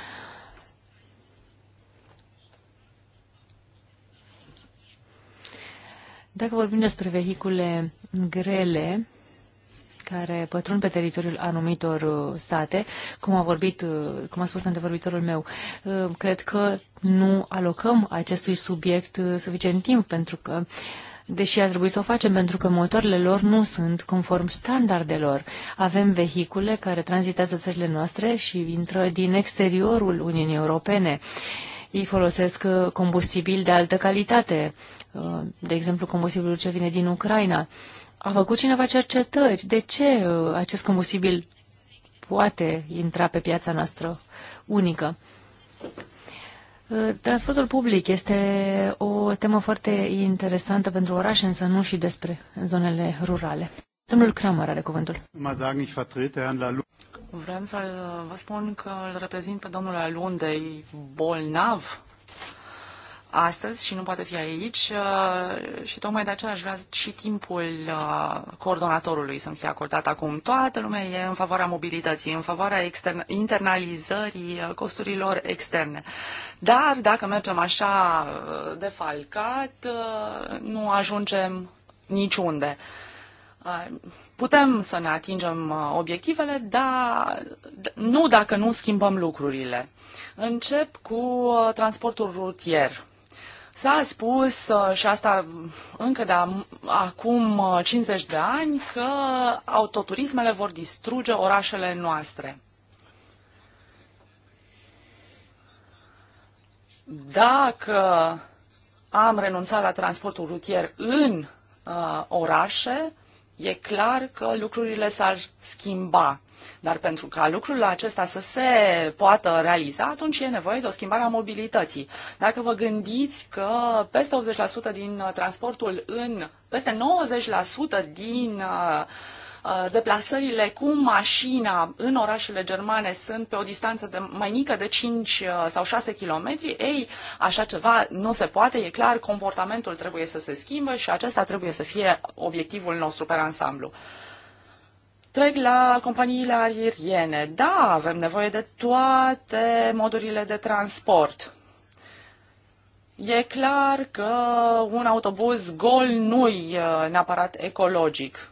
Dacă vorbim despre vehicule grele, care pătrund pe teritoriul anumitor uh, state, cum a vorbit, uh, cum a spus antevorbitorul meu, uh, cred că nu alocăm acestui subiect suficient timp, pentru că uh, deși ar trebui să o facem pentru că motoarele lor nu sunt conform standardelor. Avem vehicule care tranzitează țările noastre și intră din exteriorul Uniunii Europene. Ei folosesc uh, combustibil de altă calitate, uh, de exemplu combustibilul ce vine din Ucraina. A făcut cineva cercetări. De ce uh, acest combustibil poate intra pe piața noastră unică? Uh, transportul public este o temă foarte interesantă pentru oraș, însă nu și despre zonele rurale. Domnul Kramer are cuvântul. Vreau să vă spun că îl reprezint pe domnul Alundei bolnav astăzi și nu poate fi aici uh, și tocmai de aceea aș vrea și timpul uh, coordonatorului să-mi fie acordat acum. Toată lumea e în favoarea mobilității, în favoarea extern- internalizării uh, costurilor externe. Dar dacă mergem așa defalcat, nu ajungem niciunde. Putem să ne atingem obiectivele, dar nu dacă nu schimbăm lucrurile. Încep cu transportul rutier. S-a spus, uh, și asta încă de acum 50 uh, de ani, că autoturismele vor distruge orașele noastre. Dacă am renunțat la transportul rutier în uh, orașe, e clar că lucrurile s-ar schimba. Dar pentru ca lucrul acesta să se poată realiza, atunci e nevoie de o schimbare a mobilității. Dacă vă gândiți că peste 80% din uh, transportul în, peste 90% din uh, uh, deplasările cu mașina în orașele germane sunt pe o distanță de mai mică de 5 sau 6 km, ei, așa ceva nu se poate, e clar, comportamentul trebuie să se schimbe și acesta trebuie să fie obiectivul nostru pe ansamblu. Trec la companiile aeriene. Da, avem nevoie de toate modurile de transport. E clar că un autobuz gol nu-i uh, neapărat ecologic.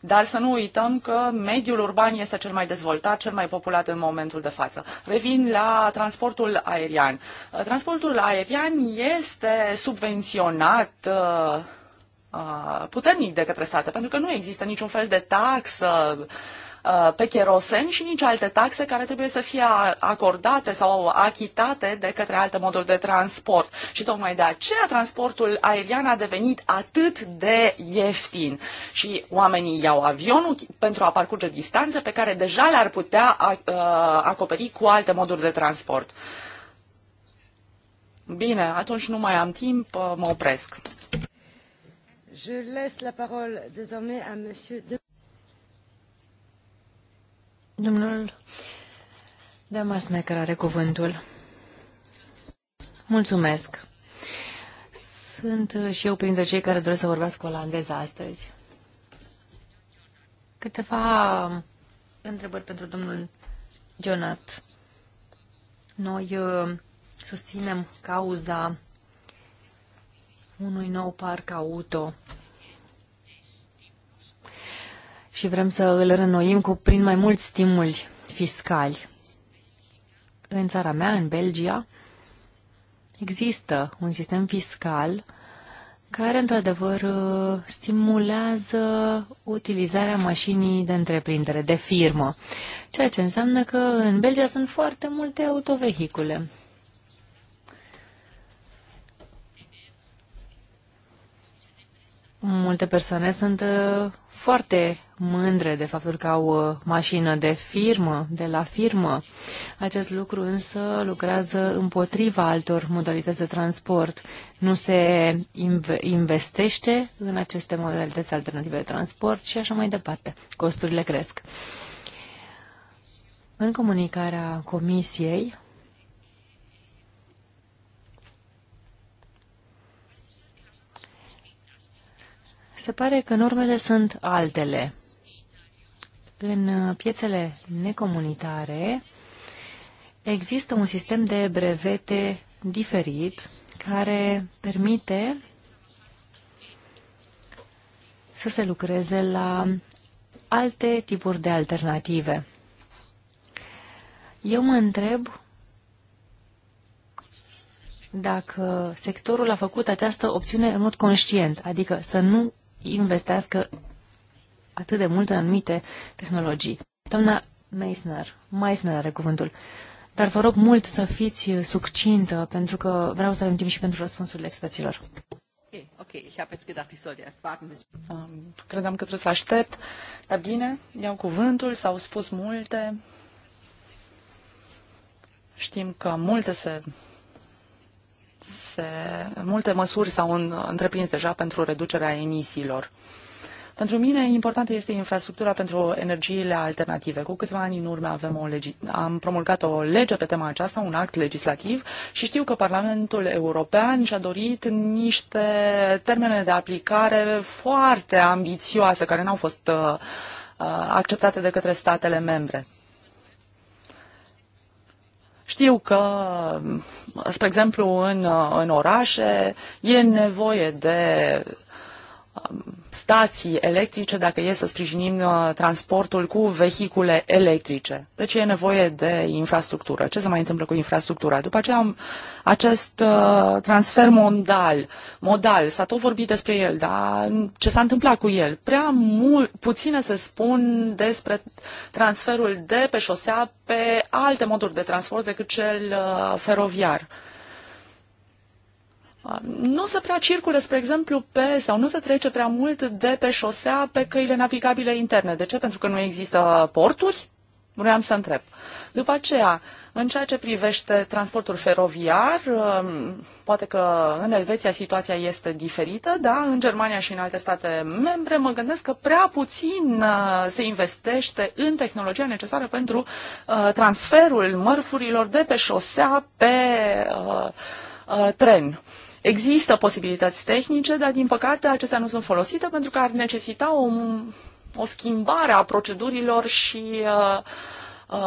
Dar să nu uităm că mediul urban este cel mai dezvoltat, cel mai populat în momentul de față. Revin la transportul aerian. Uh, transportul aerian este subvenționat uh, Uh, puternic de către state, pentru că nu există niciun fel de taxă uh, pe cherosen și nici alte taxe care trebuie să fie acordate sau achitate de către alte moduri de transport. Și tocmai de aceea transportul aerian a devenit atât de ieftin și oamenii iau avionul pentru a parcurge distanțe pe care deja le-ar putea uh, acoperi cu alte moduri de transport. Bine, atunci nu mai am timp, mă opresc. Je laisse la parole désormais à monsieur de... Domnul Damasnecker are cuvântul. Mulțumesc. Sunt și eu printre cei care doresc să vorbească olandez astăzi. Câteva întrebări pentru domnul Jonat? Noi uh, susținem cauza unui nou parc auto și vrem să îl rănoim cu, prin mai mulți stimuli fiscali. În țara mea, în Belgia, există un sistem fiscal care, într-adevăr, stimulează utilizarea mașinii de întreprindere, de firmă. Ceea ce înseamnă că în Belgia sunt foarte multe autovehicule. Multe persoane sunt uh, foarte mândre de faptul că au uh, mașină de firmă, de la firmă. Acest lucru însă lucrează împotriva altor modalități de transport. Nu se investește în aceste modalități alternative de transport și așa mai departe. Costurile cresc. În comunicarea Comisiei, Se pare că normele sunt altele. În uh, piețele necomunitare există un sistem de brevete diferit care permite să se lucreze la alte tipuri de alternative. Eu mă întreb dacă sectorul a făcut această opțiune în mod conștient, adică să nu investească atât de mult în anumite tehnologii. Doamna Meisner, Meisner are cuvântul. Dar vă rog mult să fiți succintă, pentru că vreau să avem timp și pentru răspunsurile experților. Ich habe jetzt gedacht, ich erst warten Um, credeam că trebuie să aștept, dar bine, iau cuvântul, s-au spus multe. Știm că multe se se, multe măsuri s-au întreprins deja pentru reducerea emisiilor. Pentru mine importantă este infrastructura pentru energiile alternative. Cu câțiva ani în urmă avem o legi- am promulgat o lege pe tema aceasta, un act legislativ și știu că Parlamentul European și-a dorit niște termene de aplicare foarte ambițioase, care n-au fost uh, uh acceptate de către statele membre. Știu că, spre exemplu, în, în orașe e nevoie de Um, stații electrice dacă e să sprijinim uh, transportul cu vehicule electrice. Deci e nevoie de infrastructură. Ce se mai întâmplă cu infrastructura? După aceea, acest uh, transfer modal, modal, s-a tot vorbit despre el, dar ce s-a întâmplat cu el? Prea mult, puține se spun despre transferul de pe șosea pe alte moduri de transport decât cel uh, feroviar nu se să prea circule, spre exemplu, pe sau nu se trece prea mult de pe șosea pe căile navigabile interne. De ce? Pentru că nu există porturi? Vreau să întreb. După aceea, în ceea ce privește transportul feroviar, um, poate că în Elveția situația este diferită, dar în Germania și în alte state membre mă gândesc că prea puțin uh, se investește în tehnologia necesară pentru uh, transferul mărfurilor de pe șosea pe uh, tren. Există posibilități tehnice, dar din păcate acestea nu sunt folosite pentru că ar necesita o, o schimbare a procedurilor și uh, uh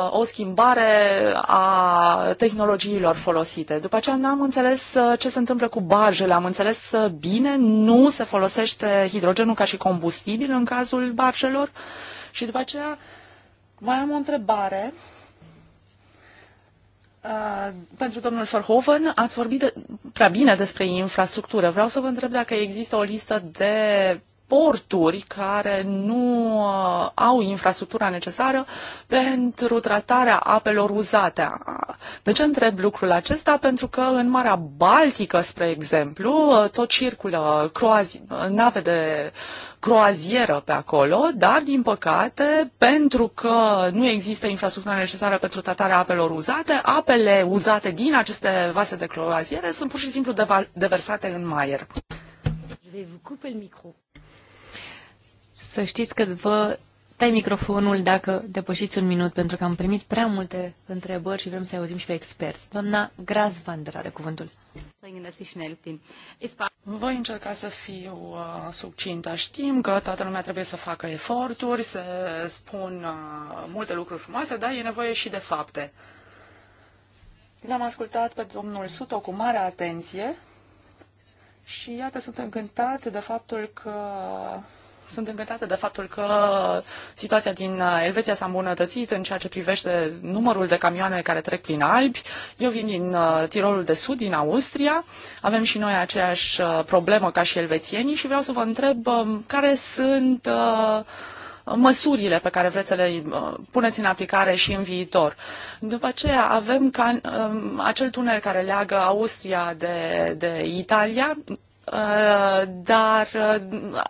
o schimbare a tehnologiilor folosite. După aceea n-am înțeles uh, ce se întâmplă cu barjele. Am înțeles uh, bine, nu se folosește hidrogenul ca și combustibil în cazul barjelor. Și după aceea mai am o întrebare. Uh, Uh, pentru domnul Verhoeven, ați vorbit de, prea bine despre infrastructură. Vreau să vă întreb dacă există o listă de porturi care nu uh, au infrastructura necesară pentru tratarea apelor uzate. De ce întreb lucrul acesta? Pentru că în Marea Baltică, spre exemplu, uh, tot circulă croazi, nave de croazieră pe acolo, dar, din păcate, pentru că nu există infrastructura necesară pentru tratarea apelor uzate, apele uzate din aceste vase de croaziere sunt pur și simplu deversate în maier. Je vais vous couper le micro. Să știți că vă tai microfonul dacă depășiți un minut, pentru că am primit prea multe întrebări și vrem să auzim și pe experți. Doamna Vander are cuvântul. Voi încerca să fiu uh, succintă. Știm că toată lumea trebuie să facă eforturi, să spun uh, multe lucruri frumoase, dar e nevoie și de fapte. L-am ascultat pe domnul Suto cu mare atenție și iată sunt încântat de faptul că sunt încântată de faptul că situația din uh, Elveția s-a îmbunătățit în ceea ce privește numărul de camioane care trec prin Albi. Eu vin din uh, Tirolul de Sud, din Austria. Avem și noi aceeași uh, problemă ca și elvețienii și vreau să vă întreb um, care sunt măsurile pe care vreți să le puneți în aplicare și în viitor. După aceea avem ca, um, acel tunel care leagă Austria de, de Italia. Uh, dar uh,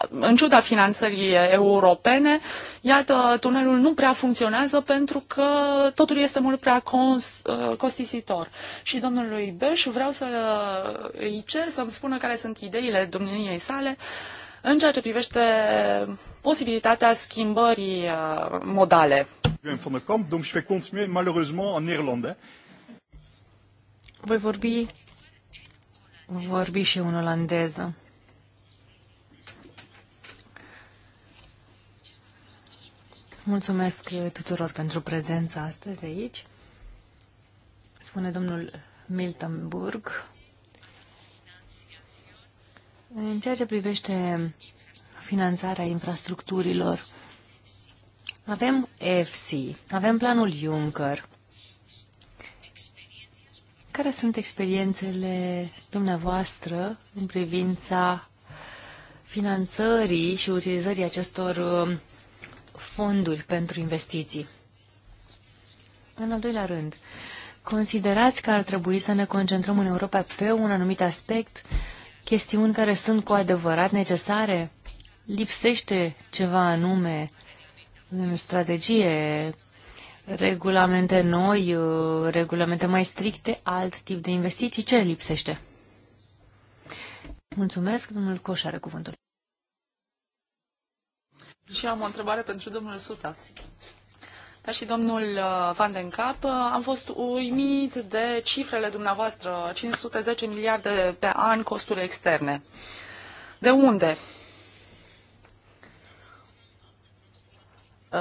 în ciuda finanțării europene, iată, tunelul nu prea funcționează pentru că totul este mult prea cons, uh, costisitor. Și domnului Beș vreau să îi cer să-mi spună care sunt ideile domniei sale în ceea ce privește posibilitatea schimbării modale. Voi vorbi vorbi și un olandeză. Mulțumesc tuturor pentru prezența astăzi aici. Spune domnul Miltenburg. În ceea ce privește finanțarea infrastructurilor, avem EFSI, avem planul Juncker, care sunt experiențele dumneavoastră în privința finanțării și utilizării acestor um, fonduri pentru investiții? În al doilea rând, considerați că ar trebui să ne concentrăm în Europa pe un anumit aspect, chestiuni care sunt cu adevărat necesare? Lipsește ceva anume în strategie regulamente noi, uh, regulamente mai stricte, alt tip de investiții. Ce lipsește? Mulțumesc, domnul Coș are cuvântul. Și am o întrebare pentru domnul Suta. Ca și domnul uh, Van den Cap, uh, am fost uimit de cifrele dumneavoastră, 510 miliarde pe an costuri externe. De unde?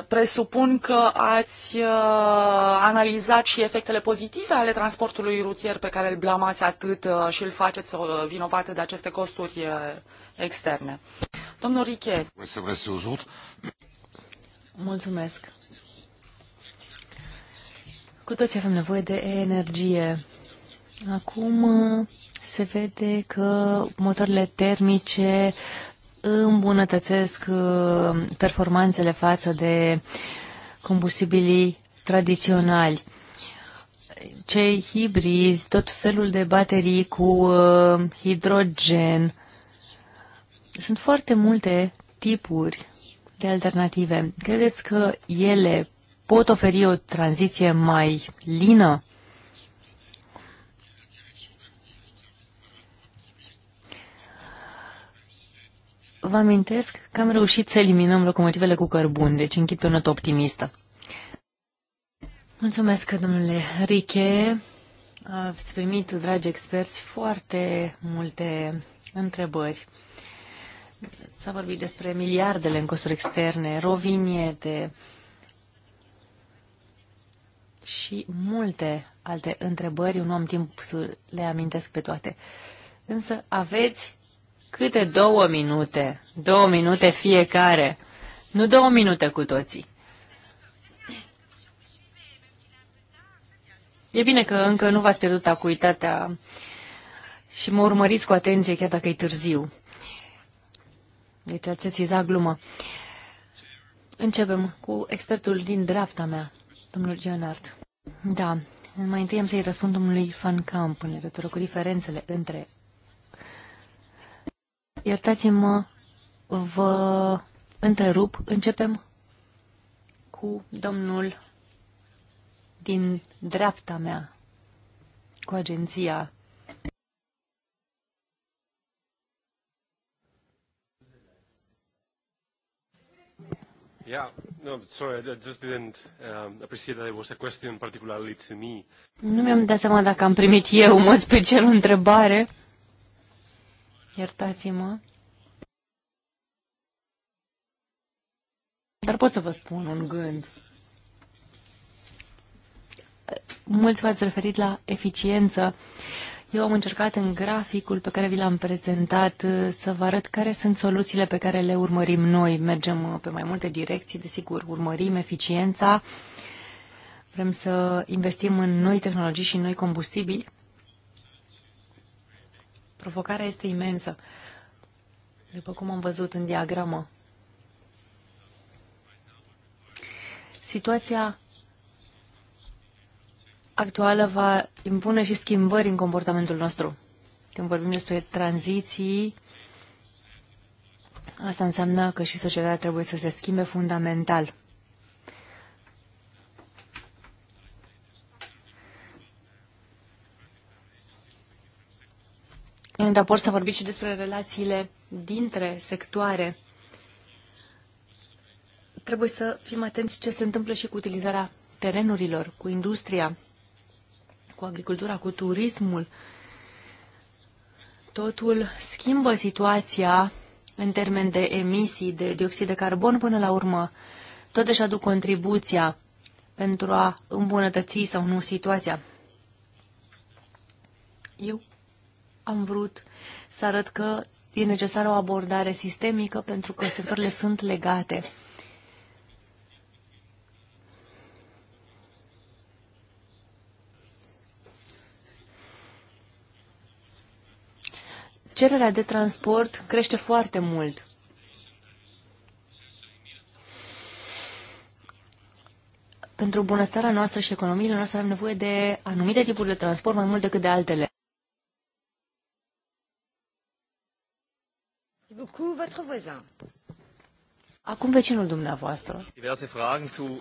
Presupun că ați uh, analizat și efectele pozitive ale transportului rutier pe care îl blamați atât uh, și îl faceți uh, vinovate de aceste costuri externe. Domnul Riche. Mulțumesc. Cu toți avem nevoie de energie. Acum se vede că motoarele termice îmbunătățesc uh, performanțele față de combustibilii tradiționali. Cei hibrizi, tot felul de baterii cu uh, hidrogen. Sunt foarte multe tipuri de alternative. Credeți că ele pot oferi o tranziție mai lină? Vă amintesc că am reușit să eliminăm locomotivele cu cărbun, deci închid pe o notă optimistă. Mulțumesc, domnule Riche. Ați primit, dragi experți, foarte multe întrebări. S-a vorbit despre miliardele în costuri externe, roviniete și multe alte întrebări. Eu nu am timp să le amintesc pe toate. Însă aveți Câte două minute? Două minute fiecare. Nu două minute cu toții. E bine că încă nu v-ați pierdut acuitatea și mă urmăriți cu atenție chiar dacă e târziu. Deci ați sesizat glumă. Începem cu expertul din dreapta mea, domnul Leonard. Da, mai întâi am să-i răspund domnului Van Camp în legătură cu diferențele între Iertați-mă, vă întrerup. Începem cu domnul din dreapta mea, cu agenția. Yeah, no, sorry, I just didn't um, appreciate that it was a question particularly to me. Nu mi-am dat seama dacă am primit eu, mă special, o întrebare. Iertați-mă. Dar pot să vă spun un gând. Mulți v-ați referit la eficiență. Eu am încercat în graficul pe care vi l-am prezentat uh, să vă arăt care sunt soluțiile pe care le urmărim noi. Mergem uh, pe mai multe direcții, desigur, urmărim eficiența, vrem să investim în noi tehnologii și noi combustibili, Provocarea este imensă, după cum am văzut în diagramă. Situația actuală va impune și schimbări în comportamentul nostru. Când vorbim despre tranziții, asta înseamnă că și societatea trebuie să se schimbe fundamental. În raport să vorbiți și despre relațiile dintre sectoare. Trebuie să fim atenți ce se întâmplă și cu utilizarea terenurilor, cu industria, cu agricultura, cu turismul. Totul schimbă situația în termen de emisii de dioxid de carbon până la urmă. Tot își aduc contribuția pentru a îmbunătăți sau nu situația. Eu am vrut să arăt că e necesară o abordare sistemică pentru că sectorile sunt legate. Cererea de transport crește foarte mult. Pentru bunăstarea noastră și economiile noastre avem nevoie de anumite tipuri de transport mai mult decât de altele. beaucoup. Votre voisin. Acum vecinul dumneavoastră. Diverse fragen zu, uh,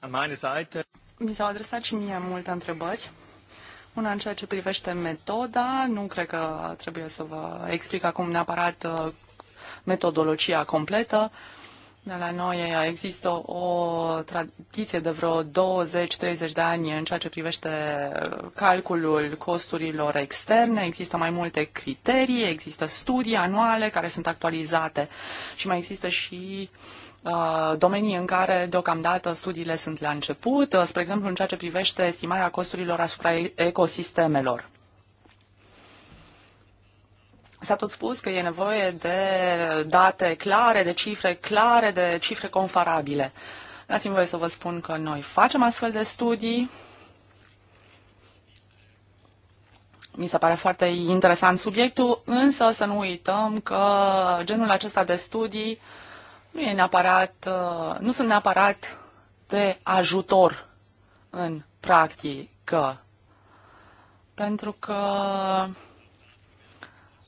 an meine Seite. Mi s-au adresat și mie multe întrebări. Una în ceea ce privește metoda, nu cred că trebuie să vă explic acum neapărat eh, metodologia completă. Uh, la noi există o tradiție de vreo 20-30 de ani în ceea ce privește calculul costurilor externe. Există mai multe criterii, există studii anuale care sunt actualizate și mai există și uh, domenii în care deocamdată studiile sunt la început, uh, spre exemplu în ceea ce privește estimarea costurilor asupra ecosistemelor. S-a tot spus că e nevoie de date clare, de cifre clare, de cifre comparabile. Dați-mi voie să vă spun că noi facem astfel de studii. Mi se pare foarte interesant subiectul, însă să nu uităm că genul acesta de studii nu, e neapărat, nu sunt neapărat de ajutor în practică. Pentru că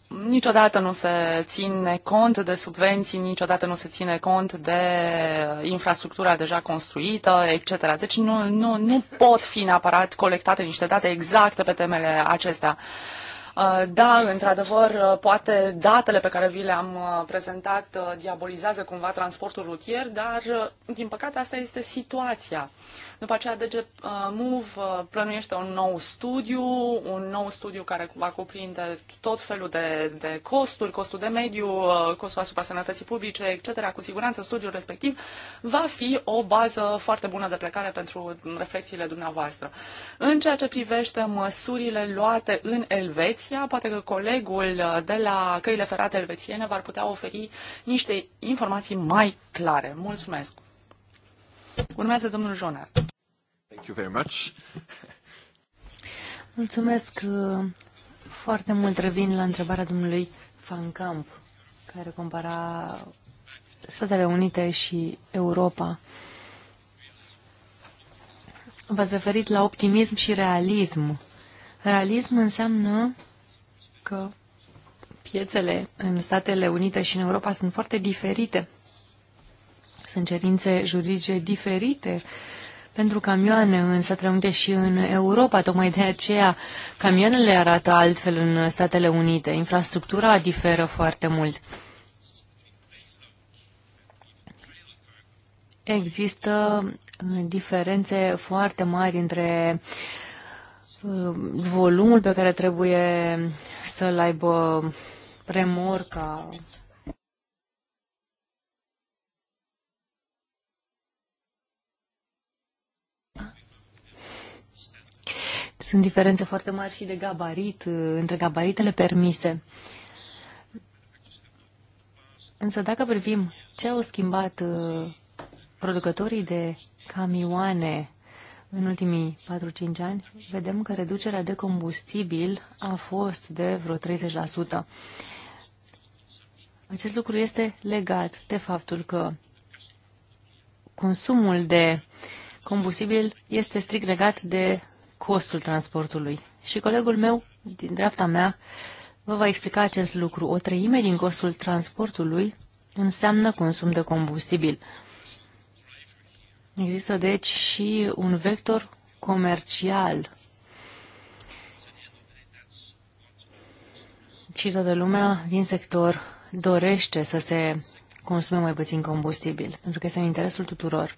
niciodată nu se ține cont de subvenții, niciodată nu se ține cont de infrastructura deja construită, etc. Deci nu, nu, nu pot fi neapărat colectate niște date exacte pe temele acestea. Uh, da, într-adevăr, uh, poate datele pe care vi le-am uh, prezentat diabolizează cumva transportul rutier, dar, din păcate, asta este situația. După aceea DG uh, Move uh, plănuiește un nou studiu, un nou studiu care va cuprinde tot felul de, de costuri, costul de mediu, uh, costul asupra sănătății publice, etc. Cu siguranță studiul respectiv va fi o bază foarte bună de plecare pentru reflexiile dumneavoastră. În ceea ce privește măsurile luate în Elveția, poate că colegul de la Căile Ferate Elvețiene v-ar putea oferi niște informații mai clare. Mulțumesc! Urmează domnul Jonar. Thank you very much. Mulțumesc uh, foarte mult. Revin la întrebarea domnului Van Camp, care compara Statele Unite și Europa. V-ați referit la optimism și realism. Realism înseamnă că piețele în Statele Unite și în Europa sunt foarte diferite sunt cerințe juridice diferite pentru camioane în trăunte și în Europa. Tocmai de aceea camioanele arată altfel în Statele Unite. Infrastructura diferă foarte mult. Există uh, diferențe foarte mari între uh, volumul pe care trebuie să-l aibă remorca Sunt diferențe foarte mari și de gabarit, uh, între gabaritele permise. Însă dacă privim ce au schimbat uh, producătorii de camioane în ultimii 4-5 ani, vedem că reducerea de combustibil a fost de vreo 30%. Acest lucru este legat de faptul că consumul de combustibil este strict legat de costul transportului. Și colegul meu, din dreapta mea, vă va explica acest lucru. O treime din costul transportului înseamnă consum de combustibil. Există, deci, și un vector comercial. Și toată lumea din sector dorește să se consume mai puțin combustibil, pentru că este în interesul tuturor.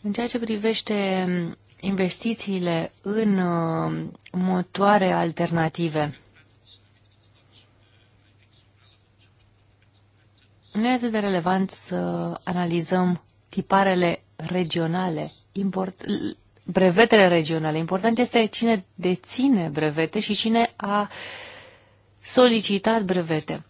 În ceea ce privește investițiile în uh, motoare alternative, nu e atât de relevant să analizăm tiparele regionale, import, brevetele regionale. Important este cine deține brevete și cine a solicitat brevete.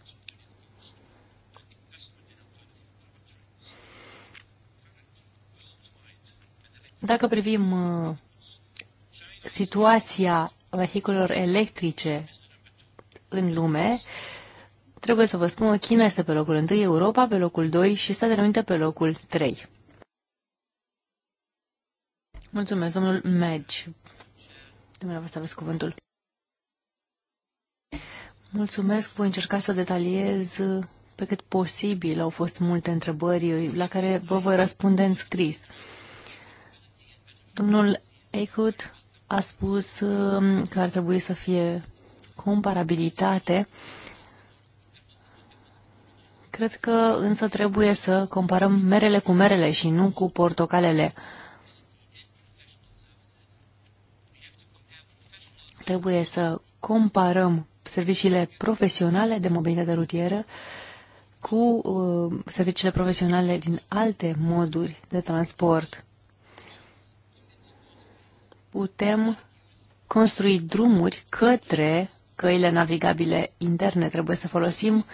Dacă privim uh, situația vehiculelor electrice în lume, trebuie să vă spun că China este pe locul 1, Europa pe locul 2 și Statele Unite pe locul 3. Mulțumesc, domnul Medj. Dumneavoastră aveți cuvântul. Mulțumesc, voi încerca să detaliez uh, pe cât posibil. Au fost multe întrebări la care vă voi răspunde în scris. Domnul Eichut a spus um, că ar trebui să fie comparabilitate. Cred că însă trebuie să comparăm merele cu merele și nu cu portocalele. Trebuie să comparăm serviciile profesionale de mobilitate rutieră cu uh, serviciile profesionale din alte moduri de transport putem construi drumuri către căile navigabile interne. Trebuie să folosim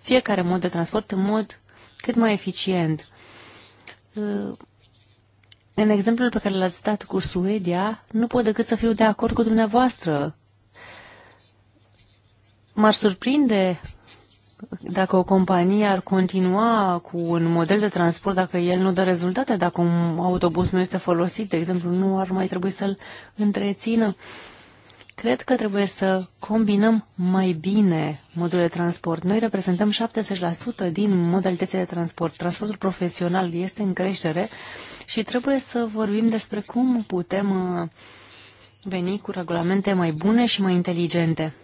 fiecare mod de transport în mod cât mai eficient. În exemplul pe care l-ați dat cu Suedia, nu pot decât să fiu de acord cu dumneavoastră. M-ar surprinde dacă o companie ar continua cu un model de transport, dacă el nu dă rezultate, dacă un autobuz nu este folosit, de exemplu, nu ar mai trebui să-l întrețină. Cred că trebuie să combinăm mai bine modul de transport. Noi reprezentăm 70% din modalitățile de transport. Transportul profesional este în creștere și trebuie să vorbim despre cum putem uh, veni cu regulamente mai bune și mai inteligente.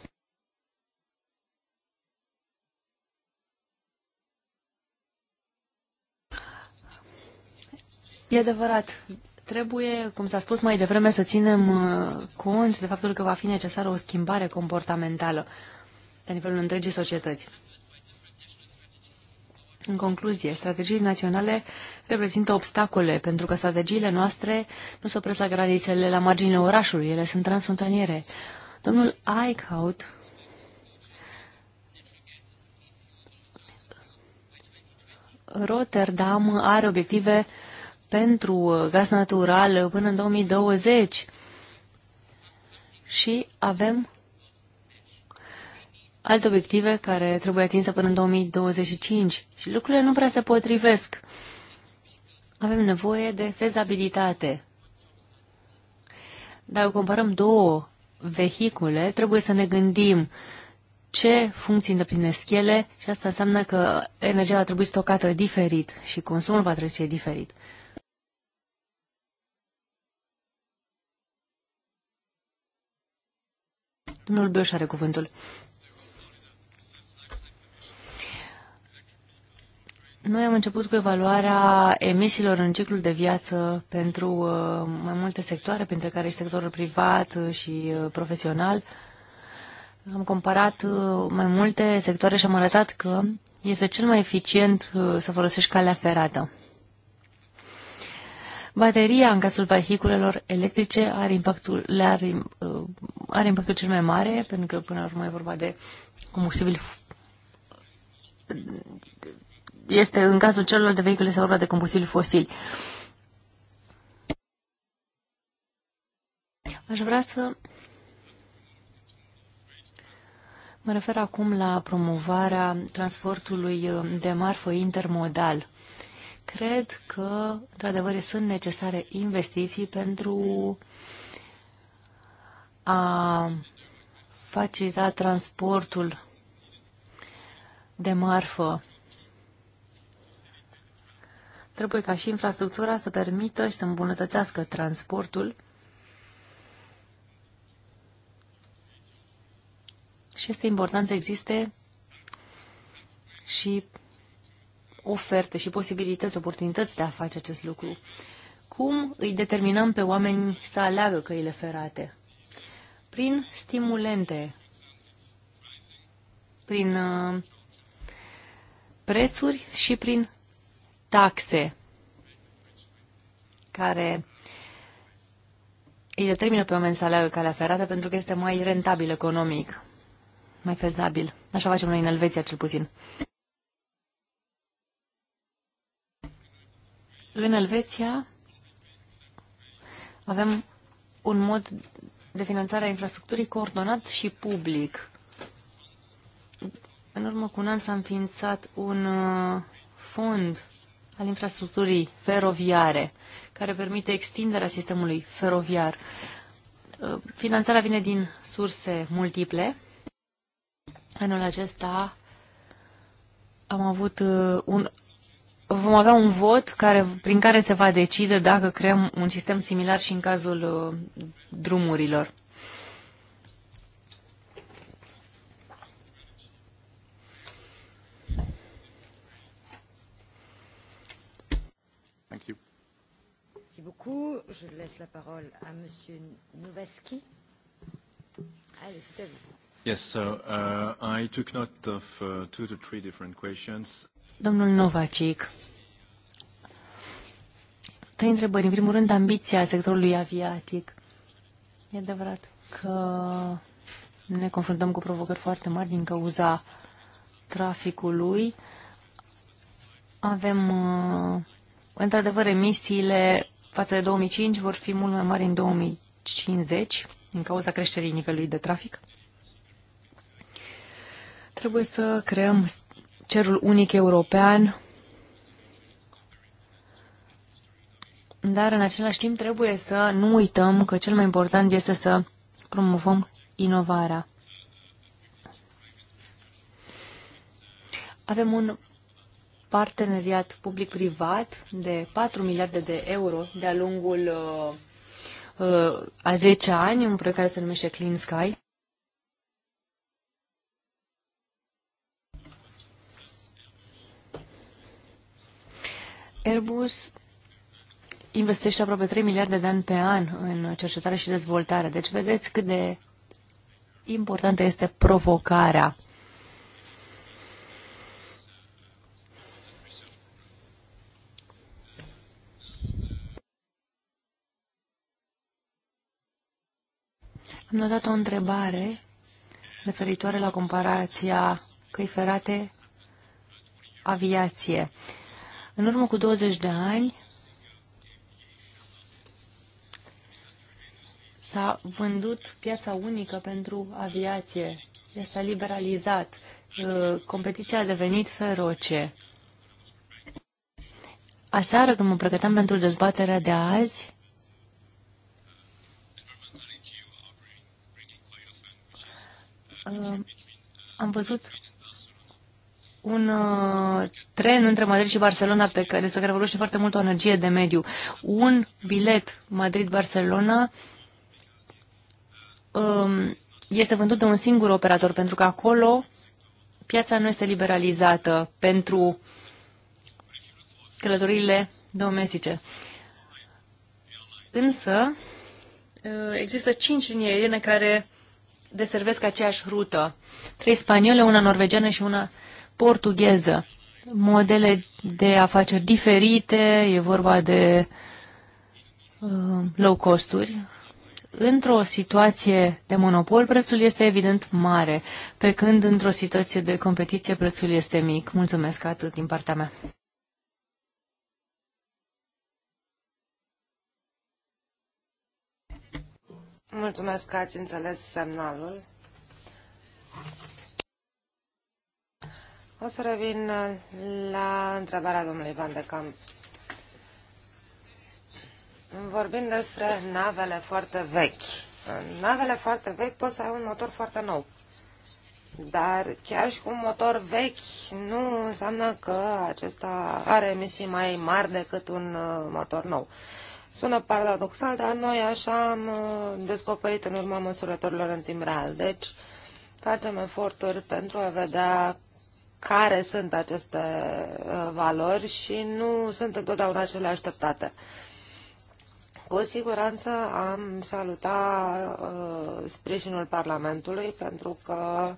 E adevărat. Trebuie, cum s-a spus mai devreme, să ținem uh, cont de faptul că va fi necesară o schimbare comportamentală la nivelul întregii societăți. În concluzie, strategiile naționale reprezintă obstacole, pentru că strategiile noastre nu se opresc la granițele, la marginile orașului, ele sunt transfrontaliere. Domnul Eichhout Rotterdam are obiective uh, pentru uh, gaz natural uh, până în 2020 și avem alte obiective care trebuie atinse până în 2025 și lucrurile nu prea se potrivesc. Avem nevoie de fezabilitate. Dacă comparăm două vehicule, trebuie să ne gândim ce funcții îndeplinesc ele și asta înseamnă că energia va trebui stocată diferit și consumul va trebui să fie diferit. Domnul Băș are cuvântul. Noi am început cu evaluarea emisiilor în ciclul de viață pentru uh, mai multe sectoare, printre care și sectorul privat uh, și uh, profesional. Am comparat mai multe sectoare și am arătat că este cel mai eficient să folosești calea ferată. Bateria în cazul vehiculelor electrice are impactul, le are, uh, are impactul cel mai mare, pentru că până la urmă e vorba de combustibil este în cazul celor de vehicule se vorba de combustibili fosili. Aș vrea să mă refer acum la promovarea transportului uh, de marfă intermodal cred că, într-adevăr, sunt necesare investiții pentru a facilita transportul de marfă. Trebuie ca și infrastructura să permită și să îmbunătățească transportul și este important să existe și oferte și posibilități, oportunități de a face acest lucru. Cum îi determinăm pe oameni să aleagă căile ferate? Prin stimulente, prin uh, prețuri și prin taxe care îi determină pe oameni să aleagă calea ferată pentru că este mai rentabil economic, mai fezabil. Așa facem noi în Elveția, cel puțin. În Elveția avem un mod de finanțare a infrastructurii coordonat și public. În urmă cu un an s-a înființat un uh, fond al infrastructurii feroviare, care permite extinderea sistemului feroviar. Uh, finanțarea vine din surse multiple. Anul acesta am avut uh, un vom avea un vot care, prin care se va decide dacă creăm un sistem similar și în cazul uh, drumurilor. Thank you. beaucoup. Je laisse la parole à Monsieur Novaski. Allez, c'est à vous. Yes, so uh, I took note of uh, two to three different questions. Domnul Novacic, trei întrebări. În primul rând, ambiția sectorului aviatic. E adevărat că ne confruntăm cu provocări foarte mari din cauza traficului. Avem, uh, într-adevăr, emisiile față de 2005 vor fi mult mai mari în 2050 din cauza creșterii nivelului de trafic. Trebuie să creăm cerul unic european, dar în același timp trebuie să nu uităm că cel mai important este să promovăm inovarea. Avem un parteneriat public-privat de 4 miliarde de euro de-a lungul uh, uh, a 10 ani, un proiect care se numește Clean Sky. Airbus investește aproape 3 miliarde de ani pe an în cercetare și dezvoltare. Deci vedeți cât de importantă este provocarea. Am notat o întrebare referitoare la comparația căi ferate aviație. Uh, în urmă cu 20 de ani s-a vândut piața unică pentru aviație. S-a liberalizat. Uh, competiția a devenit feroce. Aseară, când mă pregăteam pentru dezbaterea de azi, uh, am văzut un uh, tren între Madrid și Barcelona pe care, despre care vorbește foarte mult o energie de mediu. Un bilet Madrid-Barcelona um, este vândut de un singur operator, pentru că acolo piața nu este liberalizată pentru călătorile domestice. Însă, uh, există cinci linii aeriene care deservesc aceeași rută. Trei spaniole, una norvegiană și una portugheză. Modele de afaceri diferite, e vorba de uh, low costuri. Într-o situație de monopol, prețul este evident mare, pe când într-o situație de competiție, prețul este mic. Mulțumesc atât din partea mea. Mulțumesc că ați înțeles semnalul. O să revin uh, la întrebarea domnului Van de Camp. Vorbim despre navele foarte vechi. În navele foarte vechi poți să ai un motor foarte nou. Dar chiar și cu un motor vechi nu înseamnă că acesta are emisii mai mari decât un uh, motor nou. Sună paradoxal, dar noi așa am uh, descoperit în urma măsurătorilor în timp real. Deci facem eforturi pentru a vedea care sunt aceste uh, valori și nu sunt întotdeauna cele așteptate. Cu siguranță am salutat uh, sprijinul Parlamentului pentru că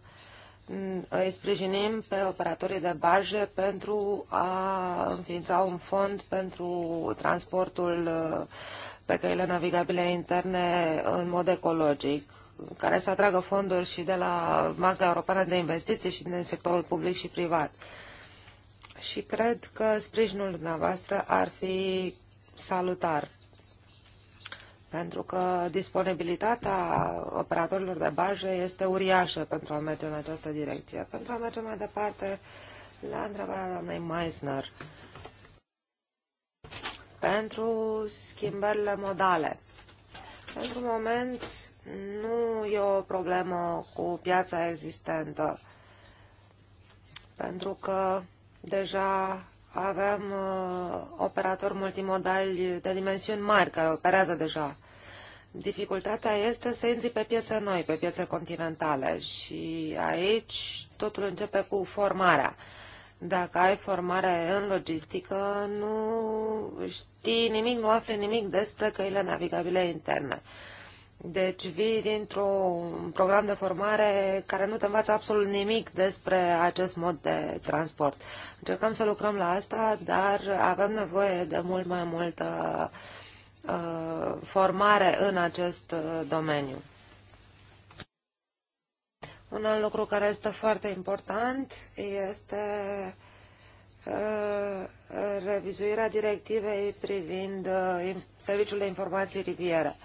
mm, îi sprijinim pe operatorii de barje pentru a înființa un fond pentru transportul uh, pe căile navigabile interne în mod ecologic care să atragă fonduri și de la Banca Europeană de Investiții și din sectorul public și privat. Și cred că sprijinul dumneavoastră ar fi salutar pentru că disponibilitatea operatorilor de bajă este uriașă pentru a merge în această direcție. Pentru a merge mai departe la întrebarea doamnei Meisner pentru schimbările modale. Pentru moment nu e o problemă cu piața existentă, pentru că deja avem uh, operatori multimodali de dimensiuni mari care operează deja. Dificultatea este să intri pe piețe noi, pe piețe continentale și aici totul începe cu formarea. Dacă ai formare în logistică, nu știi nimic, nu afli nimic despre căile navigabile interne. Uh, deci vii dintr-un program de formare care nu te învață absolut nimic despre acest mod de transport. Încercăm să lucrăm la asta, dar avem nevoie de mult mai multă uh, formare în acest uh, domeniu. Un alt lucru care este foarte important este uh, revizuirea directivei privind uh, serviciul de informații riviere.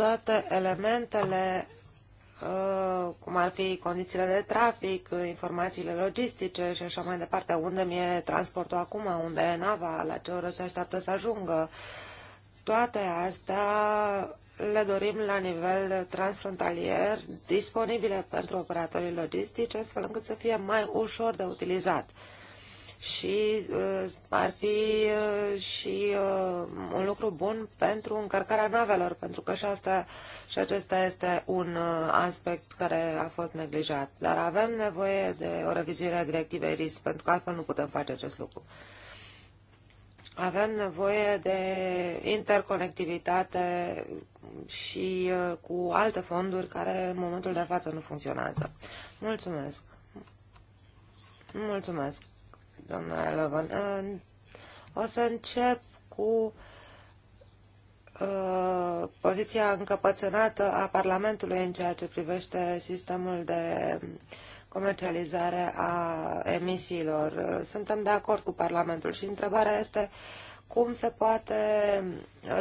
toate elementele, uh, cum ar fi condițiile de trafic, informațiile logistice și așa mai departe, unde mi-e transportul acum, unde e nava, la ce oră se așteaptă să ajungă, toate astea le dorim la nivel transfrontalier, disponibile pentru operatorii logistici, astfel încât să fie mai ușor de utilizat și uh, ar fi uh, și uh, un lucru bun pentru încărcarea navelor, pentru că și, asta, și acesta este un aspect care a fost neglijat. Dar avem nevoie de o revizuire a directivei RIS, pentru că altfel nu putem face acest lucru. Avem nevoie de interconectivitate și cu alte fonduri care în momentul de față nu funcționează. Mulțumesc! Mulțumesc! doamna Elevan. O să încep cu uh, poziția încăpățânată a Parlamentului în ceea ce privește sistemul de comercializare a emisiilor. Suntem de acord cu Parlamentul și întrebarea este cum se poate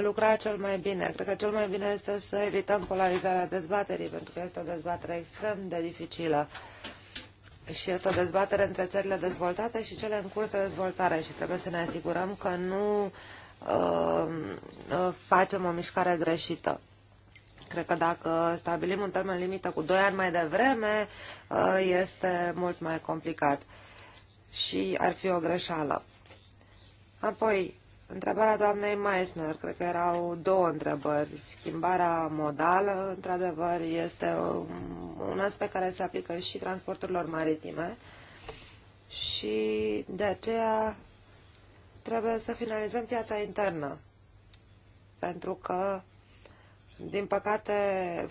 lucra cel mai bine. Cred că cel mai bine este să evităm polarizarea dezbaterii, pentru că este o dezbatere extrem de dificilă. Uh, și este o dezbatere între țările dezvoltate și cele în curs de dezvoltare și trebuie să ne asigurăm că nu uh, uh facem o mișcare greșită. Cred că dacă stabilim un termen limită cu 2 ani mai devreme, uh, este mult mai complicat și ar fi o greșeală. Apoi, Întrebarea doamnei Meissner, cred că erau două întrebări. Schimbarea modală, într-adevăr, este un aspect care se aplică și transporturilor maritime și de aceea trebuie să finalizăm piața internă, pentru că, din păcate,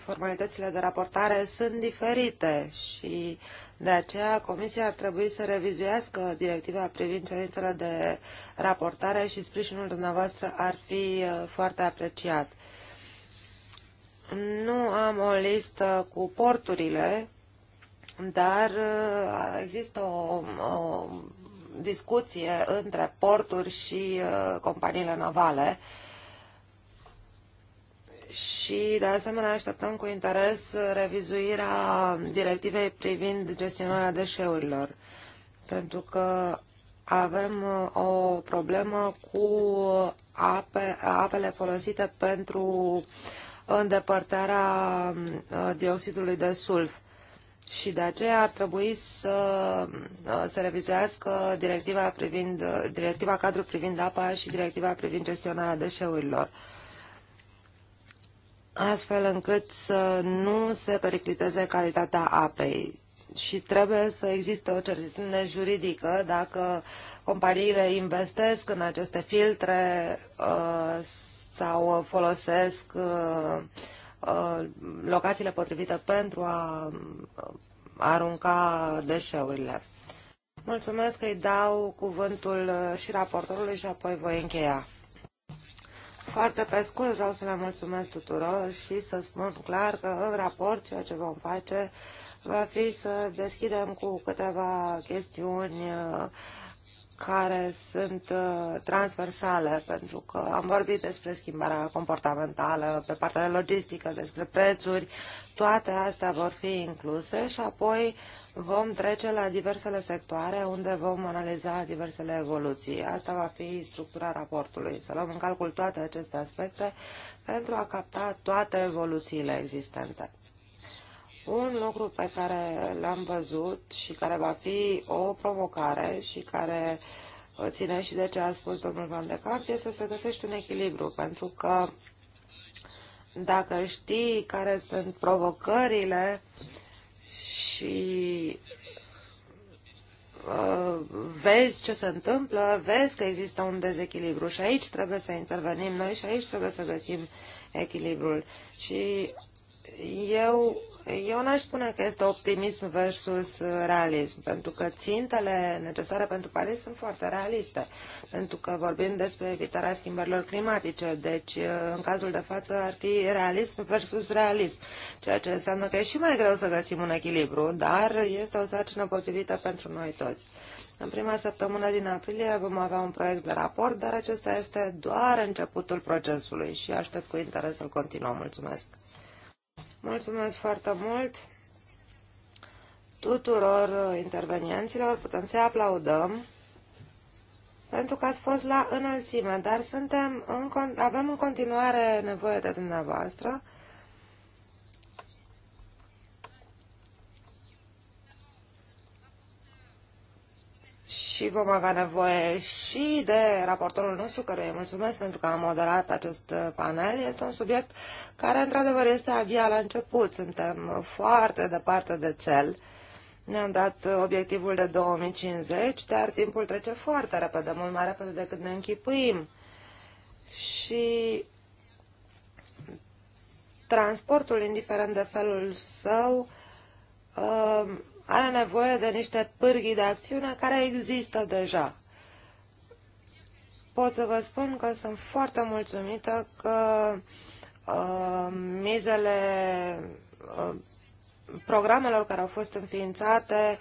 formalitățile de raportare sunt diferite și de aceea, Comisia ar trebui să revizuiască directiva privind cerințele de raportare și sprijinul dumneavoastră ar fi uh, foarte apreciat. Nu am o listă cu porturile, dar uh, există o, o discuție între porturi și uh, companiile navale uh, și, de asemenea, așteptăm cu interes revizuirea directivei privind gestionarea deșeurilor, pentru că avem uh, o problemă cu ape, apele folosite pentru îndepărtarea uh, dioxidului de sulf. Și de aceea ar trebui să uh, se revizuiască directiva, privind, directiva cadru privind apa și directiva privind gestionarea deșeurilor astfel încât să nu se pericliteze calitatea apei și trebuie să existe o certitudine juridică dacă companiile investesc în aceste filtre uh, sau folosesc uh, uh, locațiile potrivite pentru a arunca deșeurile. Mulțumesc că îi dau cuvântul și raportorului și apoi voi încheia. Foarte pe scurt vreau să le mulțumesc tuturor și să spun clar că în raport ceea ce vom face va fi să deschidem cu câteva chestiuni uh, care sunt uh, transversale, pentru că am vorbit despre schimbarea comportamentală, pe partea de logistică, despre prețuri, toate astea vor fi incluse și apoi Vom trece la diversele sectoare unde vom analiza diversele evoluții. Asta va fi structura raportului. Să luăm în calcul toate aceste aspecte pentru a capta toate evoluțiile existente. Un lucru pe care l-am văzut și care va fi o provocare și care ține și de ce a spus domnul Van de Camp este să se găsești un echilibru, pentru că dacă știi care sunt provocările, uh, și uh, vezi ce se întâmplă, vezi că există un dezechilibru și aici trebuie să intervenim noi și aici trebuie să găsim echilibrul. Și eu eu n-aș spune că este optimism versus uh, realism, pentru că țintele necesare pentru Paris sunt foarte realiste, pentru că vorbim despre evitarea schimbărilor climatice, deci uh, în cazul de față ar fi realism versus realism, ceea ce înseamnă că e și mai greu să găsim un echilibru, dar este o sarcină potrivită pentru noi toți. În prima săptămână din aprilie vom avea un proiect de raport, dar acesta este doar începutul procesului și aștept cu interes să-l continuăm. Mulțumesc! Mulțumesc foarte mult tuturor intervenienților, putem să-i aplaudăm pentru că ați fost la înălțime, dar suntem în, avem în continuare nevoie de dumneavoastră și vom avea nevoie și de raportorul nostru, care îi mulțumesc pentru că a moderat acest panel. Este un subiect care, într-adevăr, este abia la început. Suntem foarte departe de cel. Ne-am dat obiectivul de 2050, dar timpul trece foarte repede, mult mai repede decât ne închipuim. Și transportul, indiferent de felul său, ă, are nevoie de niște pârghii de acțiune care există deja. Pot să vă spun că sunt foarte mulțumită că uh, mizele uh, programelor care au fost înființate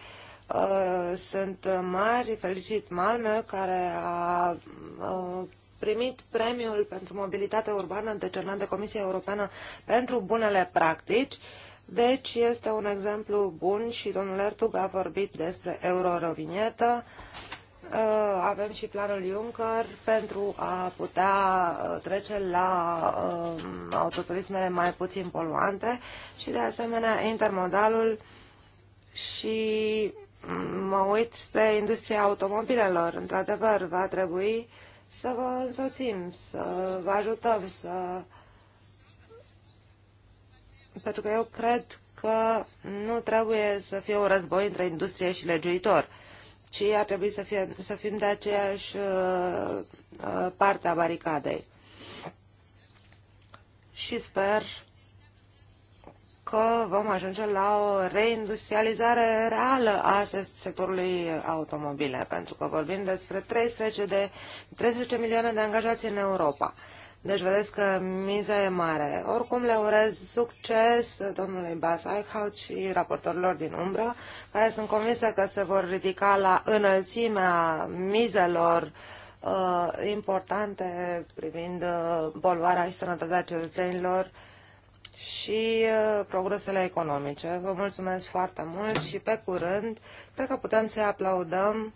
uh, sunt mari. Felicit Malmö, care a uh, primit premiul pentru mobilitate urbană decernat de Comisia Europeană pentru bunele practici. Uh, deci este un exemplu bun și domnul Ertug a vorbit despre eurorovignetă. Uh, avem și planul Juncker pentru a putea uh, trece la uh, autoturismele mai puțin poluante și de asemenea intermodalul și mm, mă uit spre industria automobilelor. Într-adevăr, va trebui să vă însoțim, să vă ajutăm, să pentru că eu cred că nu trebuie să fie un război între industrie și legiuitor, ci ar trebui să, fie, să fim de aceeași uh, uh, parte a baricadei. Și sper că vom ajunge la o reindustrializare reală a sectorului automobile, pentru că vorbim despre 13, de, 13 milioane de angajați în Europa. Deci vedeți că miza e mare. Oricum le urez succes domnului Bas Eichhout și raportorilor din umbră, care sunt convinsă că se vor ridica la înălțimea mizelor uh, importante privind uh, poluarea și sănătatea cetățenilor și uh, progresele economice. Vă mulțumesc foarte mult și pe curând cred că putem să-i aplaudăm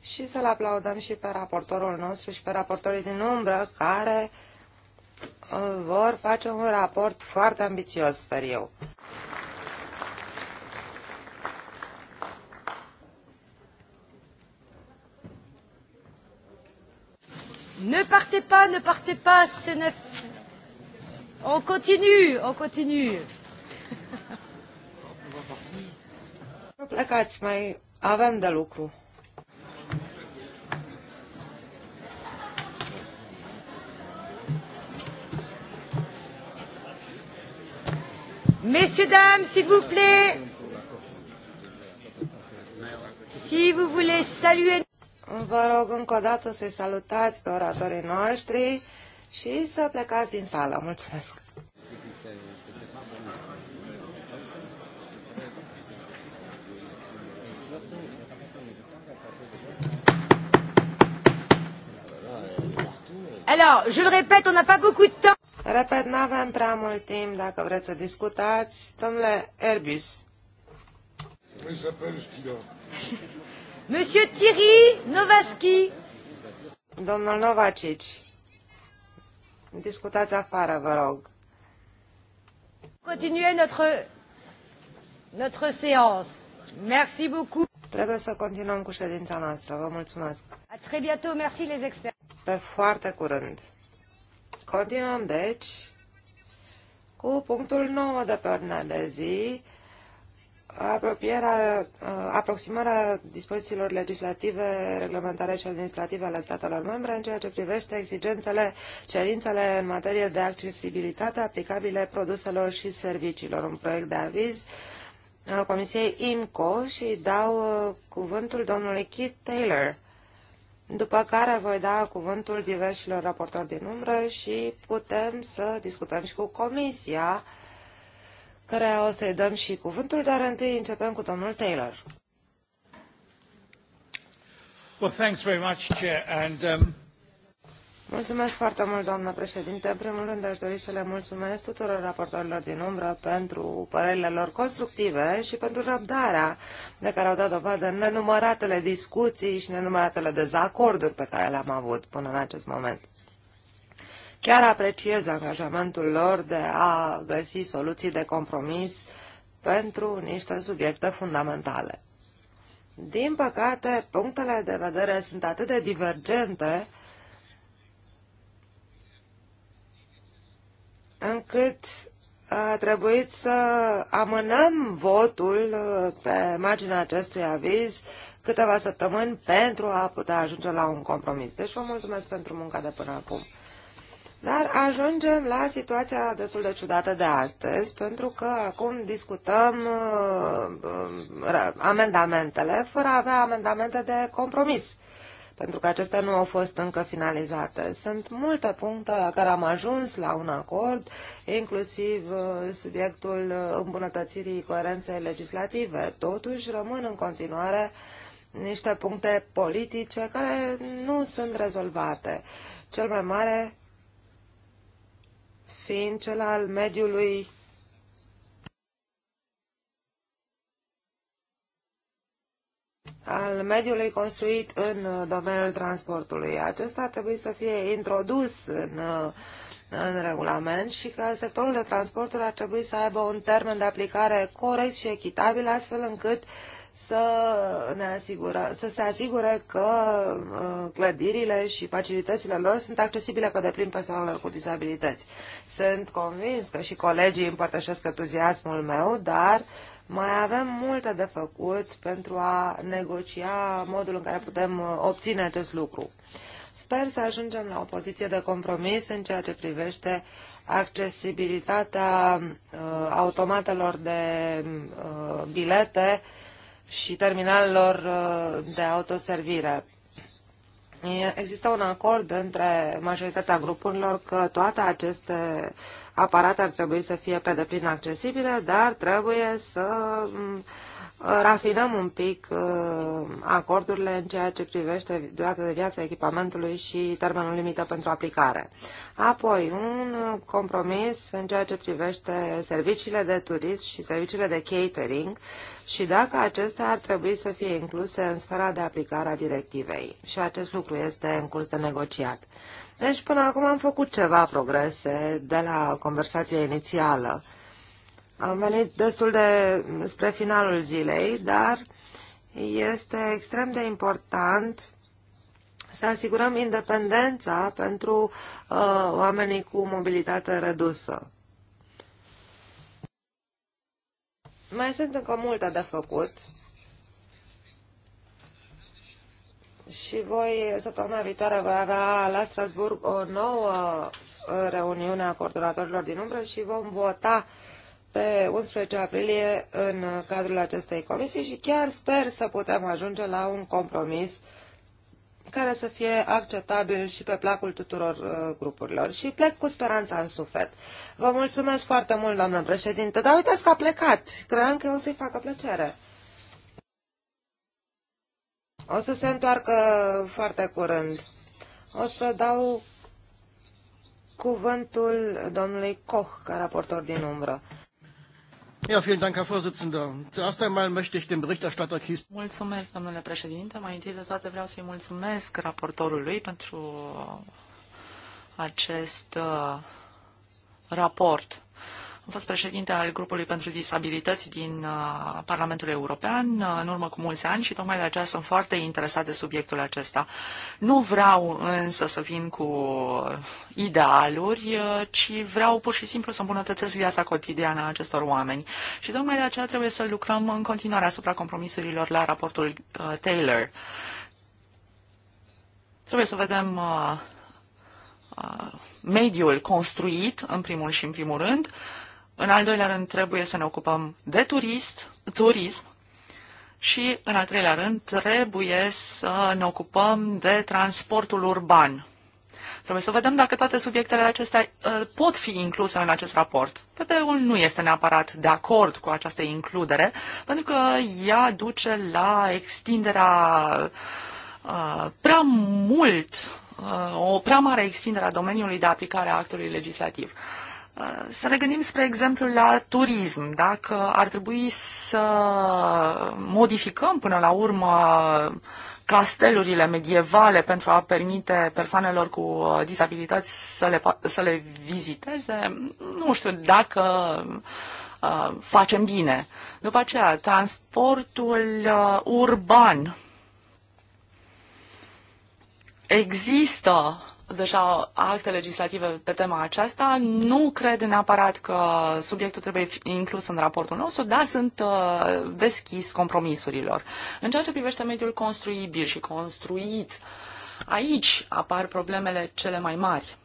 și să-l aplaudăm și pe raportorul nostru și pe raportorii din umbră care uh, vor face un raport foarte ambițios, sper eu. Ne partez pas, ne partez pas, ce ne... On continue, on continue. Nu plecați, mai avem de lucru. Messieurs, dames, s'il vous plaît, si vous voulez saluer... Vă rog încă o dată să-i salutați pe oratorii noștri și să plecați din sală. Mulțumesc! Alors, je le répète, on n'a pas beaucoup de temps. Repet, nu avem prea mult timp dacă vreți să discutați. Domnule Airbus. Monsieur Thierry Novaski. Domnul Novacic. Discutați afară, vă rog. Continuez notre, notre séance. Merci beaucoup. Trebuie să continuăm cu ședința noastră. Vă mulțumesc. A très bientôt. Merci les experts pe foarte curând. Continuăm, deci, cu punctul 9 de pe ordinea de zi, apropierea, uh, aproximarea dispozițiilor legislative, reglementare și administrative ale statelor membre în ceea ce privește exigențele, cerințele în materie de accesibilitate aplicabile produselor și serviciilor. Un proiect de aviz al Comisiei IMCO și dau uh, cuvântul domnului Keith Taylor după care voi da cuvântul diversilor raportori din umbră și putem să discutăm și cu comisia, care o să-i dăm și cuvântul, dar întâi începem cu domnul Taylor. Well, thanks very much, Chair, and um, Mulțumesc foarte mult, doamnă președinte. În primul rând, aș dori să le mulțumesc tuturor raportorilor din umbră pentru părerile lor constructive și pentru răbdarea de care au dat dovadă în nenumăratele discuții și nenumăratele dezacorduri pe care le-am avut până în acest moment. Chiar apreciez angajamentul lor de a găsi soluții de compromis pentru niște subiecte fundamentale. Din păcate, punctele de vedere sunt atât de divergente încât a trebuit să amânăm votul pe marginea acestui aviz câteva săptămâni pentru a putea ajunge la un compromis. Deci vă mulțumesc pentru munca de până acum. Dar ajungem la situația destul de ciudată de astăzi, pentru că acum discutăm uh, amendamentele fără a avea amendamente de compromis. Uh, pentru că acestea nu au fost încă finalizate. Sunt multe puncte la care am ajuns la un acord, inclusiv uh, subiectul uh, îmbunătățirii coerenței legislative. Totuși, rămân în continuare niște puncte politice care nu sunt rezolvate. Cel mai mare fiind cel al mediului al mediului construit în uh, domeniul transportului. Acesta ar trebui să fie introdus în, uh, în regulament și că sectorul de transporturi ar trebui să aibă un termen de aplicare corect și echitabil, astfel încât să, ne asigură, să se asigure că uh, clădirile și facilitățile lor sunt accesibile pe deplin persoanelor cu dizabilități. Sunt convins că și colegii împărtășesc entuziasmul meu, dar uh, mai avem multe de făcut pentru a negocia modul în care putem uh, obține acest lucru. Sper să ajungem la o poziție de compromis în ceea ce privește accesibilitatea uh, automatelor de uh, bilete și terminalelor uh, de autoservire. Există un acord între majoritatea grupurilor că toate aceste aparate ar trebui să fie pe deplin accesibile, dar trebuie să mm, rafinăm un pic mm, acordurile în ceea ce privește durata de viață a echipamentului și termenul limită pentru aplicare. Apoi, un compromis în ceea ce privește serviciile de turism și serviciile de catering și dacă acestea ar trebui să fie incluse în sfera de aplicare a directivei. Și acest lucru este în curs de negociat. Deci până acum am făcut ceva progrese de la conversația inițială. Am venit destul de spre finalul zilei, dar este extrem de important să asigurăm independența pentru uh, oamenii cu mobilitate redusă. Mai sunt încă multe de făcut Și voi, săptămâna viitoare, voi avea la Strasburg o nouă uh, reuniune a coordonatorilor din umbră și vom vota pe 11 aprilie în cadrul acestei comisii și chiar sper să putem ajunge la un compromis care să fie acceptabil și pe placul tuturor uh, grupurilor. Și plec cu speranța în suflet. Vă mulțumesc foarte mult, doamnă președinte, dar uitați că a plecat. Cream că o să-i facă plăcere. O să se întoarcă foarte curând. O să dau cuvântul domnului Koch, ca raportor din umbră. Ja, vielen Dank, Herr Vorsitzender. Zuerst einmal möchte ich dem Berichterstatter Kies... Mulțumesc, domnule președinte. Mai întâi de toate vreau să-i mulțumesc raportorului pentru acest uh, raport. Am fost președinte al grupului pentru disabilități din uh, Parlamentul European uh, în urmă cu mulți ani și tocmai de aceea sunt foarte interesat de subiectul acesta. Nu vreau însă să vin cu idealuri, uh, ci vreau pur și simplu să îmbunătățesc viața cotidiană a acestor oameni. Și tocmai de aceea trebuie să lucrăm în continuare asupra compromisurilor la raportul Taylor. Trebuie să vedem mediul construit, în primul și în primul rând, în al doilea rând, trebuie să ne ocupăm de turist, turism și, în al treilea rând, trebuie să ne ocupăm de transportul urban. Trebuie să vedem dacă toate subiectele acestea uh, pot fi incluse în acest raport. PP-ul nu este neapărat de acord cu această includere, pentru că ea duce la extinderea uh, prea mult, uh, o prea mare extindere a domeniului de aplicare a actului legislativ. Uh, să ne gândim, spre exemplu, la turism. Dacă ar trebui să modificăm până la urmă castelurile medievale pentru a permite persoanelor cu uh, dizabilități să le, să le viziteze, nu știu dacă uh, facem bine. După aceea, transportul uh, urban. Există deja acte legislative pe tema aceasta. Nu cred neapărat că subiectul trebuie inclus în raportul nostru, dar sunt uh, deschis compromisurilor. În ceea ce privește mediul construibil și construit, aici apar problemele cele mai mari.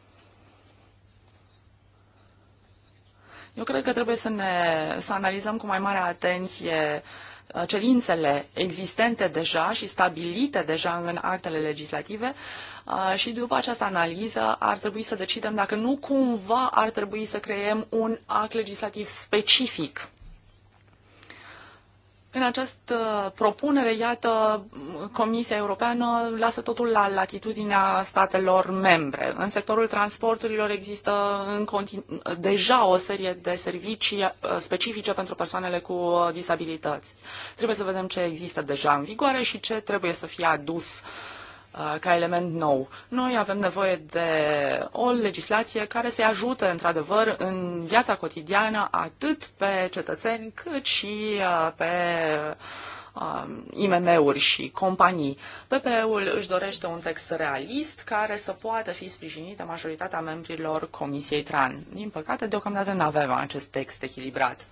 Eu cred că trebuie să ne să analizăm cu mai mare atenție uh, cerințele existente deja și stabilite deja în actele legislative și după această analiză ar trebui să decidem dacă nu cumva ar trebui să creăm un act legislativ specific în această propunere, iată, Comisia Europeană lasă totul la latitudinea statelor membre. În sectorul transporturilor există în deja o serie de servicii uh, specifice pentru persoanele cu uh, disabilități. Trebuie să vedem ce există deja în vigoare și ce trebuie să fie adus uh, Uh, ca element nou. Noi avem nevoie de o legislație care să-i ajute, într-adevăr, în viața cotidiană, atât pe cetățeni, cât și uh, pe um, IMM-uri și companii. PPE-ul își dorește un text realist care să poată fi sprijinit de majoritatea membrilor Comisiei TRAN. Din păcate, deocamdată nu avem acest text echilibrat.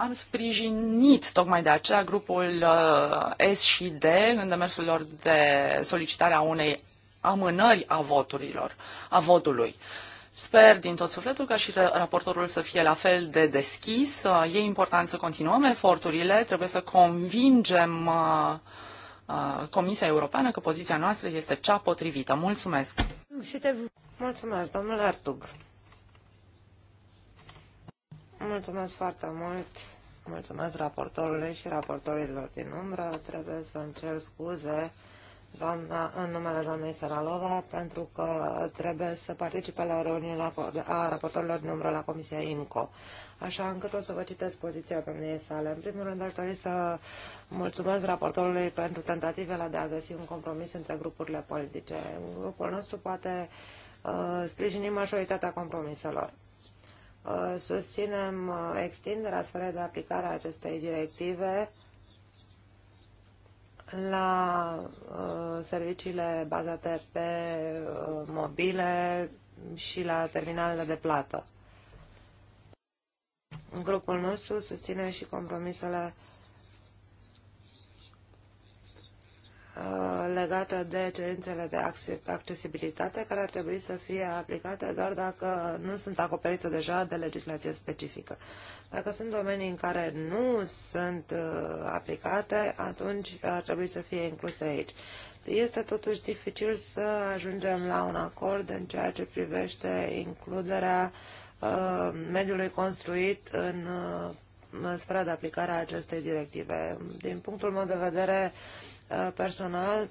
Am sprijinit tocmai de aceea grupul uh, S și D în demersul lor de solicitare a unei amânări a voturilor, a votului. Sper din tot sufletul ca și raportorul să fie la fel de deschis. Uh, e important să continuăm eforturile, trebuie să convingem uh, Comisia Europeană că poziția noastră este cea potrivită. Mulțumesc! Mulțumesc, domnule Artug! Mulțumesc foarte mult. Mulțumesc raportorului și raportorilor din umbră. Trebuie să încerc cer scuze doamna, în numele doamnei Saralova pentru că trebuie să participe la reuniunea a raportorilor din umbră la Comisia IMCO. Așa încât o să vă citesc poziția doamnei sale. În primul rând, aș dori să mulțumesc raportorului pentru tentativele de a găsi un compromis între grupurile politice. Grupul nostru poate uh, sprijini majoritatea compromiselor. Uh, susținem uh, extinderea sferei de aplicare a acestei directive la uh, serviciile bazate pe mobile și la terminalele de plată. Grupul nostru susține și compromisele Uh, legată de cerințele de accesibilitate, care ar trebui să fie aplicate doar dacă nu sunt acoperite deja de legislație specifică. Dacă sunt domenii în care nu sunt uh, aplicate, atunci ar trebui să fie incluse aici. Este totuși dificil să ajungem la un acord în ceea ce privește includerea uh, mediului construit în sfera de aplicare a acestei directive. Din punctul meu de vedere, Uh, personal,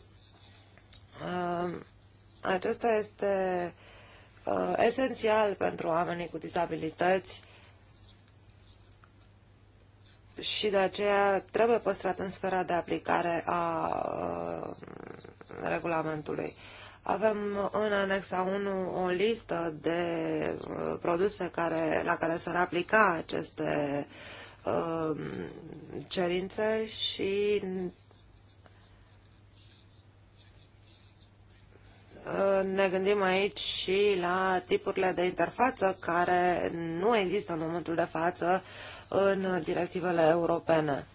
uh, acesta este uh, esențial pentru oamenii cu dizabilități și de aceea trebuie păstrat în sfera de aplicare a regulamentului. Avem în anexa 1 o listă de produse care, la care s-ar aplica aceste cerințe și ne gândim aici și la tipurile de interfață care nu există în momentul de față în directivele europene.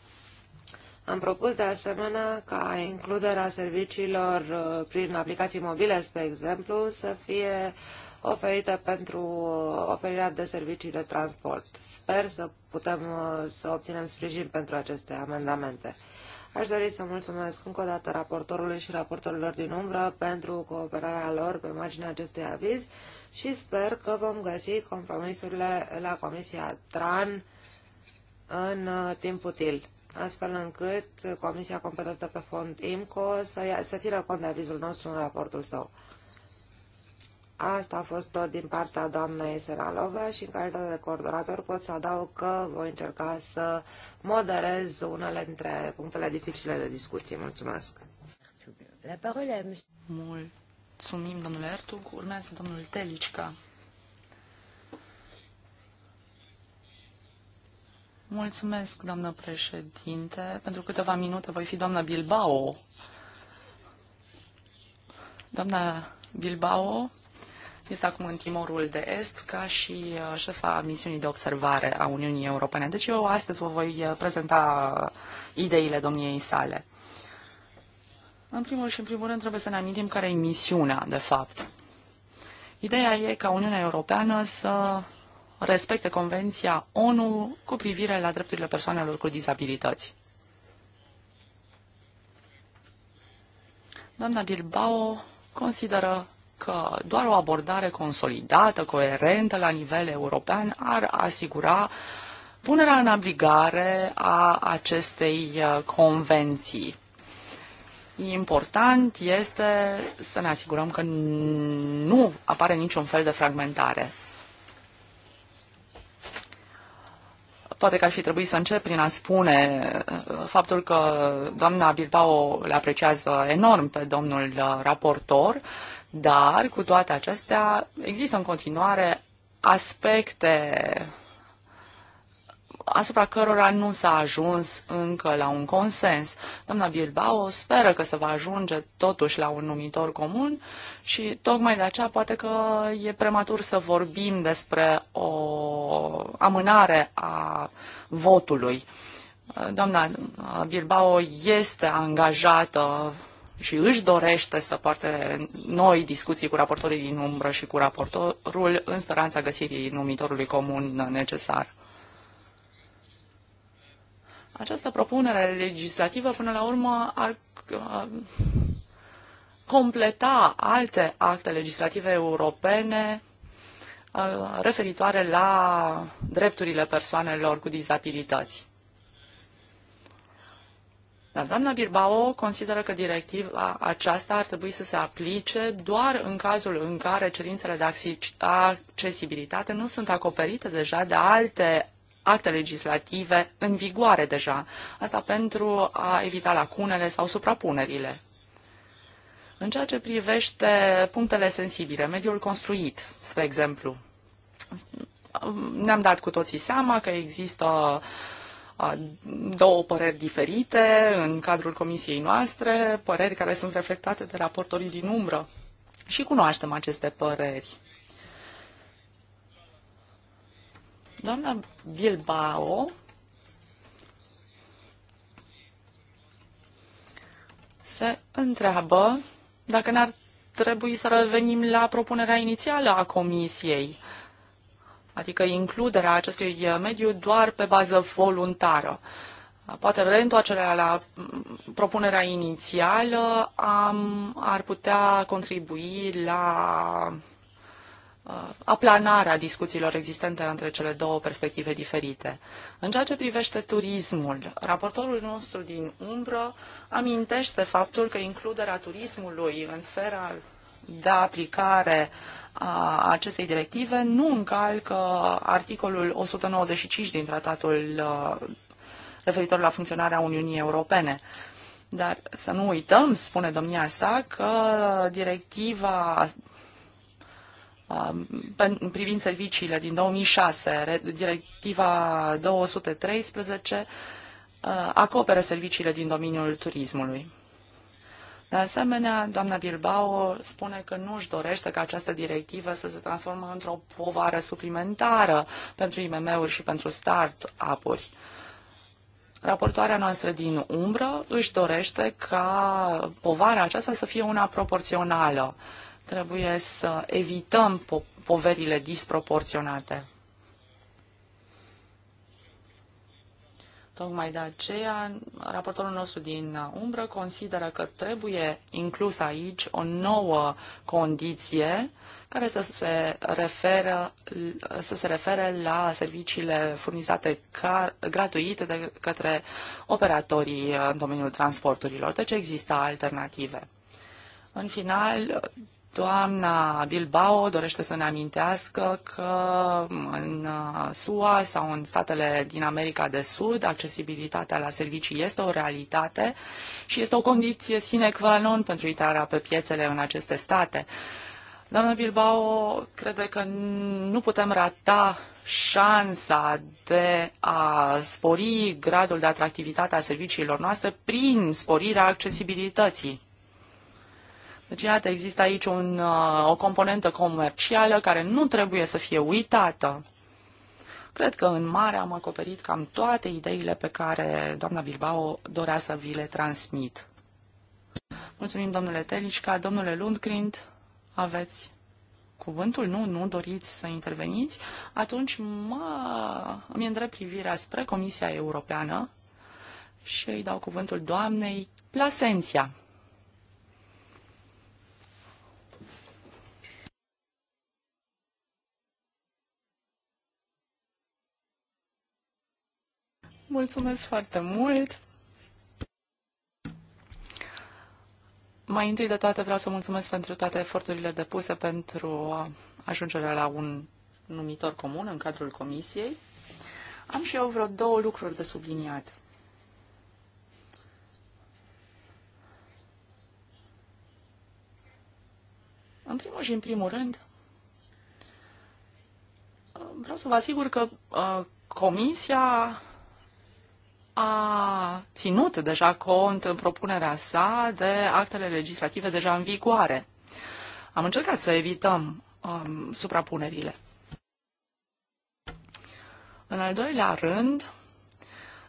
Am propus de asemenea ca includerea serviciilor uh, prin aplicații mobile, spre exemplu, să fie oferită pentru uh, oferirea de servicii de transport. Sper să putem uh, să obținem sprijin pentru aceste amendamente. Aș dori să mulțumesc încă o dată raportorului și raportorilor din umbră pentru cooperarea lor pe marginea acestui aviz și sper că vom găsi compromisurile la Comisia TRAN în uh, timp util, astfel încât Comisia competentă pe fond IMCO să, ia, să țină cont de avizul nostru în raportul său. Asta a fost tot din partea doamnei Seralova și în calitate de coordonator pot să adaug că voi încerca să moderez unele dintre punctele dificile de discuție. Mulțumesc! Mulțumim, domnule Ertug. Urmează domnul Telicca. Mulțumesc, doamnă președinte. Pentru câteva minute voi fi doamna Bilbao. Doamna Bilbao este acum în Timorul de Est ca și uh, șefa misiunii de observare a Uniunii Europene. Deci eu astăzi vă voi uh, prezenta ideile domniei sale. În primul și în primul rând trebuie să ne amintim care e misiunea, de fapt. Ideea e ca Uniunea Europeană să respecte Convenția ONU cu privire la drepturile persoanelor cu dizabilități. Doamna Bilbao consideră că doar o abordare consolidată, coerentă la nivel european ar asigura punerea în aplicare a acestei uh, convenții. Important este să ne asigurăm că nu apare niciun fel de fragmentare. Poate că ar fi trebuit să încep prin a spune uh, faptul că doamna Bilbao le apreciază enorm pe domnul uh, raportor dar, cu toate acestea, există în continuare aspecte asupra cărora nu s-a ajuns încă la un consens. Doamna Bilbao speră că se va ajunge totuși la un numitor comun și tocmai de aceea poate că e prematur să vorbim despre o amânare a votului. Doamna Bilbao este angajată și își dorește să poarte noi discuții cu raportorii din umbră și cu raportorul în speranța găsirii numitorului comun necesar. Această propunere legislativă, până la urmă, ar uh, completa alte acte legislative europene uh, referitoare la drepturile persoanelor cu dizabilități. Dar doamna Bilbao consideră că directiva aceasta ar trebui să se aplice doar în cazul în care cerințele de accesibilitate nu sunt acoperite deja de alte acte legislative în vigoare deja. Asta pentru a evita lacunele sau suprapunerile. În ceea ce privește punctele sensibile, mediul construit, spre exemplu, ne-am dat cu toții seama că există uh, două păreri diferite în cadrul comisiei noastre, păreri care sunt reflectate de raportorii din umbră și cunoaștem aceste păreri. Doamna Bilbao se întreabă dacă n-ar trebui să revenim la propunerea inițială a comisiei adică includerea acestui mediu doar pe bază voluntară. Poate reîntoarcerea la mm, propunerea inițială am, ar putea contribui la uh, aplanarea discuțiilor existente între cele două perspective diferite. În ceea ce privește turismul, raportorul nostru din umbră amintește faptul că includerea turismului în sfera de aplicare uh, a acestei directive nu încalcă articolul 195 din tratatul uh, referitor la funcționarea Uniunii Europene. Dar să nu uităm, spune domnia sa, că directiva um, privind serviciile din 2006, directiva 213, uh, acoperă serviciile din domeniul turismului. De asemenea, doamna Bilbao spune că nu își dorește ca această directivă să se transformă într-o povară suplimentară pentru IMM-uri și pentru start-up-uri. Raportoarea noastră din umbră își dorește ca povara aceasta să fie una proporțională. Trebuie să evităm po- poverile disproporționate. Tocmai de aceea, raportorul nostru din umbră consideră că trebuie inclus aici o nouă condiție care să se, referă, să se refere la serviciile furnizate car, gratuite de către operatorii în domeniul transporturilor. Deci există alternative. În final, Doamna Bilbao dorește să ne amintească că în uh, SUA sau în statele din America de Sud accesibilitatea la servicii este o realitate și este o condiție sine qua non pentru intrarea pe piețele în aceste state. Doamna Bilbao crede că nu putem rata șansa de a spori gradul de atractivitate a serviciilor noastre prin sporirea accesibilității. Deci, iată, există aici un, uh, o componentă comercială care nu trebuie să fie uitată. Cred că în mare am acoperit cam toate ideile pe care doamna Bilbao dorea să vi le transmit. Mulțumim, domnule Telișca. Domnule Lundgrind, aveți cuvântul? Nu, nu doriți să interveniți? Atunci mă, îmi îndrept privirea spre Comisia Europeană și îi dau cuvântul doamnei Plasenția. Mulțumesc foarte mult! Mai întâi de toate vreau să mulțumesc pentru toate eforturile depuse pentru ajungerea la un numitor comun în cadrul comisiei. Am și eu vreo două lucruri de subliniat. În primul și în primul rând, vreau să vă asigur că uh, comisia a ținut deja cont în propunerea sa de actele legislative deja în vigoare. Am încercat să evităm um, suprapunerile. În al doilea rând,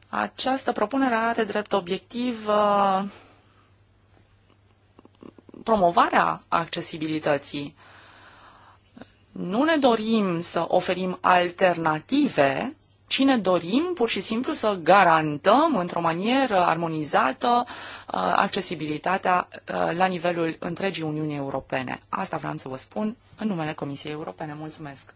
această propunere are drept obiectiv uh, promovarea accesibilității. Nu ne dorim să oferim alternative ci ne dorim pur și simplu să garantăm într-o manieră armonizată uh, accesibilitatea uh, la nivelul întregii Uniunii Europene. Asta vreau să vă spun în numele Comisiei Europene. Mulțumesc!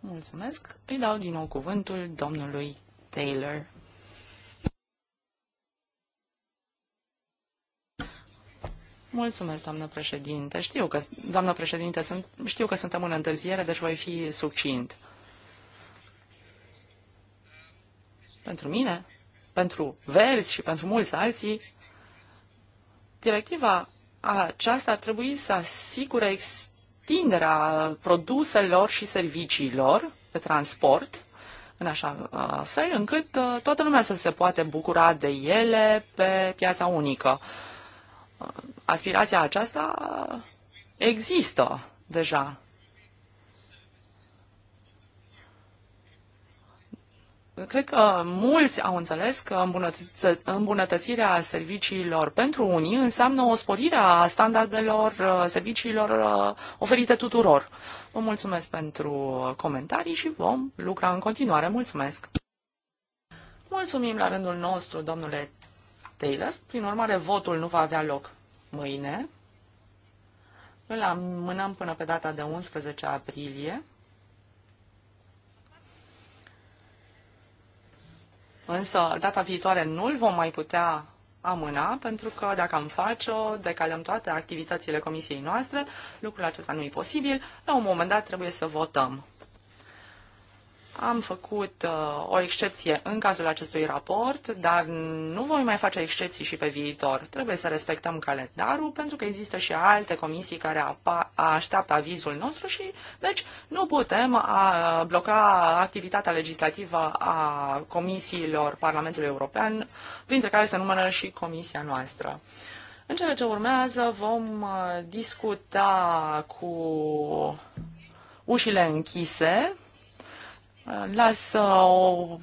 Mulțumesc! Îi dau din nou cuvântul domnului Taylor. Mulțumesc, doamnă președinte. Știu că, doamnă președinte, sunt, știu că suntem în întârziere, deci voi fi succint. Pentru mine, pentru verzi și pentru mulți alții, directiva aceasta a trebuit să asigure extinderea produselor și serviciilor de transport în așa fel încât toată lumea să se poate bucura de ele pe piața unică. Uh, aspirația aceasta există deja. Cred că mulți au înțeles că îmbunătățirea serviciilor pentru unii înseamnă o sporire a standardelor uh, serviciilor uh, oferite tuturor. Vă mulțumesc pentru comentarii și vom lucra în continuare. Mulțumesc! Mulțumim la rândul nostru, domnule Taylor. Prin urmare, votul nu va avea loc mâine. Îl amânăm până pe data de 11 aprilie. Însă, data viitoare nu îl vom mai putea amâna, pentru că dacă am face-o, decalăm toate activitățile comisiei noastre, lucrul acesta nu e posibil, la un moment dat trebuie să votăm. Am făcut uh, o excepție în cazul acestui raport, dar nu voi mai face excepții și pe viitor. Trebuie să respectăm calendarul, pentru că există și alte comisii care așteaptă avizul nostru și, deci, nu putem a, uh, bloca activitatea legislativă a comisiilor Parlamentului European, printre care se numără și comisia noastră. În cele ce urmează vom uh, discuta cu ușile închise las o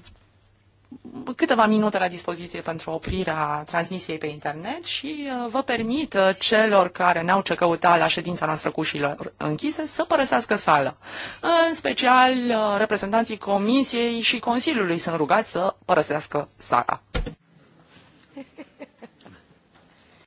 câteva minute la dispoziție pentru oprirea transmisiei pe internet și uh, vă permit uh, celor care n-au ce căuta la ședința noastră cu ușile închise să părăsească sală. În special, uh, reprezentanții Comisiei și Consiliului sunt rugați să părăsească sala.